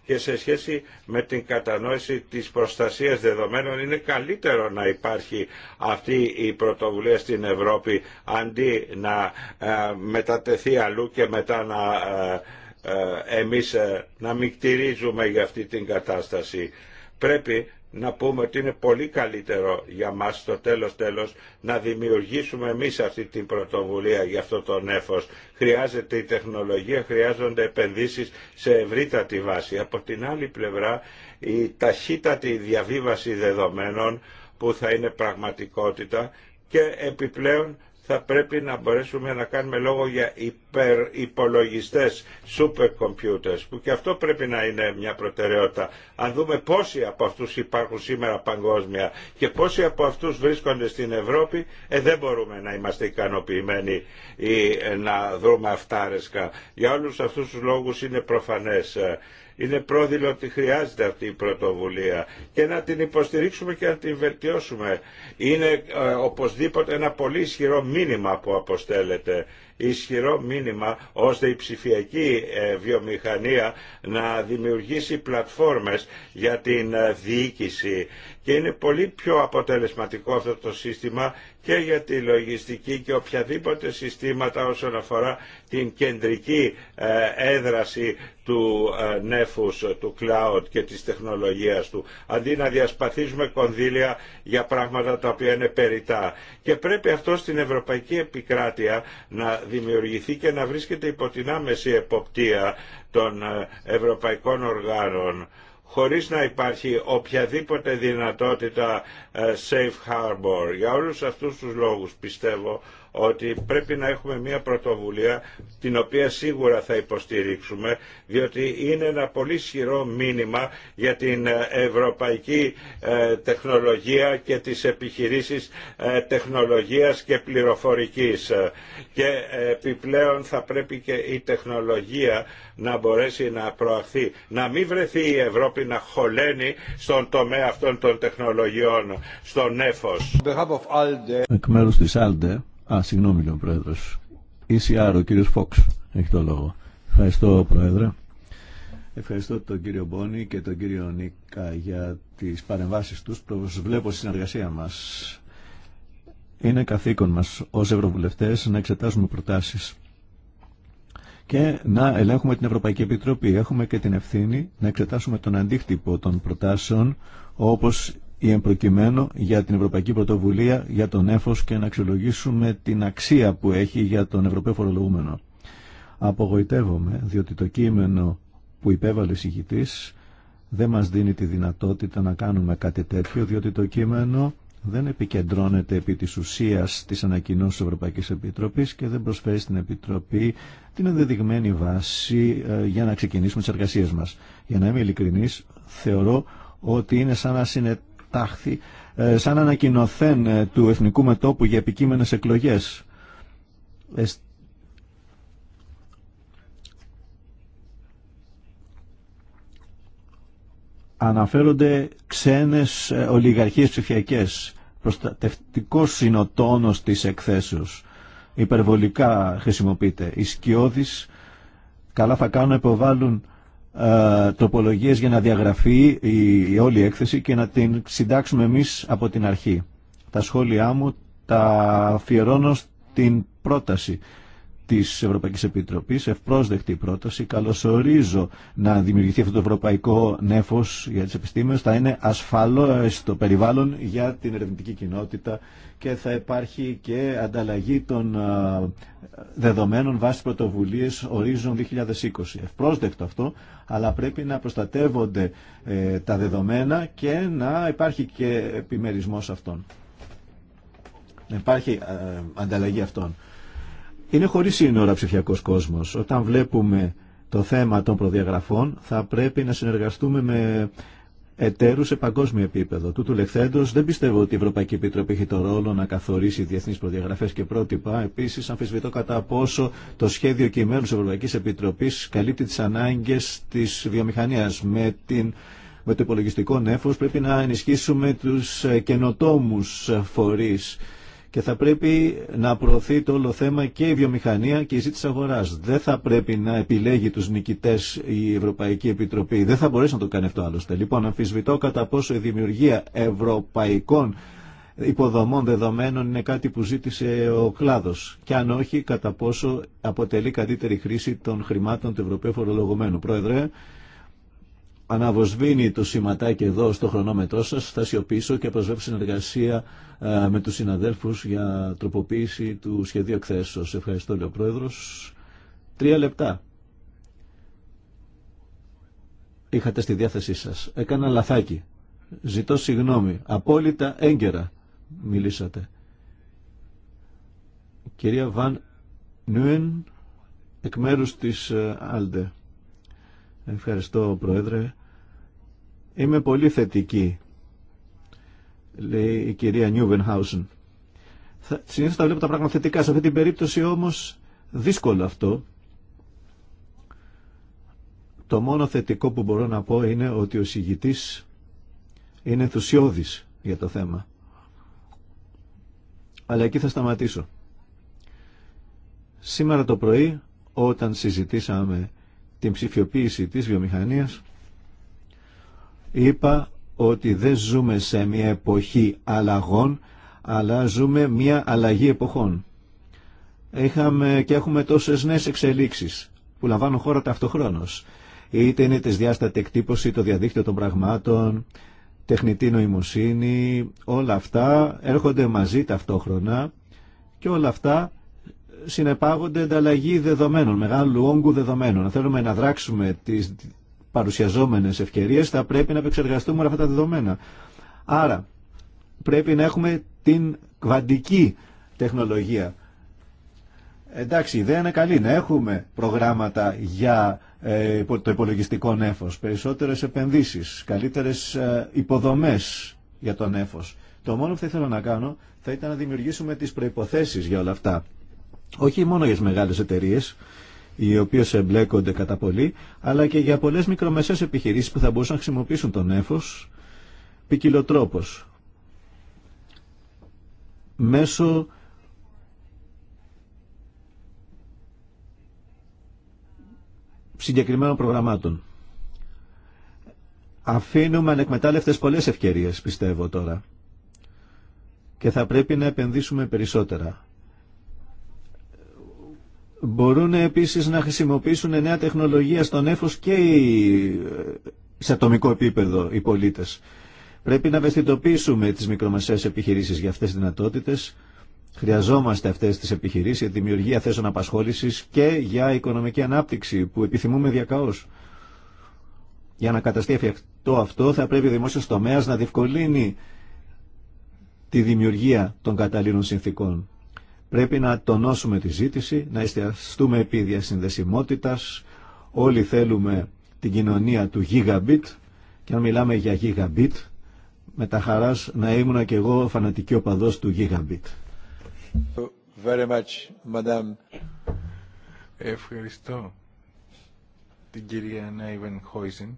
και σε σχέση με την κατανόηση της προστασίας δεδομένων είναι καλύτερο να υπάρχει αυτή η πρωτοβουλία στην Ευρώπη αντί να ε, μετατεθεί αλλού και μετά να ε, εμείς να μικτηρίζουμε για αυτή την κατάσταση. Πρέπει να πούμε ότι είναι πολύ καλύτερο για μας στο τέλος τέλος να δημιουργήσουμε εμείς αυτή την πρωτοβουλία για αυτό το νέφος. Χρειάζεται η τεχνολογία, χρειάζονται επενδύσεις σε ευρύτατη βάση. Από την άλλη πλευρά η ταχύτατη διαβίβαση δεδομένων που θα είναι πραγματικότητα και επιπλέον θα πρέπει να μπορέσουμε να κάνουμε λόγο για υπολογιστές, super computers, που και αυτό πρέπει να είναι μια προτεραιότητα. Αν δούμε πόσοι από αυτούς υπάρχουν σήμερα παγκόσμια και πόσοι από αυτούς βρίσκονται στην Ευρώπη, ε, δεν μπορούμε να είμαστε ικανοποιημένοι ή ε, να δούμε αυτάρεσκα. Για όλους αυτούς τους λόγους είναι προφανές. Ε, είναι πρόδειλο ότι χρειάζεται αυτή η πρωτοβουλία και να την υποστηρίξουμε και να την βελτιώσουμε. Είναι ε, οπωσδήποτε ένα πολύ ισχυρό μήνυμα που αποστέλλεται ισχυρό μήνυμα ώστε η ψηφιακή ε, βιομηχανία να δημιουργήσει πλατφόρμες για την ε, διοίκηση και είναι πολύ πιο αποτελεσματικό αυτό το σύστημα και για τη λογιστική και οποιαδήποτε συστήματα όσον αφορά την κεντρική ε, έδραση του ε, νέφους, του cloud και της τεχνολογίας του, αντί να διασπαθίζουμε κονδύλια για πράγματα τα οποία είναι περιτά. Και πρέπει αυτό στην ευρωπαϊκή επικράτεια να δημιουργηθεί και να βρίσκεται υπό την άμεση εποπτεία των ε, ευρωπαϊκών οργάνων χωρίς να υπάρχει οποιαδήποτε δυνατότητα ε, safe harbor. Για όλους αυτούς τους λόγους πιστεύω ότι πρέπει να έχουμε μια πρωτοβουλία την οποία σίγουρα θα υποστηρίξουμε διότι είναι ένα πολύ σχηρό μήνυμα για την ε, ευρωπαϊκή ε, τεχνολογία και τις επιχειρήσεις ε, τεχνολογίας και πληροφορικής και επιπλέον θα πρέπει και η τεχνολογία να μπορέσει να προαχθεί. Να μην βρεθεί η Ευρώπη να χωλαίνει στον τομέα αυτών των τεχνολογιών, στον έφος. Εκ μέρους της Α, συγγνώμη, λέει ο πρόεδρο. ECR, ο κύριο Φόξ έχει το λόγο. Ευχαριστώ, πρόεδρε. Ευχαριστώ τον κύριο Μπόνι και τον κύριο Νίκα για τις παρεμβάσεις τους. Προσβλέπω στη συνεργασία μας. Είναι καθήκον μας ως Ευρωβουλευτές να εξετάσουμε προτάσεις και να ελέγχουμε την Ευρωπαϊκή Επιτροπή. Έχουμε και την ευθύνη να εξετάσουμε τον αντίκτυπο των προτάσεων όπως ή εμπροκειμένο για την Ευρωπαϊκή Πρωτοβουλία για τον έφος και να αξιολογήσουμε την αξία που έχει για τον Ευρωπαίο Φορολογούμενο. Απογοητεύομαι διότι το κείμενο που υπέβαλε η δεν μας δίνει τη δυνατότητα να κάνουμε κάτι τέτοιο διότι το κείμενο δεν επικεντρώνεται επί της ουσίας της ανακοινώσης της Ευρωπαϊκής Επιτροπής και δεν προσφέρει στην Επιτροπή την ενδεδειγμένη βάση ε, για να ξεκινήσουμε τις εργασίες μας. Για να είμαι ειλικρινής, θεωρώ ότι είναι σαν να συνετ τάχθη ε, σαν ανακοινωθέν ε, του Εθνικού Μετώπου για επικείμενες εκλογές. Αναφέρονται ξένες ε, ολιγαρχίες ψηφιακές, προστατευτικός είναι ο τόνος της εκθέσεως. Υπερβολικά χρησιμοποιείται. Οι σκιώδεις καλά θα κάνουν να υποβάλουν ε, τροπολογίες για να διαγραφεί η, η όλη έκθεση και να την συντάξουμε εμείς από την αρχή. Τα σχόλιά μου τα αφιερώνω στην πρόταση της Ευρωπαϊκής Επιτροπής, ευπρόσδεκτη πρόταση. Καλωσορίζω να δημιουργηθεί αυτό το ευρωπαϊκό νέφος για τις επιστήμες. Θα είναι ασφαλό ε, στο περιβάλλον για την ερευνητική κοινότητα και θα υπάρχει και ανταλλαγή των ε, δεδομένων βάσει πρωτοβουλίες ορίζων 2020. Ευπρόσδεκτο αυτό, αλλά πρέπει να προστατεύονται ε, τα δεδομένα και να υπάρχει και επιμερισμός αυτών. Να υπάρχει ανταλλαγή αυτών. Είναι χωρίς σύνορα ψηφιακός κόσμος. Όταν βλέπουμε το θέμα των προδιαγραφών θα πρέπει να συνεργαστούμε με εταίρου σε παγκόσμιο επίπεδο. Τούτου λεχθέντο, δεν πιστεύω ότι η Ευρωπαϊκή Επιτροπή έχει το ρόλο να καθορίσει διεθνεί προδιαγραφέ και πρότυπα. Επίση, αμφισβητώ κατά πόσο το σχέδιο κειμένου τη Ευρωπαϊκή Επιτροπή καλύπτει τι ανάγκε τη βιομηχανία. Με, την... με το υπολογιστικό νέφο πρέπει να ενισχύσουμε του ε, καινοτόμου ε, φορεί και θα πρέπει να προωθεί το όλο θέμα και η βιομηχανία και η ζήτηση αγοράς. Δεν θα πρέπει να επιλέγει τους νικητές η Ευρωπαϊκή Επιτροπή. Δεν θα μπορέσει να το κάνει αυτό άλλωστε. Λοιπόν, αμφισβητώ κατά πόσο η δημιουργία ευρωπαϊκών υποδομών δεδομένων είναι κάτι που ζήτησε ο κλάδος και αν όχι κατά πόσο αποτελεί καλύτερη χρήση των χρημάτων του Ευρωπαίου Φορολογωμένου. Πρόεδρε, αναβοσβήνει το σηματάκι εδώ στο χρονόμετρό σας, θα σιωπήσω και προσβέψω συνεργασία ε, με τους συναδέλφους για τροποποίηση του σχεδίου εκθέσεως. Ευχαριστώ, λέει ο Πρόεδρος. Τρία λεπτά είχατε στη διάθεσή σας. Έκανα λαθάκι. Ζητώ συγγνώμη. Απόλυτα έγκαιρα μιλήσατε. Κυρία Βαν Νούεν, εκ μέρους της ε, Άλντε. Ευχαριστώ, Πρόεδρε. Είμαι πολύ θετική, λέει η κυρία Νιούβενχάουσεν. Συνήθω τα βλέπω τα πράγματα θετικά. Σε αυτή την περίπτωση όμως δύσκολο αυτό. Το μόνο θετικό που μπορώ να πω είναι ότι ο συγητής είναι ενθουσιώδης για το θέμα. Αλλά εκεί θα σταματήσω. Σήμερα το πρωί όταν συζητήσαμε την ψηφιοποίηση της βιομηχανίας Είπα ότι δεν ζούμε σε μια εποχή αλλαγών, αλλά ζούμε μια αλλαγή εποχών. Έχαμε και έχουμε τόσες νέες εξελίξεις που λαμβάνουν χώρα ταυτοχρόνως. Είτε είναι της διάστατη εκτύπωση, το διαδίκτυο των πραγμάτων, τεχνητή νοημοσύνη, όλα αυτά έρχονται μαζί ταυτόχρονα και όλα αυτά συνεπάγονται ανταλλαγή δεδομένων, μεγάλου όγκου δεδομένων. θέλουμε να δράξουμε τις παρουσιαζόμενες ευκαιρίες θα πρέπει να επεξεργαστούμε αυτά τα δεδομένα. Άρα πρέπει να έχουμε την κβαντική τεχνολογία. Εντάξει, η ιδέα είναι καλή να έχουμε προγράμματα για ε, το υπολογιστικό νέφος, περισσότερες επενδύσεις, καλύτερες ε, υποδομές για το νέφος. Το μόνο που θα ήθελα να κάνω θα ήταν να δημιουργήσουμε τις προϋποθέσεις για όλα αυτά. Όχι μόνο για τις μεγάλες εταιρείες, οι οποίε εμπλέκονται κατά πολύ, αλλά και για πολλέ μικρομεσαίες επιχειρήσεις που θα μπορούσαν να χρησιμοποιήσουν τον έφο ποικιλοτρόπω. Μέσω συγκεκριμένων προγραμμάτων. Αφήνουμε ανεκμετάλλευτες πολλές ευκαιρίες, πιστεύω τώρα. Και θα πρέπει να επενδύσουμε περισσότερα. Μπορούν επίσης να χρησιμοποιήσουν νέα τεχνολογία στον έφος και ε, σε ατομικό επίπεδο οι πολίτες. Πρέπει να ευαισθητοποιήσουμε τις μικρομεσαίες επιχειρήσεις για αυτές τις δυνατότητες. Χρειαζόμαστε αυτές τις επιχειρήσεις για τη δημιουργία θέσεων απασχόλησης και για οικονομική ανάπτυξη που επιθυμούμε διακαώς. Για να καταστεί εφικτό αυτό θα πρέπει ο δημόσιος τομέας να διευκολύνει τη δημιουργία των καταλλήλων συνθήκων. Πρέπει να τονώσουμε τη ζήτηση, να εστιαστούμε επί διασυνδεσιμότητας. Όλοι θέλουμε την κοινωνία του Gigabit και αν μιλάμε για Gigabit, με τα χαράς να ήμουν και εγώ φανατική οπαδός του Gigabit. Very Ευχαριστώ την κυρία Νέιβεν Χόιζεν.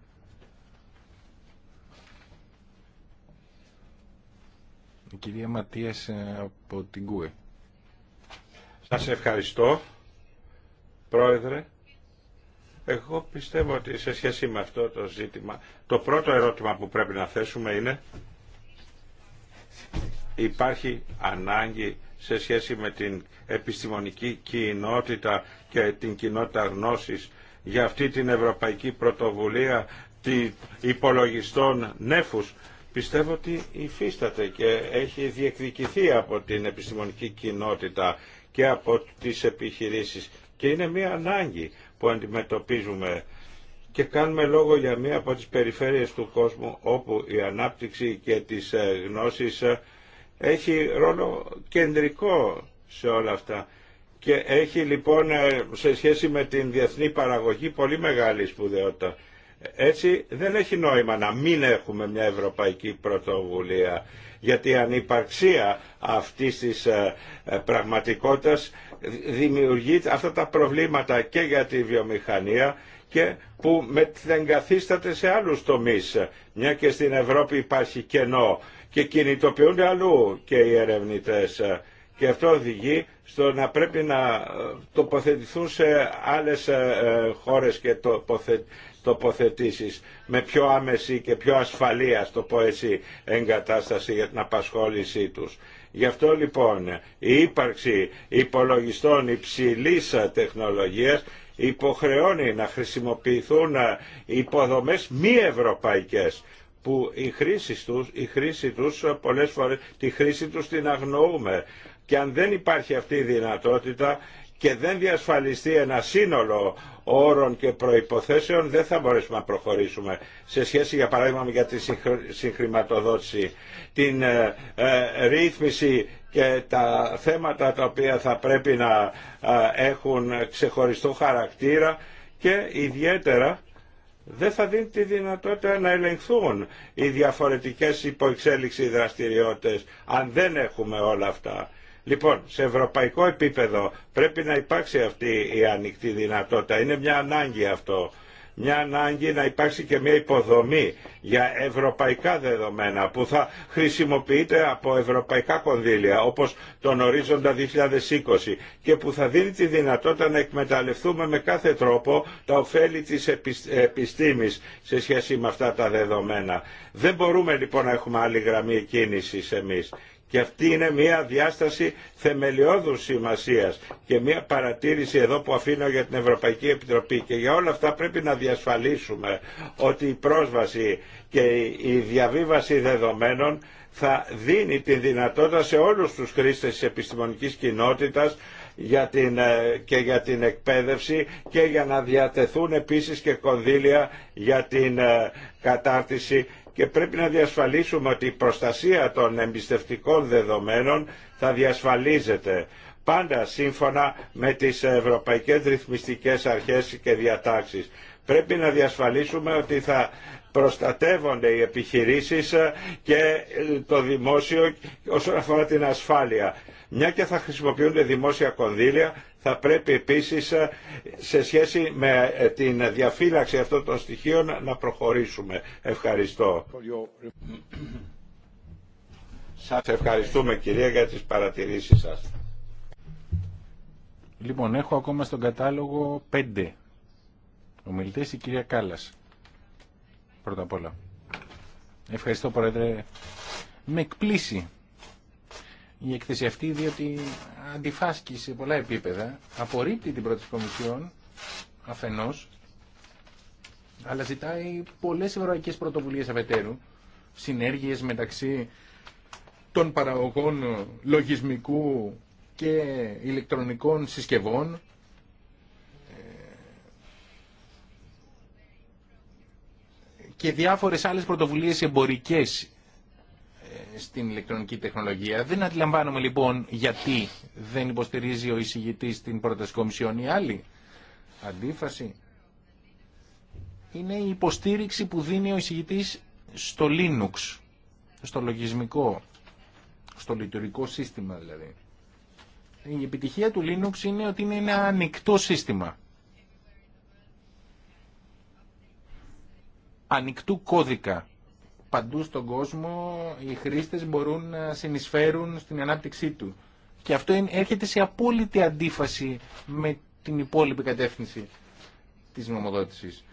Η κυρία Ματίας ε, από την ΚΟΕ. Σας ευχαριστώ, Πρόεδρε. Εγώ πιστεύω ότι σε σχέση με αυτό το ζήτημα, το πρώτο ερώτημα που πρέπει να θέσουμε είναι υπάρχει ανάγκη σε σχέση με την επιστημονική κοινότητα και την κοινότητα γνώσης για αυτή την ευρωπαϊκή πρωτοβουλία υπολογιστών νέφους. Πιστεύω ότι υφίσταται και έχει διεκδικηθεί από την επιστημονική κοινότητα και από τις επιχειρήσεις. Και είναι μια ανάγκη που αντιμετωπίζουμε και κάνουμε λόγο για μία από τις περιφέρειες του κόσμου όπου η ανάπτυξη και της ε, γνώσης ε, έχει ρόλο κεντρικό σε όλα αυτά. Και έχει λοιπόν ε, σε σχέση με την διεθνή παραγωγή πολύ μεγάλη σπουδαιότητα. Έτσι δεν έχει νόημα να μην έχουμε μια ευρωπαϊκή πρωτοβουλία γιατί η ανυπαρξία αυτής της ε, ε, πραγματικότητας δημιουργεί αυτά τα προβλήματα και για τη βιομηχανία και που μετεγκαθίσταται σε άλλους τομείς, μια και στην Ευρώπη υπάρχει κενό και κινητοποιούνται αλλού και οι ερευνητές και αυτό οδηγεί στο να πρέπει να ε, τοποθετηθούν σε άλλες χώρες και τοποθετηθούν τοποθετήσεις με πιο άμεση και πιο ασφαλεία το εγκατάσταση για την απασχόλησή τους. Γι' αυτό λοιπόν η ύπαρξη υπολογιστών υψηλής τεχνολογίας υποχρεώνει να χρησιμοποιηθούν ε, υποδομές μη ευρωπαϊκές που η χρήση τους, η χρήση τους ε, πολλές φορές, τη χρήση τους την αγνοούμε. Και αν δεν υπάρχει αυτή η δυνατότητα, και δεν διασφαλιστεί ένα σύνολο όρων και προϋποθέσεων δεν θα μπορέσουμε να προχωρήσουμε σε σχέση για παράδειγμα για τη συγχρηματοδότηση, την ε, ε, ρύθμιση και τα θέματα τα οποία θα πρέπει να ε, έχουν ξεχωριστό χαρακτήρα και ιδιαίτερα δεν θα δίνει τη δυνατότητα να ελεγχθούν οι διαφορετικές υποεξέλιξη δραστηριότητες αν δεν έχουμε όλα αυτά Λοιπόν, σε ευρωπαϊκό επίπεδο πρέπει να υπάρξει αυτή η ανοιχτή δυνατότητα. Είναι μια ανάγκη αυτό. Μια ανάγκη να υπάρξει και μια υποδομή για ευρωπαϊκά δεδομένα που θα χρησιμοποιείται από ευρωπαϊκά κονδύλια όπως τον ορίζοντα 2020 και που θα δίνει τη δυνατότητα να εκμεταλλευτούμε με κάθε τρόπο τα ωφέλη της επιστήμης σε σχέση με αυτά τα δεδομένα. Δεν μπορούμε λοιπόν να έχουμε άλλη γραμμή κίνησης εμείς. Και αυτή είναι μια διάσταση θεμελιώδους σημασία και μια παρατήρηση εδώ που αφήνω για την Ευρωπαϊκή Επιτροπή. Και για όλα αυτά πρέπει να διασφαλίσουμε ότι η πρόσβαση και η διαβίβαση δεδομένων θα δίνει τη δυνατότητα σε όλους τους χρήστες της επιστημονικής κοινότητας για την, ε, και για την εκπαίδευση και για να διατεθούν επίσης και κονδύλια για την ε, κατάρτιση και πρέπει να διασφαλίσουμε ότι η προστασία των εμπιστευτικών δεδομένων θα διασφαλίζεται πάντα σύμφωνα με τις ευρωπαϊκές ρυθμιστικές αρχές και διατάξεις. Πρέπει να διασφαλίσουμε ότι θα προστατεύονται οι επιχειρήσεις και το δημόσιο όσον αφορά την ασφάλεια. Μια και θα χρησιμοποιούνται δημόσια κονδύλια, θα πρέπει επίσης ε, σε σχέση με ε, την διαφύλαξη αυτών των στοιχείων να προχωρήσουμε. Ευχαριστώ. Σας ευχαριστούμε κυρία για τις παρατηρήσεις σας. Λοιπόν, έχω ακόμα στον κατάλογο πέντε ομιλητές, η κυρία Κάλλας. Πρώτα απ' όλα. Ευχαριστώ, Πρόεδρε. Με εκπλήσει η έκθεση αυτή διότι αντιφάσκει σε πολλά επίπεδα, απορρίπτει την πρώτη κομισιόν αφενός, αλλά ζητάει πολλές ευρωπαϊκές πρωτοβουλίες αφετέρου, συνέργειες μεταξύ των παραγωγών λογισμικού και ηλεκτρονικών συσκευών, ε, και διάφορες άλλες πρωτοβουλίες εμπορικές στην ηλεκτρονική τεχνολογία. Δεν αντιλαμβάνομαι λοιπόν γιατί δεν υποστηρίζει ο εισηγητή την πρόταση κομισιόν ή άλλη αντίφαση. Είναι η υποστήριξη που δίνει ο εισηγητή στο Linux, στο λογισμικό, στο λειτουργικό σύστημα δηλαδή. Η επιτυχία του Linux είναι ότι είναι ένα ανοιχτό σύστημα. Ανοιχτού κώδικα παντού στον κόσμο οι χρήστες μπορούν να συνεισφέρουν στην ανάπτυξή του. Και αυτό έρχεται σε απόλυτη αντίφαση με την υπόλοιπη κατεύθυνση της νομοδότησης.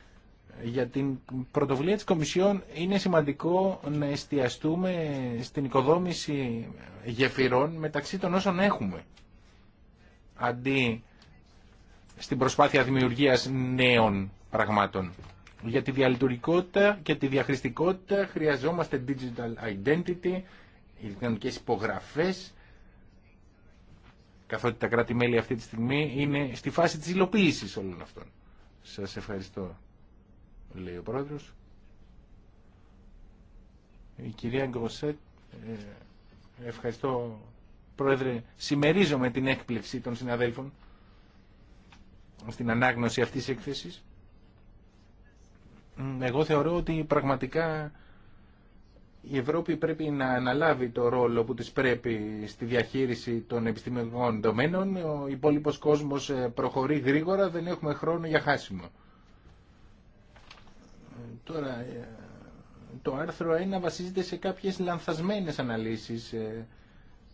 Για την πρωτοβουλία της Κομισιόν είναι σημαντικό να εστιαστούμε στην οικοδόμηση γεφυρών μεταξύ των όσων έχουμε. Αντί στην προσπάθεια δημιουργίας νέων πραγμάτων. Για τη διαλειτουργικότητα και τη διαχρηστικότητα χρειαζόμαστε digital identity, ηλεκτρονικές υπογραφές, καθότι τα κράτη-μέλη αυτή τη στιγμή είναι στη φάση της υλοποίησης όλων αυτών. Σας ευχαριστώ, λέει ο Πρόεδρος. Η κυρία Γκροσέτ, ε, ευχαριστώ, Πρόεδρε, Σημερίζομαι την έκπληξη των συναδέλφων στην ανάγνωση αυτής της έκθεσης. Εγώ θεωρώ ότι πραγματικά η Ευρώπη πρέπει να αναλάβει το ρόλο που της πρέπει στη διαχείριση των επιστημονικών δομένων. Ο υπόλοιπος κόσμος ε, προχωρεί γρήγορα, δεν έχουμε χρόνο για χάσιμο. Τώρα, ε, το άρθρο 1 βασίζεται σε κάποιες λανθασμένες αναλύσεις ε,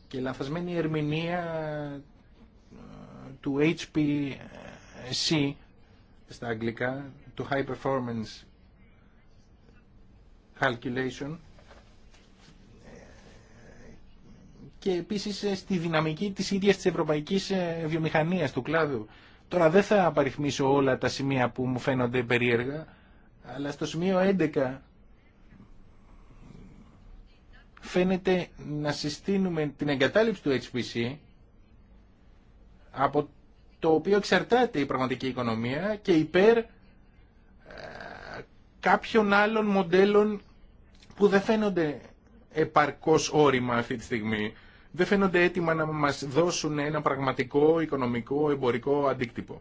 και λανθασμένη ερμηνεία του HPC στα αγγλικά, του High Performance calculation και επίσης ε, στη δυναμική της ίδιας της ευρωπαϊκής ε, βιομηχανίας του κλάδου. Τώρα δεν θα απαριθμίσω όλα τα σημεία που μου φαίνονται περίεργα, αλλά στο σημείο 11 φαίνεται να συστήνουμε την εγκατάλειψη του HPC από το οποίο εξαρτάται η πραγματική οικονομία και υπέρ κάποιων άλλων μοντέλων που δεν φαίνονται επαρκώς όρημα αυτή τη στιγμή. Δεν φαίνονται έτοιμα να μας δώσουν ένα πραγματικό οικονομικό εμπορικό αντίκτυπο.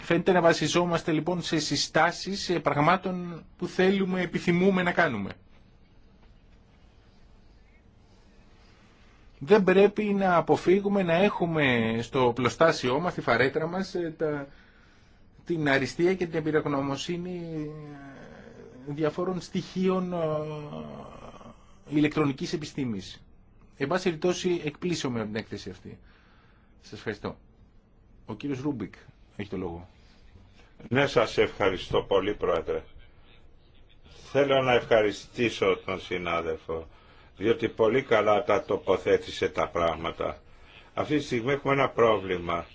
Φαίνεται να βασιζόμαστε λοιπόν σε συστάσεις σε πραγμάτων που θέλουμε, επιθυμούμε να κάνουμε. Δεν πρέπει να αποφύγουμε να έχουμε στο πλωστάσιό μας, στη φαρέτρα μας, τα την αριστεία και την εμπειρογνωμοσύνη ε, διαφόρων στοιχείων ε, ηλεκτρονικής επιστήμης. Εν πάση περιπτώσει εκπλήσωμαι την έκθεση αυτή. Σας ευχαριστώ. Ο κύριος Ρούμπικ έχει το λόγο. Ναι, σας ευχαριστώ πολύ Πρόεδρε. Θέλω να ευχαριστήσω τον συνάδελφο, διότι πολύ καλά τα τοποθέτησε τα πράγματα. Αυτή τη στιγμή έχουμε ένα πρόβλημα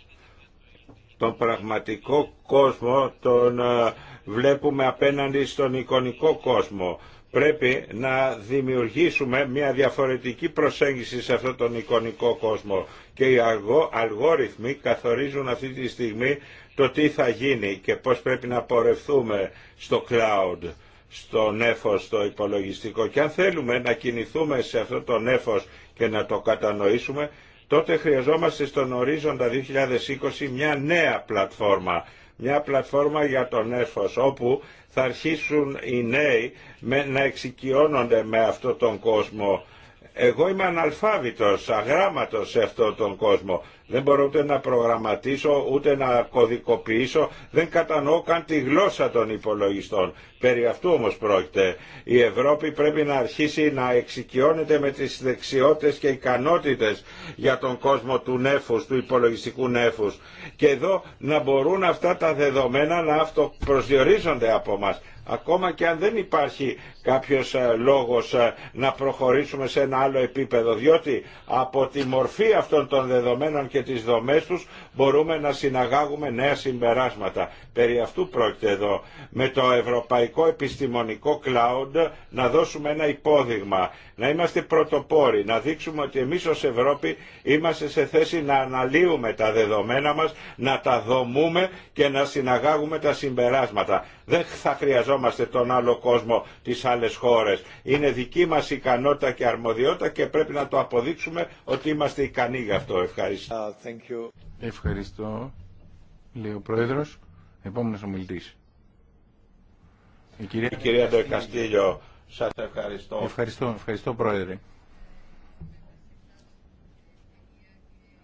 τον πραγματικό κόσμο τον ε, βλέπουμε απέναντι στον εικονικό κόσμο. Πρέπει να δημιουργήσουμε μια διαφορετική προσέγγιση σε αυτόν τον εικονικό κόσμο και οι αλγόριθμοι καθορίζουν αυτή τη στιγμή το τι θα γίνει και πώς πρέπει να πορευθούμε στο cloud, στο νέφος, στο υπολογιστικό. Και αν θέλουμε να κινηθούμε σε αυτό τον νέφος και να το κατανοήσουμε, τότε χρειαζόμαστε στον ορίζοντα 2020 μια νέα πλατφόρμα μια πλατφόρμα για τον έφος όπου θα αρχίσουν οι νέοι να εξοικειώνονται με αυτόν τον κόσμο εγώ είμαι αναλφάβητος, αγράμματος σε αυτόν τον κόσμο. Δεν μπορώ ούτε να προγραμματίσω, ούτε να κωδικοποιήσω, δεν κατανοώ καν τη γλώσσα των υπολογιστών. Περί αυτού όμως πρόκειται. Η Ευρώπη πρέπει να αρχίσει να εξοικειώνεται με τις δεξιότητες και ικανότητες για τον κόσμο του νέφους, του υπολογιστικού νέφους. Και εδώ να μπορούν αυτά τα δεδομένα να αυτοπροσδιορίζονται από μας ακόμα και αν δεν υπάρχει κάποιος ε, λόγος ε, να προχωρήσουμε σε ένα άλλο επίπεδο διότι από τη μορφή αυτών των δεδομένων και τις δομές τους μπορούμε να συναγάγουμε νέα συμπεράσματα. Περί αυτού πρόκειται εδώ. Με το ευρωπαϊκό επιστημονικό cloud να δώσουμε ένα υπόδειγμα, να είμαστε πρωτοπόροι, να δείξουμε ότι εμείς ως Ευρώπη είμαστε σε θέση να αναλύουμε τα δεδομένα μας, να τα δομούμε και να συναγάγουμε τα συμπεράσματα. Δεν θα χρειαζόμαστε τον άλλο κόσμο, τις άλλες χώρες. Είναι δική μας ικανότητα και αρμοδιότητα και πρέπει να το αποδείξουμε ότι είμαστε ικανοί γι' αυτό. Ευχαριστώ. Uh, Ευχαριστώ, λέει ο Πρόεδρος. Επόμενος ομιλητής. Η κυρία, η κυρία σας ευχαριστώ. Ευχαριστώ, ευχαριστώ Πρόεδρε.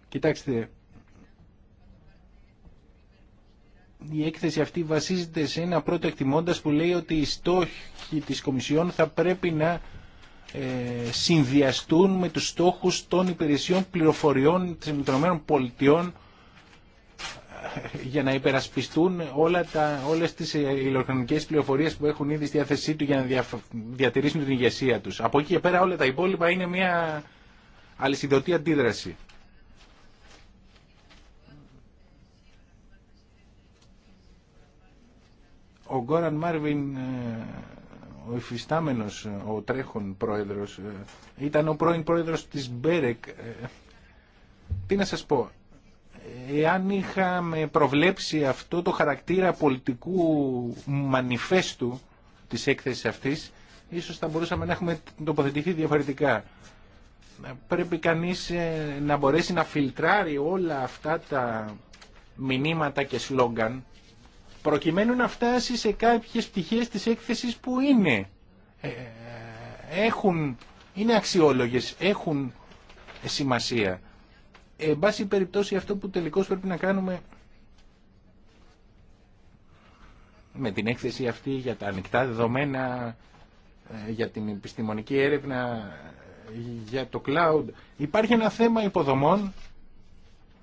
Κοιτάξτε, η έκθεση αυτή βασίζεται σε ένα πρώτο εκτιμώντας που λέει ότι οι στόχοι της Κομισιόν θα πρέπει να ε, συνδυαστούν με τους στόχους των υπηρεσιών πληροφοριών της ΗΠΑ για να υπερασπιστούν όλα τα, όλες τις ε, ηλεκτρονικές πληροφορίες που έχουν ήδη στη διάθεσή του για να διατηρήσουν την ηγεσία τους. Από εκεί και πέρα όλα τα υπόλοιπα είναι μια αλυσιδωτή αντίδραση. Ο Γκόραν Μάρβιν, ε, ο υφιστάμενος, ε, ο τρέχον πρόεδρος, ήταν ο πρώην πρόεδρος της Μπέρεκ. Τι να σας πω, εάν είχαμε προβλέψει αυτό το χαρακτήρα πολιτικού μανιφέστου της έκθεσης αυτής, ίσως θα μπορούσαμε να έχουμε τοποθετηθεί διαφορετικά. Πρέπει κανείς ε, να μπορέσει να φιλτράρει όλα αυτά τα μηνύματα και σλόγγαν, προκειμένου να φτάσει σε κάποιες πτυχές της έκθεσης που είναι, ε, έχουν, είναι αξιόλογες, έχουν σημασία εν πάση περιπτώσει αυτό που τελικώς πρέπει να κάνουμε με την έκθεση αυτή για τα ανοιχτά δεδομένα, ε, για την επιστημονική έρευνα, για το cloud. Υπάρχει ένα θέμα υποδομών.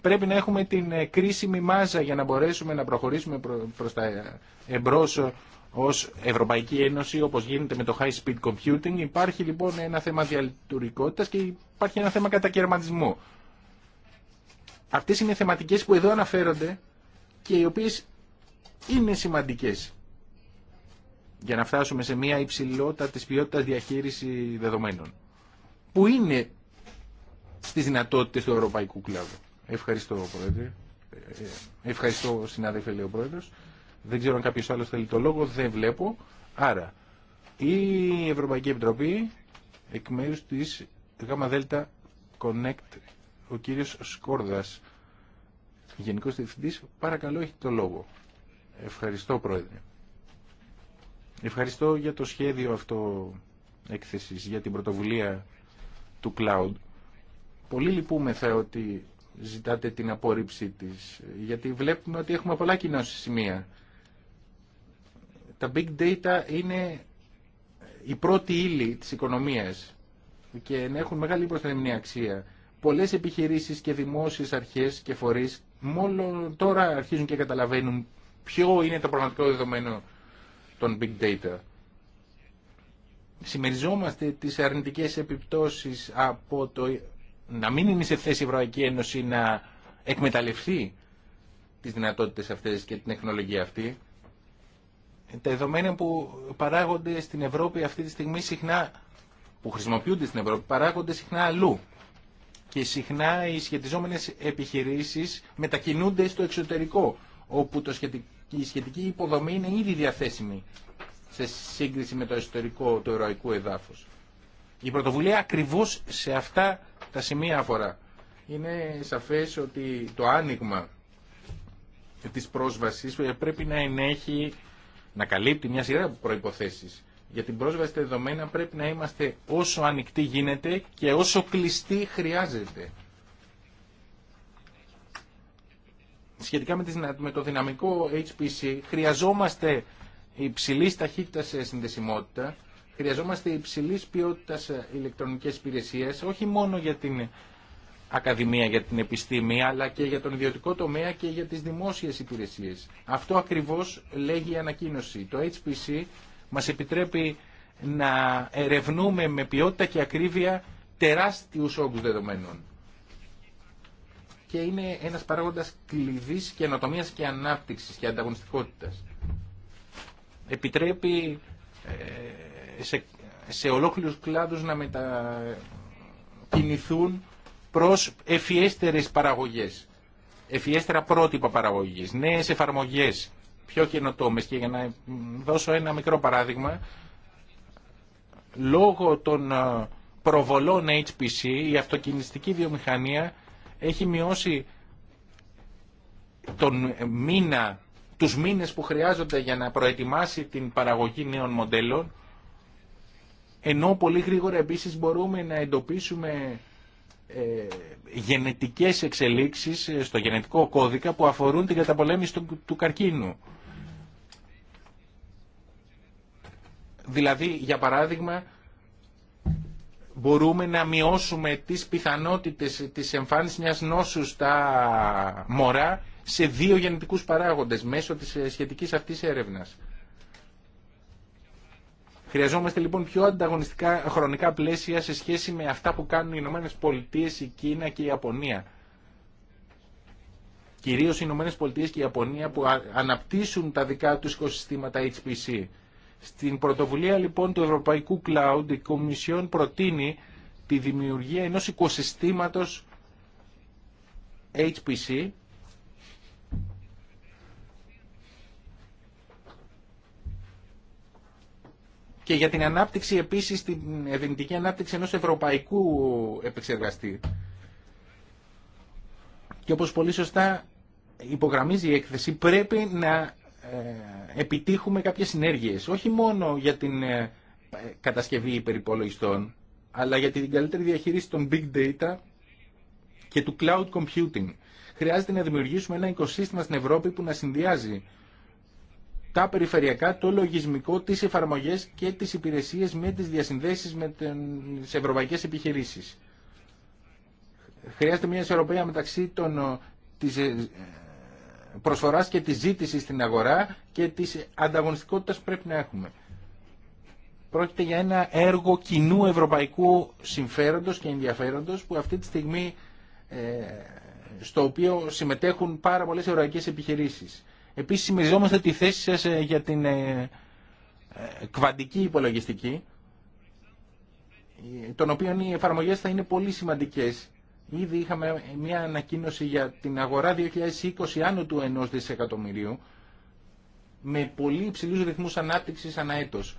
Πρέπει να έχουμε την ε, κρίσιμη μάζα για να μπορέσουμε να προχωρήσουμε προς τα ε, εμπρός ως Ευρωπαϊκή Ένωση, όπως γίνεται με το high speed computing. Υπάρχει λοιπόν ένα θέμα διαλειτουργικότητας και υπάρχει ένα θέμα κατακαιρματισμού. Αυτές είναι θεματικές που εδώ αναφέρονται και οι οποίες είναι σημαντικές για να φτάσουμε σε μια υψηλότητα της ποιότητας διαχείριση δεδομένων που είναι στις δυνατότητες του ευρωπαϊκού κλάδου. Ευχαριστώ, Πρόεδρε. Ε, ε, ευχαριστώ, συνάδελφε, λέει ο Πρόεδρος. Δεν ξέρω αν κάποιο άλλο θέλει το λόγο, δεν βλέπω. Άρα, η Ευρωπαϊκή Επιτροπή εκ μέρους της ΓΔ Connect ο κύριος Σκόρδας, Γενικός Διευθυντής, παρακαλώ έχει το λόγο. Ευχαριστώ Πρόεδρε. Ευχαριστώ για το σχέδιο αυτό έκθεσης, για την πρωτοβουλία του cloud. Πολύ λυπούμεθα ότι ζητάτε την απόρριψή της, γιατί βλέπουμε ότι έχουμε πολλά κοινά σημεία. Τα big data είναι η πρώτη ύλη της οικονομίας και έχουν μεγάλη προστατευμένη αξία πολλές επιχειρήσεις και δημόσιες αρχές και φορείς μόνο τώρα αρχίζουν και καταλαβαίνουν ποιο είναι το πραγματικό δεδομένο των big data. Συμμεριζόμαστε τις αρνητικές επιπτώσεις από το να μην είναι σε θέση η Ευρωπαϊκή Ένωση να εκμεταλλευτεί τις δυνατότητες αυτές και την τεχνολογία αυτή. Τα δεδομένα που παράγονται στην Ευρώπη αυτή τη στιγμή συχνά, που χρησιμοποιούνται στην Ευρώπη, παράγονται συχνά αλλού και συχνά οι σχετιζόμενες επιχειρήσεις μετακινούνται στο εξωτερικό, όπου το η σχετική υποδομή είναι ήδη διαθέσιμη σε σύγκριση με το εσωτερικό του ερωικού εδάφους. Η πρωτοβουλία ακριβώς σε αυτά τα σημεία αφορά. Είναι σαφές ότι το άνοιγμα της πρόσβασης πρέπει να ενέχει, να καλύπτει μια σειρά προϋποθέσεις για την πρόσβαση στα δεδομένα πρέπει να είμαστε όσο ανοιχτοί γίνεται και όσο κλειστοί χρειάζεται. Σχετικά με το δυναμικό HPC χρειαζόμαστε υψηλής ταχύτητας συνδεσιμότητα, χρειαζόμαστε υψηλής ποιότητας ηλεκτρονικές υπηρεσίες, όχι μόνο για την ακαδημία, για την επιστήμη, αλλά και για τον ιδιωτικό τομέα και για τις δημόσιες υπηρεσίες. Αυτό ακριβώς λέγει η ανακοίνωση. Το HPC μας επιτρέπει να ερευνούμε με ποιότητα και ακρίβεια τεράστιους όγκους δεδομένων. Και είναι ένας παράγοντας κλειδής ανατομίας και ανάπτυξης και ανταγωνιστικότητας. Επιτρέπει ε, σε, σε ολόκληρους κλάδους να μετακινηθούν προς ευφιέστερες παραγωγές, ευφιέστερα πρότυπα παραγωγής, νέες εφαρμογές, πιο καινοτόμε και για να δώσω ένα μικρό παράδειγμα, λόγω των ε, προβολών HPC η αυτοκινηστική βιομηχανία έχει μειώσει τον μήνα, τους μήνες που χρειάζονται για να προετοιμάσει την παραγωγή νέων μοντέλων ενώ πολύ γρήγορα επίσης μπορούμε να εντοπίσουμε ε, γενετικές εξελίξεις ε, στο γενετικό κώδικα που αφορούν την καταπολέμηση του, του καρκίνου. Δηλαδή, για παράδειγμα, μπορούμε να μειώσουμε τις πιθανότητες της εμφάνισης μιας νόσου στα μωρά σε δύο γενετικούς παράγοντες μέσω της σχετικής αυτής έρευνας. Χρειαζόμαστε λοιπόν πιο ανταγωνιστικά χρονικά πλαίσια σε σχέση με αυτά που κάνουν οι Ηνωμένε Πολιτείε, η Κίνα και η Ιαπωνία. Κυρίως οι Ηνωμένε και η Ιαπωνία που αναπτύσσουν τα δικά τους οικοσυστήματα HPC. Στην πρωτοβουλία λοιπόν του Ευρωπαϊκού Cloud η Κομισιόν προτείνει τη δημιουργία ενός οικοσυστήματος HPC και για την ανάπτυξη επίσης, την ευρυντική ανάπτυξη ενός ευρωπαϊκού επεξεργαστή. Και όπως πολύ σωστά υπογραμμίζει η έκθεση, πρέπει να ε, επιτύχουμε κάποιες συνέργειες, όχι μόνο για την ε, κατασκευή υπερυπολογιστών, αλλά για την καλύτερη διαχείριση των big data και του cloud computing. Χρειάζεται να δημιουργήσουμε ένα οικοσύστημα στην Ευρώπη που να συνδυάζει τα περιφερειακά, το λογισμικό, τις εφαρμογές και τις υπηρεσίες με τις διασυνδέσεις με τις ευρωπαϊκές επιχειρήσεις. Χρειάζεται μια ισορροπία μεταξύ των, ε, της προσφοράς και της ζήτησης στην αγορά και της ανταγωνιστικότητας που πρέπει να έχουμε. Πρόκειται για ένα έργο κοινού ευρωπαϊκού συμφέροντος και ενδιαφέροντος που αυτή τη στιγμή ε, στο οποίο συμμετέχουν πάρα πολλές ευρωπαϊκές επιχειρήσεις. Επίσης συμμεριζόμαστε τη θέση σας ε, για την ε, κβαντική υπολογιστική, των οποίων οι εφαρμογές θα είναι πολύ σημαντικές Ήδη είχαμε μια ανακοίνωση για την αγορά 2020 άνω του 1 δισεκατομμυρίου με πολύ υψηλούς ρυθμούς ανάπτυξης ανά έτος.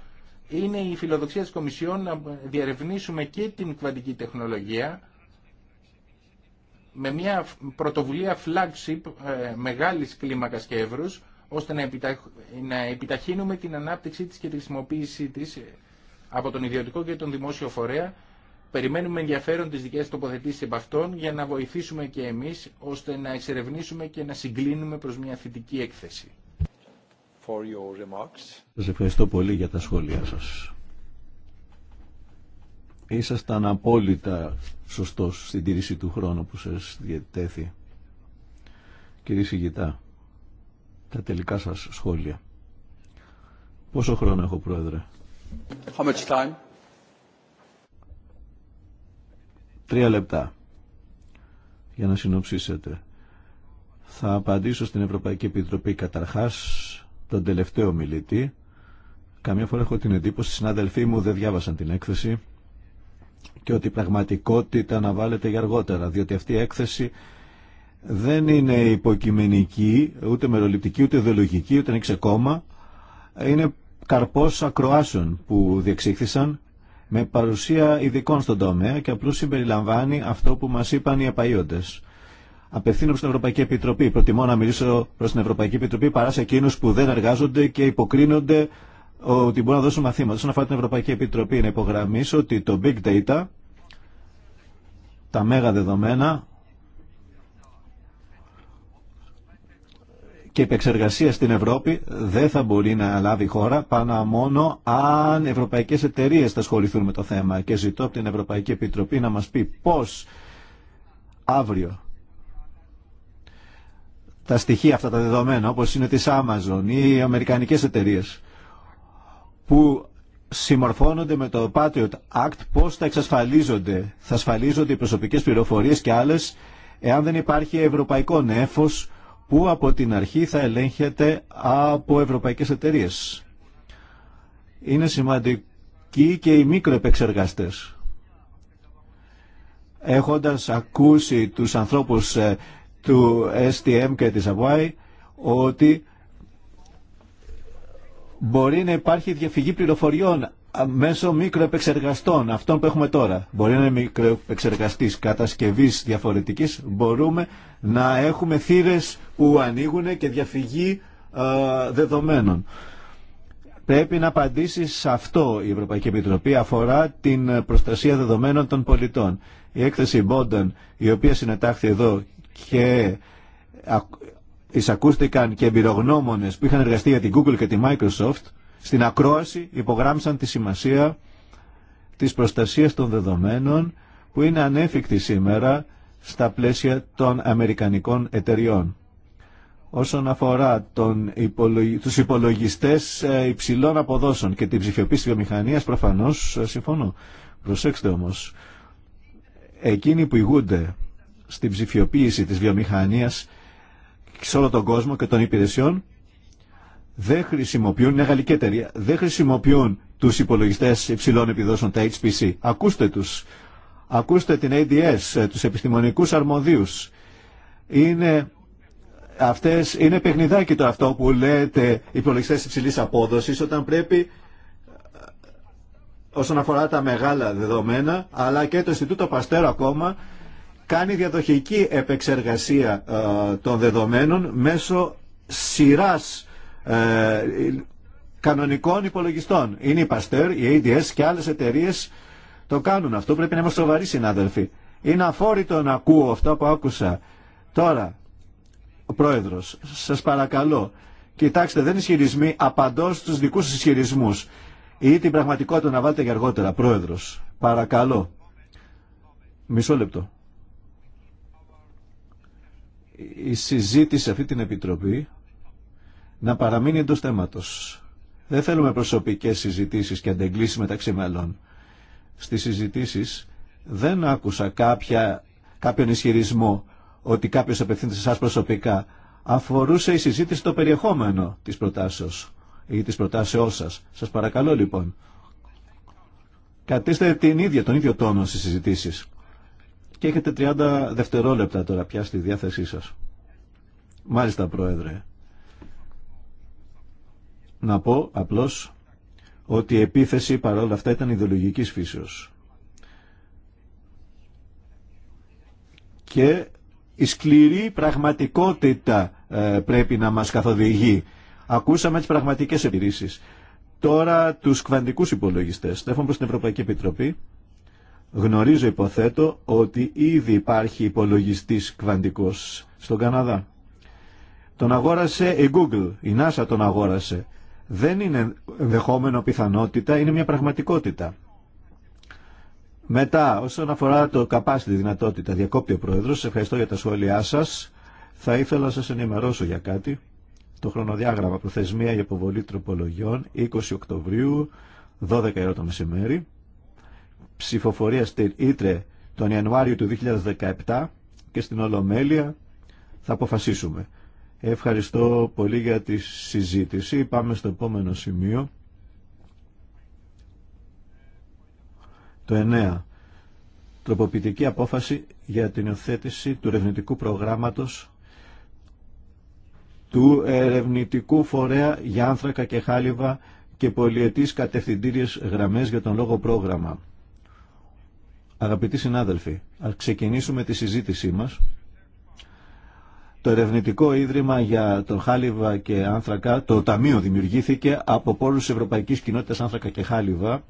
Είναι η φιλοδοξία της Κομισιόν να διαρευνήσουμε και την κβαντική τεχνολογία με μια πρωτοβουλία flagship ε, μεγάλης κλίμακας και εύρους ώστε να, να επιταχύνουμε την ανάπτυξή της και τη χρησιμοποίησή της ε, από τον ιδιωτικό και τον δημόσιο φορέα Περιμένουμε ενδιαφέρον τις δικές τοποθετήσεις επ' αυτών για να βοηθήσουμε και εμείς ώστε να εξερευνήσουμε και να συγκλίνουμε προς μια θετική έκθεση. For Σας ευχαριστώ πολύ για τα σχόλια σας. Ήσασταν απόλυτα σωστός στην τήρηση του χρόνου που σας διατέθη. Κύριε Σιγητά, τα τελικά σας σχόλια. Πόσο χρόνο έχω, Πρόεδρε? How much time? Τρία λεπτά για να συνοψίσετε. Θα απαντήσω στην Ευρωπαϊκή Επιτροπή καταρχάς τον τελευταίο μιλητή. Καμιά φορά έχω την εντύπωση, οι συνάδελφοί μου δεν διάβασαν την έκθεση και ότι η πραγματικότητα να βάλετε για αργότερα, διότι αυτή η έκθεση δεν είναι υποκειμενική, ούτε μεροληπτική, ούτε ιδεολογική, ούτε είναι Είναι καρπός ακροάσεων που διεξήχθησαν με παρουσία ειδικών στον τομέα και απλώς συμπεριλαμβάνει αυτό που μας είπαν οι απαΐοντες. Απευθύνομαι στην Ευρωπαϊκή Επιτροπή. Προτιμώ να μιλήσω προς την Ευρωπαϊκή Επιτροπή παρά σε εκείνους που δεν εργάζονται και υποκρίνονται ότι μπορούν να δώσουν μαθήματα. Όσον αφορά την Ευρωπαϊκή Επιτροπή, να υπογραμμίσω ότι το Big Data, τα μέγα δεδομένα, και επεξεργασία στην Ευρώπη δεν θα μπορεί να λάβει χώρα πάνω μόνο αν ευρωπαϊκές εταιρείες θα ασχοληθούν με το θέμα και ζητώ από την Ευρωπαϊκή Επιτροπή να μας πει πώς αύριο τα στοιχεία αυτά τα δεδομένα όπως είναι της Amazon ή οι αμερικανικές εταιρείες που συμμορφώνονται με το Patriot Act πώς θα εξασφαλίζονται θα ασφαλίζονται οι προσωπικές πληροφορίες και άλλες εάν δεν υπάρχει ευρωπαϊκό νέφος που από την αρχή θα ελέγχεται από ευρωπαϊκές εταιρείες. Είναι σημαντικοί και οι μικροεπεξεργαστές. Έχοντας ακούσει τους ανθρώπους ε, του STM και της ΑΒΑΗ ότι μπορεί να υπάρχει διαφυγή πληροφοριών μέσω μικροεπεξεργαστών, αυτών που έχουμε τώρα. Μπορεί να είναι μικροεπεξεργαστής κατασκευής διαφορετικής, μπορούμε να έχουμε θύρες που ανοίγουν και διαφυγή δεδομένων. Πρέπει να απαντήσει σε αυτό η Ευρωπαϊκή Επιτροπή αφορά την προστασία δεδομένων των πολιτών. Η έκθεση Μπόντεν, η οποία συνετάχθη εδώ και εισακούστηκαν και εμπειρογνώμονες που είχαν εργαστεί για την Google και τη Microsoft, στην ακρόαση υπογράμμισαν τη σημασία της προστασίας των δεδομένων που είναι ανέφικτη σήμερα στα πλαίσια των αμερικανικών εταιριών. Όσον αφορά τον τους υπολογιστές ε, υψηλών αποδόσεων και την ψηφιοποίηση της βιομηχανίας, προφανώς ε, συμφωνώ. Προσέξτε όμως, εκείνοι που ηγούνται στην ψηφιοποίηση της βιομηχανίας σε όλο τον κόσμο και των υπηρεσιών δεν χρησιμοποιούν, είναι γαλλική εταιρεία, δεν χρησιμοποιούν τους υπολογιστές υψηλών επιδόσεων, τα HPC. Ακούστε τους. Ακούστε την ADS, ε, τους επιστημονικούς αρμοδίους. Είναι, αυτές, είναι παιχνιδάκι το αυτό που λέτε υπολογιστές υψηλής απόδοσης όταν πρέπει ε, όσον αφορά τα μεγάλα δεδομένα, αλλά και το Ινστιτούτο Παστέρο ακόμα κάνει διαδοχική επεξεργασία ε, των δεδομένων μέσω σειράς ε, κανονικών υπολογιστών. Είναι η Pasteur, η ADS και άλλες εταιρείε το κάνουν αυτό. Πρέπει να είμαστε σοβαροί συνάδελφοι. Είναι αφόρητο να ακούω αυτά που άκουσα. Τώρα, ο Πρόεδρος, σας παρακαλώ, κοιτάξτε, δεν ισχυρισμοί, απαντώ στους δικούς σας ισχυρισμούς. Ή την πραγματικότητα να βάλετε για αργότερα, Πρόεδρος. Παρακαλώ. Μισό λεπτό. Η συζήτηση σε αυτή την Επιτροπή να παραμείνει εντός θέματος. Δεν θέλουμε προσωπικές συζητήσεις και αντεγκλήσεις μεταξύ μελών. Στις συζητήσεις δεν άκουσα κάποια, κάποιον ισχυρισμό ότι κάποιο απευθύνεται σε εσά προσωπικά. Αφορούσε η συζήτηση το περιεχόμενο της προτάσεως ή της προτάσεώς σας. Σας παρακαλώ λοιπόν. Κατήστε την ίδια, τον ίδιο τόνο στις συζητήσεις. Και έχετε 30 δευτερόλεπτα τώρα πια στη διάθεσή σας. Μάλιστα, Πρόεδρε να πω απλώς ότι η επίθεση παρόλα αυτά ήταν ιδεολογικής φύσεως. Και η σκληρή πραγματικότητα ε, πρέπει να μας καθοδηγεί. Ακούσαμε τις πραγματικές επιρρήσεις. Τώρα τους κβαντικούς υπολογιστές. Στέφω προς την Ευρωπαϊκή Επιτροπή. Γνωρίζω, υποθέτω, ότι ήδη υπάρχει υπολογιστής κβαντικός στον Καναδά. Τον αγόρασε η Google, η NASA τον αγόρασε δεν είναι ενδεχόμενο πιθανότητα, είναι μια πραγματικότητα. Μετά, όσον αφορά το καπάστη δυνατότητα, διακόπτει ο Πρόεδρος, σε ευχαριστώ για τα σχόλιά σας. Θα ήθελα να σας ενημερώσω για κάτι. Το χρονοδιάγραμμα προθεσμία για υποβολή τροπολογιών 20 Οκτωβρίου, 12 ώρα το μεσημέρι. Ψηφοφορία στην Ήτρε τον Ιανουάριο του 2017 και στην Ολομέλεια θα αποφασίσουμε. Ευχαριστώ πολύ για τη συζήτηση. Πάμε στο επόμενο σημείο. Το 9. Τροποποιητική απόφαση για την υιοθέτηση του ερευνητικού προγράμματος του ερευνητικού φορέα για άνθρακα και χάλιβα και πολιετής κατευθυντήριες γραμμές για τον λόγο πρόγραμμα. Αγαπητοί συνάδελφοι, ας ξεκινήσουμε τη συζήτησή μας. Το ερευνητικό ίδρυμα για το Χάλιβα και Άνθρακα, το Ταμείο δημιουργήθηκε από πόλους της Ευρωπαϊκής Κοινότητας Άνθρακα και Χάλιβα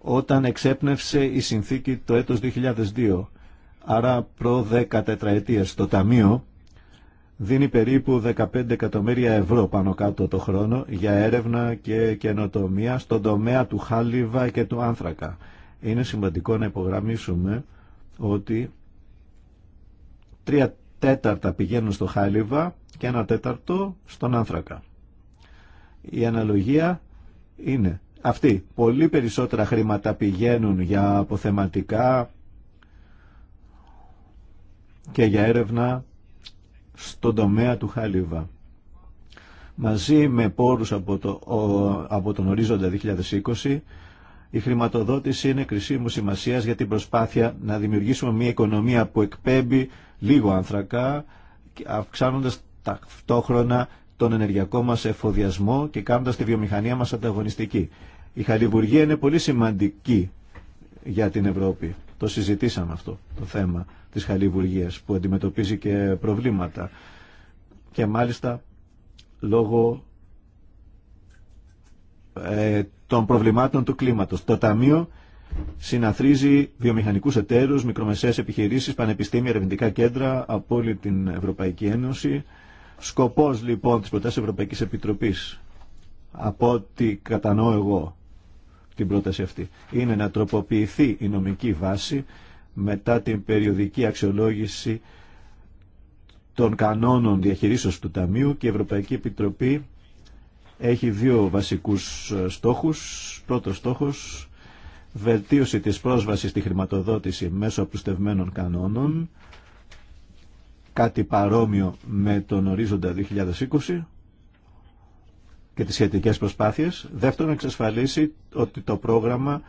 όταν εξέπνευσε η συνθήκη το έτος 2002. Άρα προ 10 τετραετίες το Ταμείο δίνει περίπου 15 εκατομμύρια ευρώ πάνω κάτω το χρόνο για έρευνα και καινοτομία στον τομέα του χάλιβα και του άνθρακα. Είναι σημαντικό να υπογραμμίσουμε ότι τρία τέταρτα πηγαίνουν στο χάλιβα και ένα τέταρτο στον άνθρακα. Η αναλογία είναι αυτή. Πολύ περισσότερα χρήματα πηγαίνουν για αποθεματικά και για έρευνα στον τομέα του χάλιβα. Μαζί με πόρους από, το, από τον ορίζοντα 2020, η χρηματοδότηση είναι κρισίμου σημασίας για την προσπάθεια να δημιουργήσουμε μια οικονομία που εκπέμπει λίγο άνθρακα, αυξάνοντα ταυτόχρονα τον ενεργειακό μα εφοδιασμό και κάνοντα τη βιομηχανία μα ανταγωνιστική. Η χαλιβουργία είναι πολύ σημαντική για την Ευρώπη. Το συζητήσαμε αυτό το θέμα της χαλιβουργίας που αντιμετωπίζει και προβλήματα. Και μάλιστα λόγω ε, των προβλημάτων του κλίματος. Το Ταμείο συναθρίζει βιομηχανικού εταίρου, μικρομεσαίε επιχειρήσει, πανεπιστήμια, ερευνητικά κέντρα από όλη την Ευρωπαϊκή Ένωση. Σκοπό λοιπόν τη προτάσεω Ευρωπαϊκή Επιτροπή, από ό,τι κατανοώ εγώ την πρόταση αυτή, είναι να τροποποιηθεί η νομική βάση μετά την περιοδική αξιολόγηση των κανόνων διαχειρίσεως του Ταμείου και η Ευρωπαϊκή Επιτροπή έχει δύο βασικούς ε, στόχους. Πρώτος στόχος βελτίωση της πρόσβασης στη χρηματοδότηση μέσω απλουστευμένων κανόνων, κάτι παρόμοιο με τον ορίζοντα 2020 και τις σχετικές προσπάθειες. Δεύτερον, εξασφαλίσει ότι το πρόγραμμα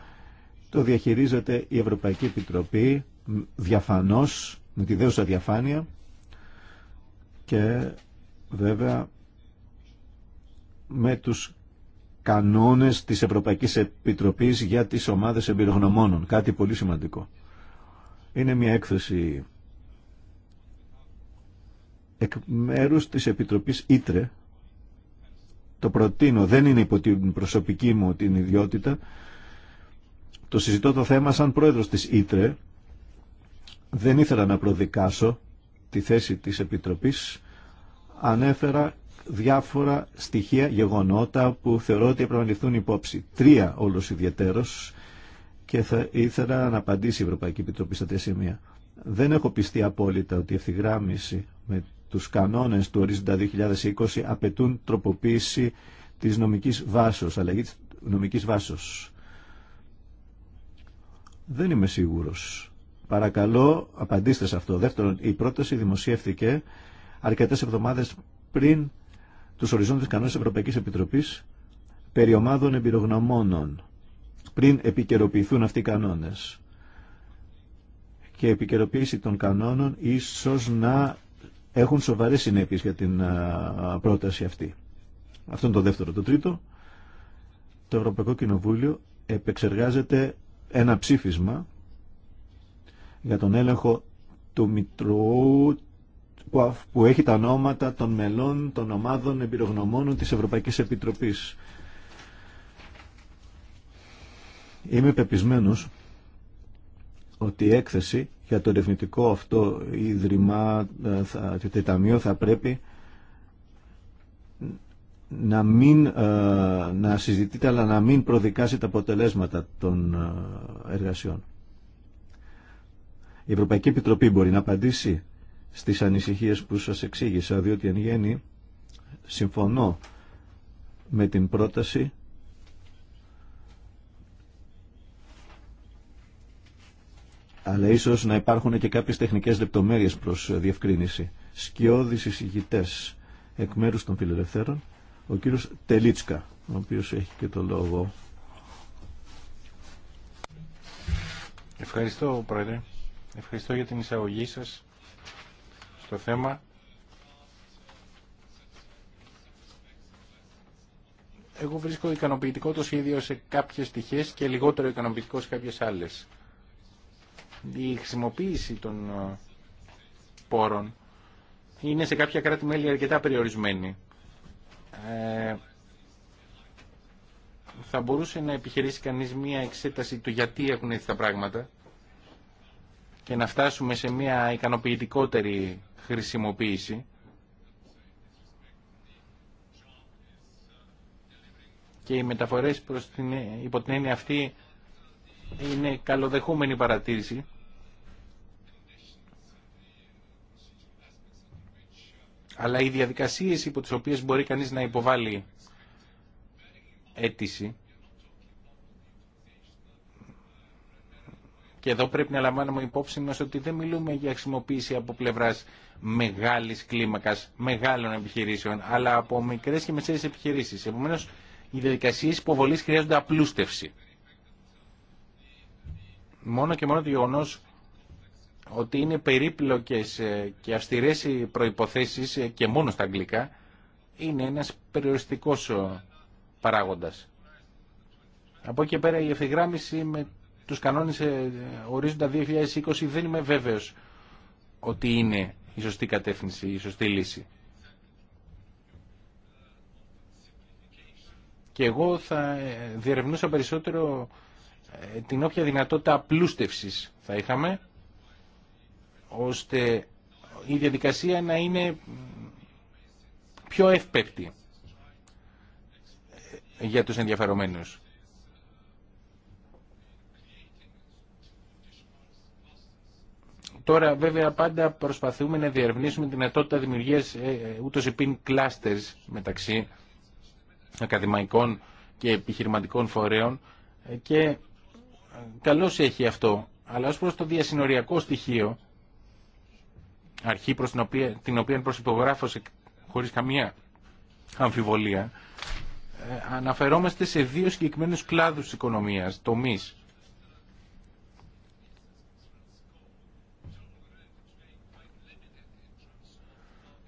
το διαχειρίζεται η Ευρωπαϊκή Επιτροπή διαφανώς, με τη δέουσα διαφάνεια και βέβαια με τους κανόνες της Ευρωπαϊκής Επιτροπής για τις ομάδες εμπειρογνωμόνων. Κάτι πολύ σημαντικό. Είναι μια έκθεση εκ μέρους της Επιτροπής Ήτρε. Το προτείνω, δεν είναι υπό την προσωπική μου την ιδιότητα. Το συζητώ το θέμα σαν πρόεδρος της Ήτρε. Δεν ήθελα να προδικάσω τη θέση της Επιτροπής. Ανέφερα διάφορα στοιχεία, γεγονότα που θεωρώ ότι έπρεπε να ληφθούν υπόψη. Τρία όλο ιδιαίτερος και θα ήθελα να απαντήσει η Ευρωπαϊκή Επιτροπή στα τρία σημεία. Δεν έχω πιστεί απόλυτα ότι η ευθυγράμμιση με τους κανόνες του ορίζοντα 2020 απαιτούν τροποποίηση της νομικής βάσεως. αλλαγή τη νομικής βάσεως. Δεν είμαι σίγουρος. Παρακαλώ, απαντήστε σε αυτό. Δεύτερον, η πρόταση δημοσίευθηκε αρκετές εβδομάδες πριν τους οριζόντες κανόνες της Ευρωπαϊκής Επιτροπής περί ομάδων εμπειρογνωμόνων πριν επικαιροποιηθούν αυτοί οι κανόνες. Και η επικαιροποίηση των κανόνων ίσως να έχουν σοβαρές συνέπειες για την πρόταση αυτή. Αυτό είναι το δεύτερο. Το τρίτο, το Ευρωπαϊκό Κοινοβούλιο επεξεργάζεται ένα ψήφισμα για τον έλεγχο του μητρού που έχει τα ονόματα των μελών των ομάδων εμπειρογνωμόνων της Ευρωπαϊκής Επιτροπής. Είμαι πεπισμένος ότι η έκθεση για το ερευνητικό αυτό ίδρυμα, ε, το ταμείο θα πρέπει να μην ε, να συζητείται αλλά να μην προδικάσει τα αποτελέσματα των ε, εργασιών. Η Ευρωπαϊκή Επιτροπή μπορεί να απαντήσει στις ανησυχίες που σας εξήγησα, διότι εν γέννη συμφωνώ με την πρόταση αλλά ίσως να υπάρχουν και κάποιες τεχνικές λεπτομέρειες προς διευκρίνηση. Σκιώδης εισηγητές εκ μέρους των φιλελευθέρων, ο κύριος Τελίτσκα, ο οποίος έχει και το λόγο. Ευχαριστώ, Πρόεδρε. Ευχαριστώ για την εισαγωγή σας στο θέμα. Εγώ βρίσκω ικανοποιητικό το σχέδιο σε κάποιες στοιχείες και λιγότερο ικανοποιητικό σε κάποιες άλλες. Η χρησιμοποίηση των ε, πόρων είναι σε κάποια κράτη-μέλη αρκετά περιορισμένη. Ε, θα μπορούσε να επιχειρήσει κανείς μία εξέταση του γιατί έχουν έτσι τα πράγματα και να φτάσουμε σε μια ικανοποιητικότερη χρησιμοποίηση. Και οι μεταφορές προς την, υπό την έννοια αυτή είναι καλοδεχούμενη παρατήρηση. Αλλά οι διαδικασίες υπό τις οποίες μπορεί κανείς να υποβάλει αίτηση και εδώ πρέπει να λαμβάνουμε υπόψη μας ότι δεν μιλούμε για χρησιμοποίηση από πλευράς μεγάλης κλίμακας, μεγάλων επιχειρήσεων, αλλά από μικρές και μεσαίες επιχειρήσεις. Επομένως, οι διαδικασίες υποβολής χρειάζονται απλούστευση. Μόνο και μόνο το γεγονό ότι είναι περίπλοκες ε, και αυστηρές οι προϋποθέσεις ε, και μόνο στα αγγλικά, είναι ένας περιοριστικός ε, παράγοντας. Από εκεί πέρα η ευθυγράμμιση με τους κανόνες ε, ορίζοντα 2020 δεν είμαι βέβαιος ότι είναι η σωστή κατεύθυνση, η σωστή λύση. Και εγώ θα ε, διερευνούσα περισσότερο ε, την όποια δυνατότητα απλούστευσης θα είχαμε, ώστε η διαδικασία να είναι πιο εύπεπτη για τους ενδιαφερομένους. Τώρα βέβαια πάντα προσπαθούμε να διερευνήσουμε την δυνατότητα δημιουργίας ε, ε, ούτως επίν κλάστερς μεταξύ ακαδημαϊκών και επιχειρηματικών φορέων ε, και καλώς έχει αυτό. Αλλά ως προς το διασυνοριακό στοιχείο, αρχή προς την οποία, την οποία προσυπογράφω χωρίς καμία αμφιβολία, αναφερόμαστε σε δύο συγκεκριμένους κλάδους της οικονομίας, τομείς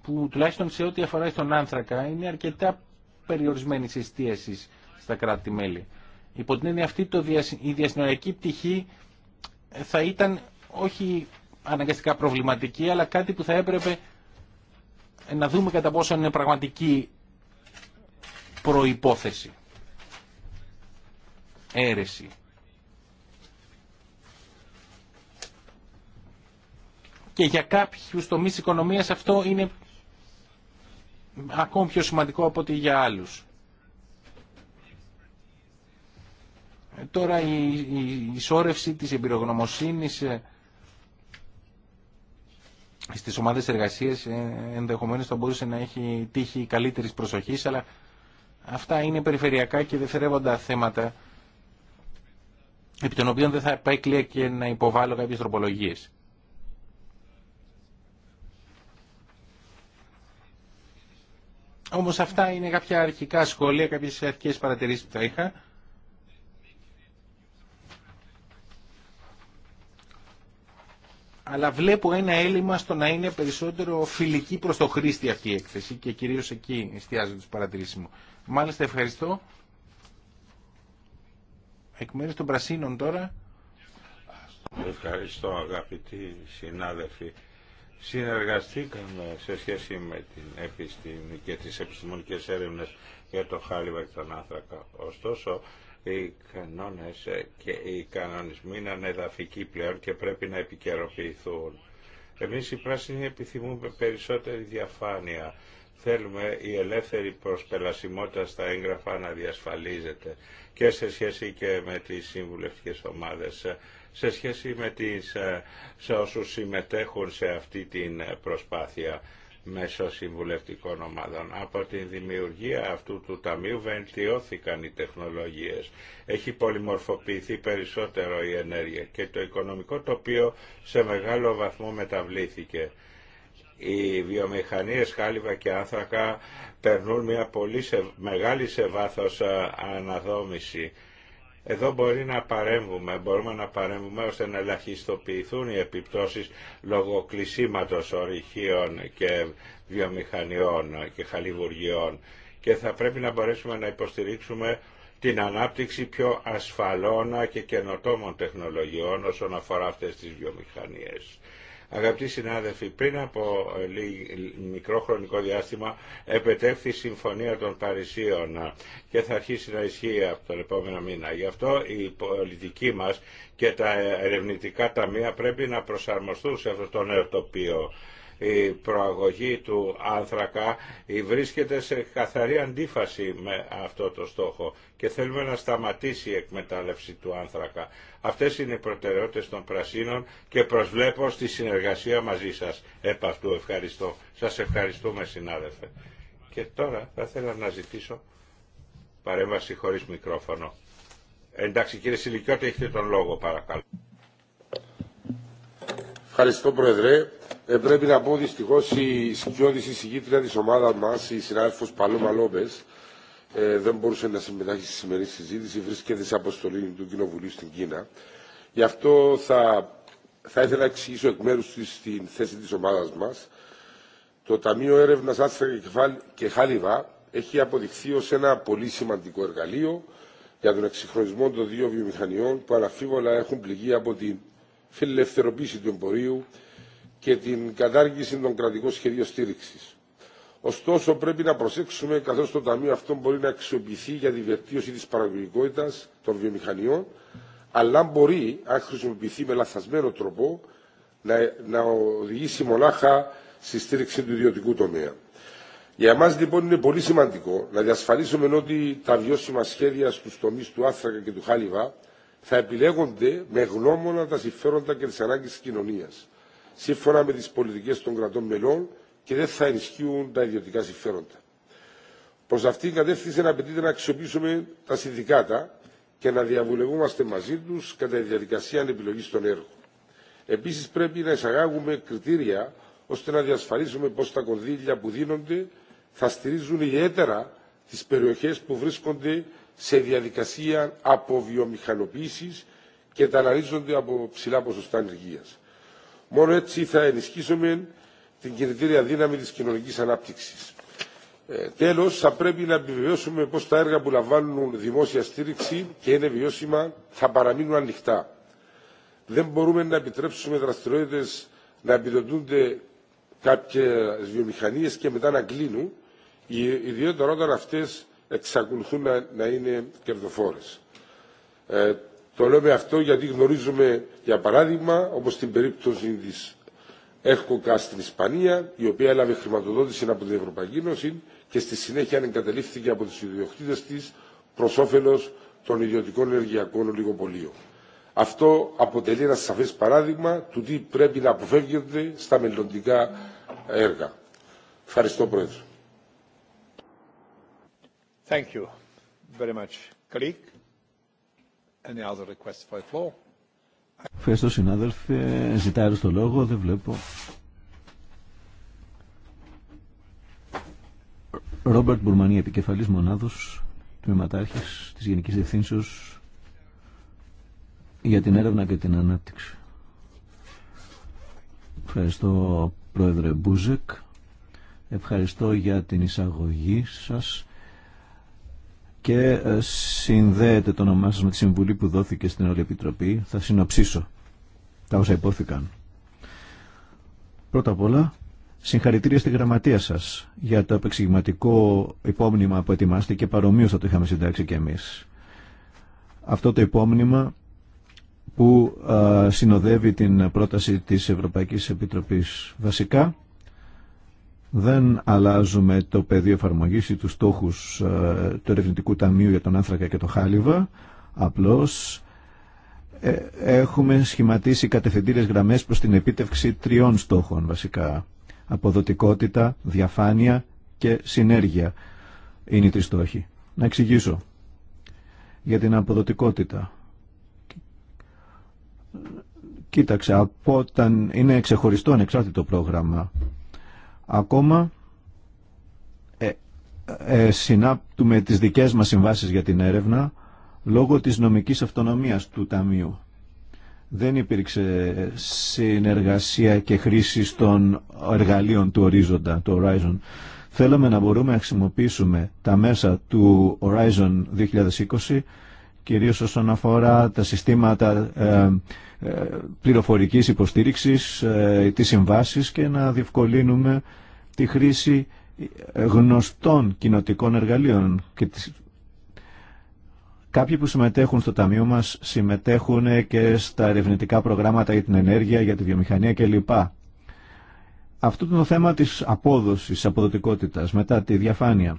που τουλάχιστον σε ό,τι αφορά στον άνθρακα είναι αρκετά περιορισμένη εστίαση στα κράτη-μέλη. Υπό την έννοια αυτή το, η διασυνοριακή πτυχή ε, θα ήταν όχι αναγκαστικά προβληματική, αλλά κάτι που θα έπρεπε ε, να δούμε κατά πόσο είναι πραγματική προϋπόθεση. Έρεση. Και για κάποιους τομείς οικονομίας αυτό είναι ακόμη πιο σημαντικό από ότι για άλλους. Ε, τώρα η ισόρευση της εμπειρογνωμοσύνης ε, στις ομάδες εργασίας ε, ενδεχομένως θα μπορούσε να έχει τύχει καλύτερης προσοχής, αλλά αυτά είναι περιφερειακά και δευτερεύοντα θέματα επί των οποίων δεν θα επέκλειε και να υποβάλω κάποιες τροπολογίες. Όμως αυτά είναι κάποια αρχικά σχόλια, κάποιες αρχικές παρατηρήσεις που θα είχα. αλλά βλέπω ένα έλλειμμα στο να είναι περισσότερο φιλική προς το χρήστη αυτή η έκθεση και κυρίως εκεί εστιάζονται τους παρατηρήσεις μου. Μάλιστα ευχαριστώ. Εκ μέρους των Πρασίνων τώρα. Ευχαριστώ αγαπητοί συνάδελφοι συνεργαστήκαμε σε σχέση με την επιστήμη και τις επιστημονικές έρευνες για το χάλιβα και τον άνθρακα. Ωστόσο, οι κανόνες και οι κανονισμοί είναι ανεδαφικοί πλέον και πρέπει να επικαιροποιηθούν. Εμείς οι πράσινοι επιθυμούμε περισσότερη διαφάνεια. Θέλουμε η ελεύθερη προσπελασιμότητα στα έγγραφα να διασφαλίζεται και σε σχέση και με τις συμβουλευτικές ομάδες σε σχέση με τις, ε, σε όσους συμμετέχουν σε αυτή την προσπάθεια μέσω συμβουλευτικών ομάδων. Από τη δημιουργία αυτού του ταμείου βελτιώθηκαν οι τεχνολογίες. Έχει πολυμορφοποιηθεί περισσότερο η ενέργεια και το οικονομικό τοπίο σε μεγάλο βαθμό μεταβλήθηκε. Οι βιομηχανίες χάλιβα και άνθρακα περνούν μια πολύ σε, μεγάλη σε βάθος ε, αναδόμηση εδώ μπορεί να παρέμβουμε, μπορούμε να παρέμβουμε ώστε να ελαχιστοποιηθούν οι επιπτώσεις λόγω κλεισίματος ορυχείων και βιομηχανιών και χαλιβουργιών και θα πρέπει να μπορέσουμε να υποστηρίξουμε την ανάπτυξη πιο ασφαλών και καινοτόμων τεχνολογιών όσον αφορά αυτές τις βιομηχανίες. Αγαπητοί συνάδελφοι, πριν από μικρό χρονικό διάστημα επετέχθη η Συμφωνία των Παρισίων και θα αρχίσει να ισχύει από τον επόμενο μήνα. Γι' αυτό η πολιτική μας και τα ερευνητικά ταμεία πρέπει να προσαρμοστούν σε αυτό το νέο τοπίο η προαγωγή του άνθρακα βρίσκεται σε καθαρή αντίφαση με αυτό το στόχο και θέλουμε να σταματήσει η εκμετάλλευση του άνθρακα. Αυτές είναι οι προτεραιότητες των Πρασίνων και προσβλέπω στη συνεργασία μαζί σας. Επ' αυτού ευχαριστώ. Σας ευχαριστούμε συνάδελφε. Και τώρα θα ήθελα να ζητήσω παρέμβαση χωρίς μικρόφωνο. Εντάξει κύριε Σιλικιώτη έχετε τον λόγο παρακαλώ. Ευχαριστώ, Πρόεδρε. Ε, πρέπει να πω δυστυχώ η σκιώδη συγκίτρια τη ομάδα μα, η συνάδελφο Παλώμα Λόπε, ε, δεν μπορούσε να συμμετάσχει στη σημερινή συζήτηση. Βρίσκεται σε αποστολή του Κοινοβουλίου στην Κίνα. Γι' αυτό θα, θα ήθελα να εξηγήσω εκ μέρου τη την θέση τη ομάδα μα. Το Ταμείο Έρευνα Άστρα και Χάλιβα έχει αποδειχθεί ω ένα πολύ σημαντικό εργαλείο για τον εξυγχρονισμό των δύο βιομηχανιών που αναφίβολα έχουν πληγεί από την φιλελευθερωποίηση του εμπορίου και την κατάργηση των κρατικών σχεδίων στήριξη. Ωστόσο, πρέπει να προσέξουμε καθώ το Ταμείο αυτό μπορεί να αξιοποιηθεί για τη βελτίωση τη παραγωγικότητα των βιομηχανιών, αλλά μπορεί, αν χρησιμοποιηθεί με λαθασμένο τρόπο, να, να οδηγήσει μονάχα στη στήριξη του ιδιωτικού τομέα. Για εμά λοιπόν είναι πολύ σημαντικό να διασφαλίσουμε ότι τα βιώσιμα σχέδια στου τομεί του Άθρακα και του χάλιβα θα επιλέγονται με γνώμονα τα συμφέροντα και τι ανάγκε τη κοινωνία, σύμφωνα με τι πολιτικέ των κρατών μελών και δεν θα ενισχύουν τα ιδιωτικά συμφέροντα. Προ αυτήν την κατεύθυνση απαιτείται να αξιοποιήσουμε τα συνδικάτα και να διαβουλευόμαστε μαζί του κατά τη διαδικασία επιλογή των έργων. Επίση, πρέπει να εισαγάγουμε κριτήρια ώστε να διασφαλίσουμε πω τα κονδύλια που δίνονται θα στηρίζουν ιδιαίτερα τι περιοχέ που βρίσκονται σε διαδικασία αποβιομηχανοποίησης και ταλαρίζονται από ψηλά ποσοστά ενεργείας. Μόνο έτσι θα ενισχύσουμε την κινητήρια δύναμη της κοινωνικής ανάπτυξης. Ε, τέλος, θα πρέπει να επιβεβαιώσουμε πως τα έργα που λαμβάνουν δημόσια στήριξη και είναι βιώσιμα θα παραμείνουν ανοιχτά. Δεν μπορούμε να επιτρέψουμε δραστηριότητες να επιδοτούνται κάποιες βιομηχανίες και μετά να κλείνουν, ιδιαίτερα όταν αυτές εξακολουθούν να, να είναι κερδοφόρες. Ε, το λέμε αυτό γιατί γνωρίζουμε, για παράδειγμα, όπως την περίπτωση της ΕΧΚΟΚΑ στην Ισπανία, η οποία έλαβε χρηματοδότηση από την Ευρωπαϊκή Ένωση και στη συνέχεια εγκαταλείφθηκε από του ιδιοκτήτες της προς όφελος των ιδιωτικών ενεργειακών ολιγοπολίων. Αυτό αποτελεί ένα σαφές παράδειγμα του τι πρέπει να αποφεύγεται στα μελλοντικά έργα. Ευχαριστώ, Πρόεδρε. Thank you very much, colleague. Any other request for the floor? Ευχαριστώ συνάδελφε. Ζητάει το λόγο, δεν βλέπω. Ρόμπερτ Μπουρμανί, επικεφαλής μονάδος, τμήματάρχης της Γενικής Διευθύνσεως για την έρευνα και την ανάπτυξη. Ευχαριστώ Πρόεδρε Μπούζεκ. Ευχαριστώ για την εισαγωγή σας και ε, συνδέεται το όνομά σας με τη συμβουλή που δόθηκε στην όλη επιτροπή. Θα συνοψίσω τα όσα υπόθηκαν. Πρώτα απ' όλα, συγχαρητήρια στη γραμματεία σας για το επεξηγηματικό υπόμνημα που ετοιμάστηκε, παρομοίως θα το είχαμε συντάξει και εμείς. Αυτό το υπόμνημα που ε, συνοδεύει την πρόταση της Ευρωπαϊκής Επιτροπής. Βασικά, δεν αλλάζουμε το πεδίο εφαρμογής ή τους στόχους ε, του Ερευνητικού Ταμείου για τον Άνθρακα και το Χάλιβα, απλώς ε, έχουμε σχηματίσει κατευθυντήρες γραμμές προς την επίτευξη τριών στόχων βασικά. Αποδοτικότητα, διαφάνεια και συνέργεια είναι οι τρεις στόχοι. Να εξηγήσω για την αποδοτικότητα. Κοίταξε, από όταν είναι ξεχωριστό ανεξάρτητο πρόγραμμα Ακόμα ε, ε, συνάπτουμε τις δικές μας συμβάσεις για την έρευνα λόγω της νομικής αυτονομίας του Ταμείου. Δεν υπήρξε συνεργασία και χρήση των εργαλείων του ορίζοντα, του Horizon. Θέλαμε να μπορούμε να χρησιμοποιήσουμε τα μέσα του Horizon 2020 κυρίως όσον αφορά τα συστήματα ε, ε, πληροφορικής υποστήριξης, ε, τις συμβάσεις και να διευκολύνουμε τη χρήση γνωστών κοινοτικών εργαλείων. Και Κάποιοι που συμμετέχουν στο Ταμείο μας συμμετέχουν και στα ερευνητικά προγράμματα για την ενέργεια, για τη βιομηχανία κλπ. Αυτό το θέμα της απόδοσης, αποδοτικότητας μετά τη διαφάνεια.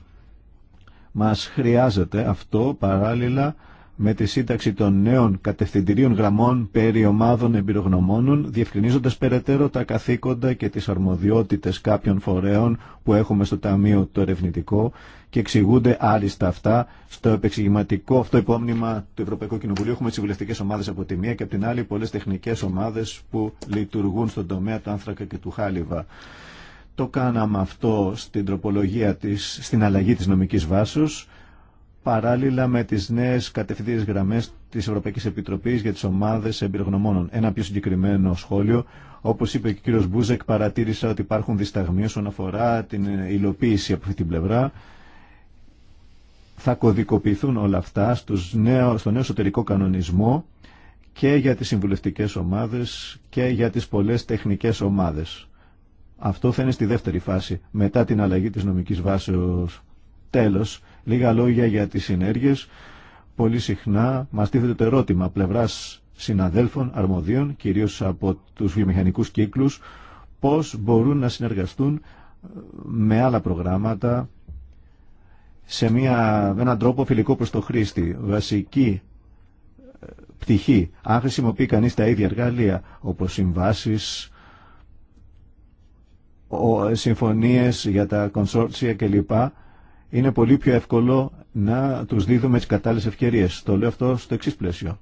Μας χρειάζεται αυτό παράλληλα με τη σύνταξη των νέων κατευθυντηρίων γραμμών περί ομάδων εμπειρογνωμόνων, διευκρινίζοντας περαιτέρω τα καθήκοντα και τις αρμοδιότητες κάποιων φορέων που έχουμε στο Ταμείο το Ερευνητικό και εξηγούνται άριστα αυτά στο επεξηγηματικό αυτό υπόμνημα του Ευρωπαϊκού Κοινοβουλίου. Έχουμε τι βουλευτικέ ομάδε από τη μία και από την άλλη πολλέ τεχνικέ ομάδε που λειτουργούν στον τομέα του άνθρακα και του χάλιβα. Το κάναμε αυτό στην τροπολογία της, στην αλλαγή της νομικής βάσης παράλληλα με τις νέες κατευθυντήριες γραμμές της Ευρωπαϊκής Επιτροπής για τις ομάδες εμπειρογνωμόνων. Ένα πιο συγκεκριμένο σχόλιο, όπως είπε και ο κύριος Μπούζεκ, παρατήρησα ότι υπάρχουν δισταγμοί όσον αφορά την υλοποίηση από αυτή την πλευρά. Θα κωδικοποιηθούν όλα αυτά στους νέο, στο νέο εσωτερικό κανονισμό και για τις συμβουλευτικές ομάδες και για τις πολλές τεχνικές ομάδες. Αυτό θα είναι στη δεύτερη φάση, μετά την αλλαγή της νομικής βάσεως. Τέλος, Λίγα λόγια για τις συνέργειες. Πολύ συχνά μας τίθεται το ερώτημα πλευράς συναδέλφων αρμοδίων, κυρίως από τους βιομηχανικούς κύκλους, πώς μπορούν να συνεργαστούν ε, με άλλα προγράμματα σε μια, με έναν τρόπο φιλικό προς το χρήστη. Βασική ε, πτυχή, αν χρησιμοποιεί κανείς τα ίδια εργαλεία, όπως συμβάσεις, ε, συμφωνίες για τα κονσόρτσια κλπ, είναι πολύ πιο εύκολο να τους δίδουμε τις κατάλληλες ευκαιρίες. Το λέω αυτό στο εξή πλαίσιο.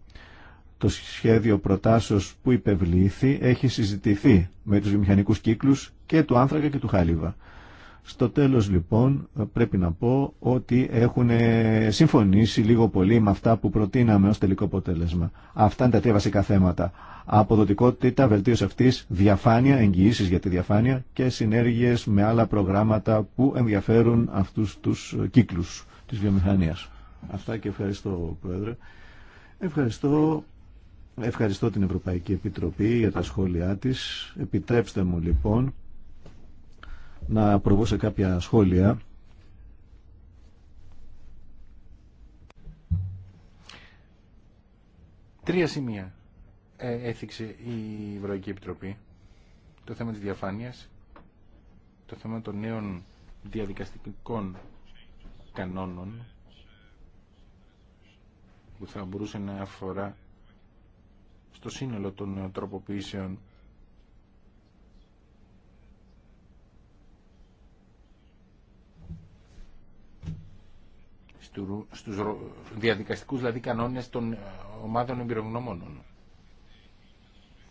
Το σχέδιο προτάσεως που υπευλήθη έχει συζητηθεί με τους βιομηχανικούς κύκλους και του άνθρακα και του χάλιβα. Στο τέλος λοιπόν πρέπει να πω ότι έχουν συμφωνήσει λίγο πολύ με αυτά που προτείναμε ως τελικό αποτέλεσμα. Αυτά είναι τα τρία βασικά θέματα. Αποδοτικότητα, βελτίωση αυτής, διαφάνεια, εγγυήσει για τη διαφάνεια και συνέργειες με άλλα προγράμματα που ενδιαφέρουν αυτούς τους κύκλους της βιομηχανίας. Αυτά και ευχαριστώ Πρόεδρε. Ευχαριστώ. Ευχαριστώ την Ευρωπαϊκή Επιτροπή για τα σχόλιά της. Επιτρέψτε μου λοιπόν να προβώ σε κάποια σχόλια. Τρία σημεία ε, έθιξε η Ευρωπαϊκή Επιτροπή. Το θέμα της διαφάνειας, το θέμα των νέων διαδικαστικών κανόνων που θα μπορούσε να αφορά στο σύνολο των τροποποιήσεων στους διαδικαστικούς δηλαδή κανόνες των ε, ομάδων εμπειρογνωμόνων.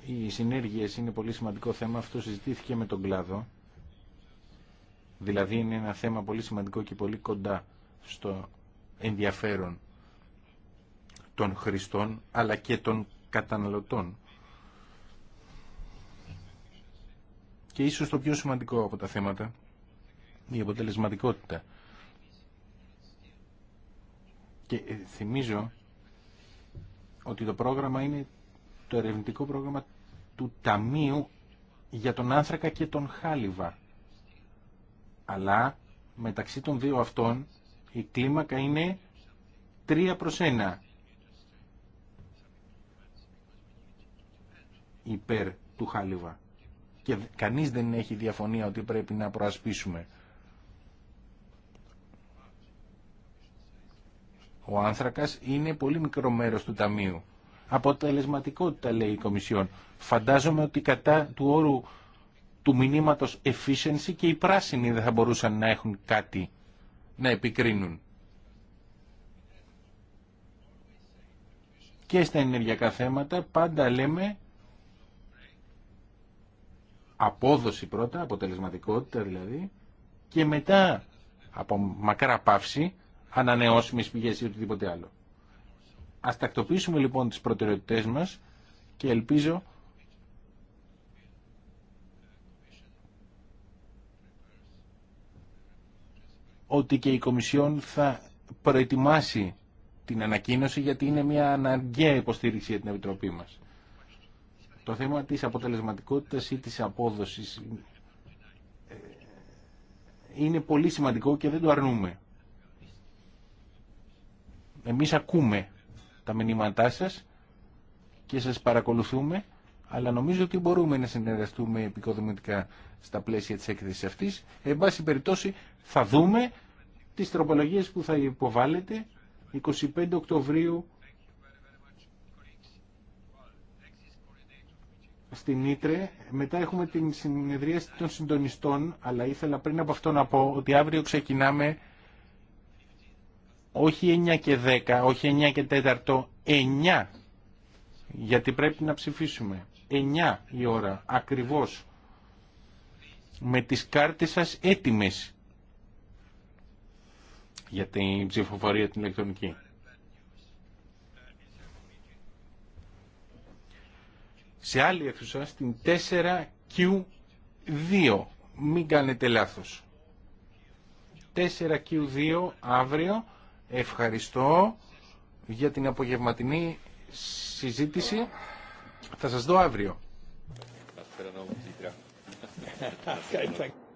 Οι συνέργειες είναι πολύ σημαντικό θέμα, αυτό συζητήθηκε με τον κλάδο. Δηλαδή είναι ένα θέμα πολύ σημαντικό και πολύ κοντά στο ενδιαφέρον των χρηστών αλλά και των καταναλωτών. Και ίσως το πιο σημαντικό από τα θέματα, η αποτελεσματικότητα και ε, θυμίζω ότι το πρόγραμμα είναι το ερευνητικό πρόγραμμα του Ταμείου για τον Άνθρακα και τον Χάλιβα. Αλλά μεταξύ των δύο αυτών η κλίμακα είναι 3 προς 1 υπέρ του Χάλιβα. Και κανείς δεν έχει διαφωνία ότι πρέπει να προασπίσουμε Ο άνθρακα είναι πολύ μικρό μέρο του ταμείου. Αποτελεσματικότητα λέει η Κομισιόν. Φαντάζομαι ότι κατά του όρου του μηνύματο efficiency και οι πράσινοι δεν θα μπορούσαν να έχουν κάτι να επικρίνουν. Και στα ενεργειακά θέματα πάντα λέμε απόδοση πρώτα, αποτελεσματικότητα δηλαδή, και μετά από μακρά παύση Ανανεώσιμε πηγέ ή οτιδήποτε άλλο. Α τακτοποιήσουμε λοιπόν τις προτεραιότητές μας και ελπίζω ότι και η Κομισιόν θα προετοιμάσει την ανακοίνωση γιατί είναι μια αναγκαία υποστήριξη για την Επιτροπή μας. Το θέμα της αποτελεσματικότητας ή της απόδοσης ε, είναι πολύ σημαντικό και δεν το αρνούμε. Εμείς ακούμε τα μηνύματά σας και σας παρακολουθούμε, αλλά νομίζω ότι μπορούμε να συνεργαστούμε επικοδομητικά στα πλαίσια της έκθεσης αυτής. Εν πάση περιπτώσει θα δούμε τις τροπολογίες που θα υποβάλλετε 25 Οκτωβρίου στην Ήτρε. Μετά έχουμε την συνεδρία των συντονιστών, αλλά ήθελα πριν από αυτό να πω ότι αύριο ξεκινάμε όχι 9 και 10, όχι 9 και 4, 9. Γιατί πρέπει να ψηφίσουμε. 9 η ώρα, ακριβώς. Με τις κάρτες σας έτοιμες για την ψηφοφορία την ηλεκτρονική. Σε άλλη αίθουσα, στην 4Q2. Μην κάνετε λάθος. 4Q2 αύριο Ευχαριστώ για την απογευματινή συζήτηση. Θα σας δω αύριο.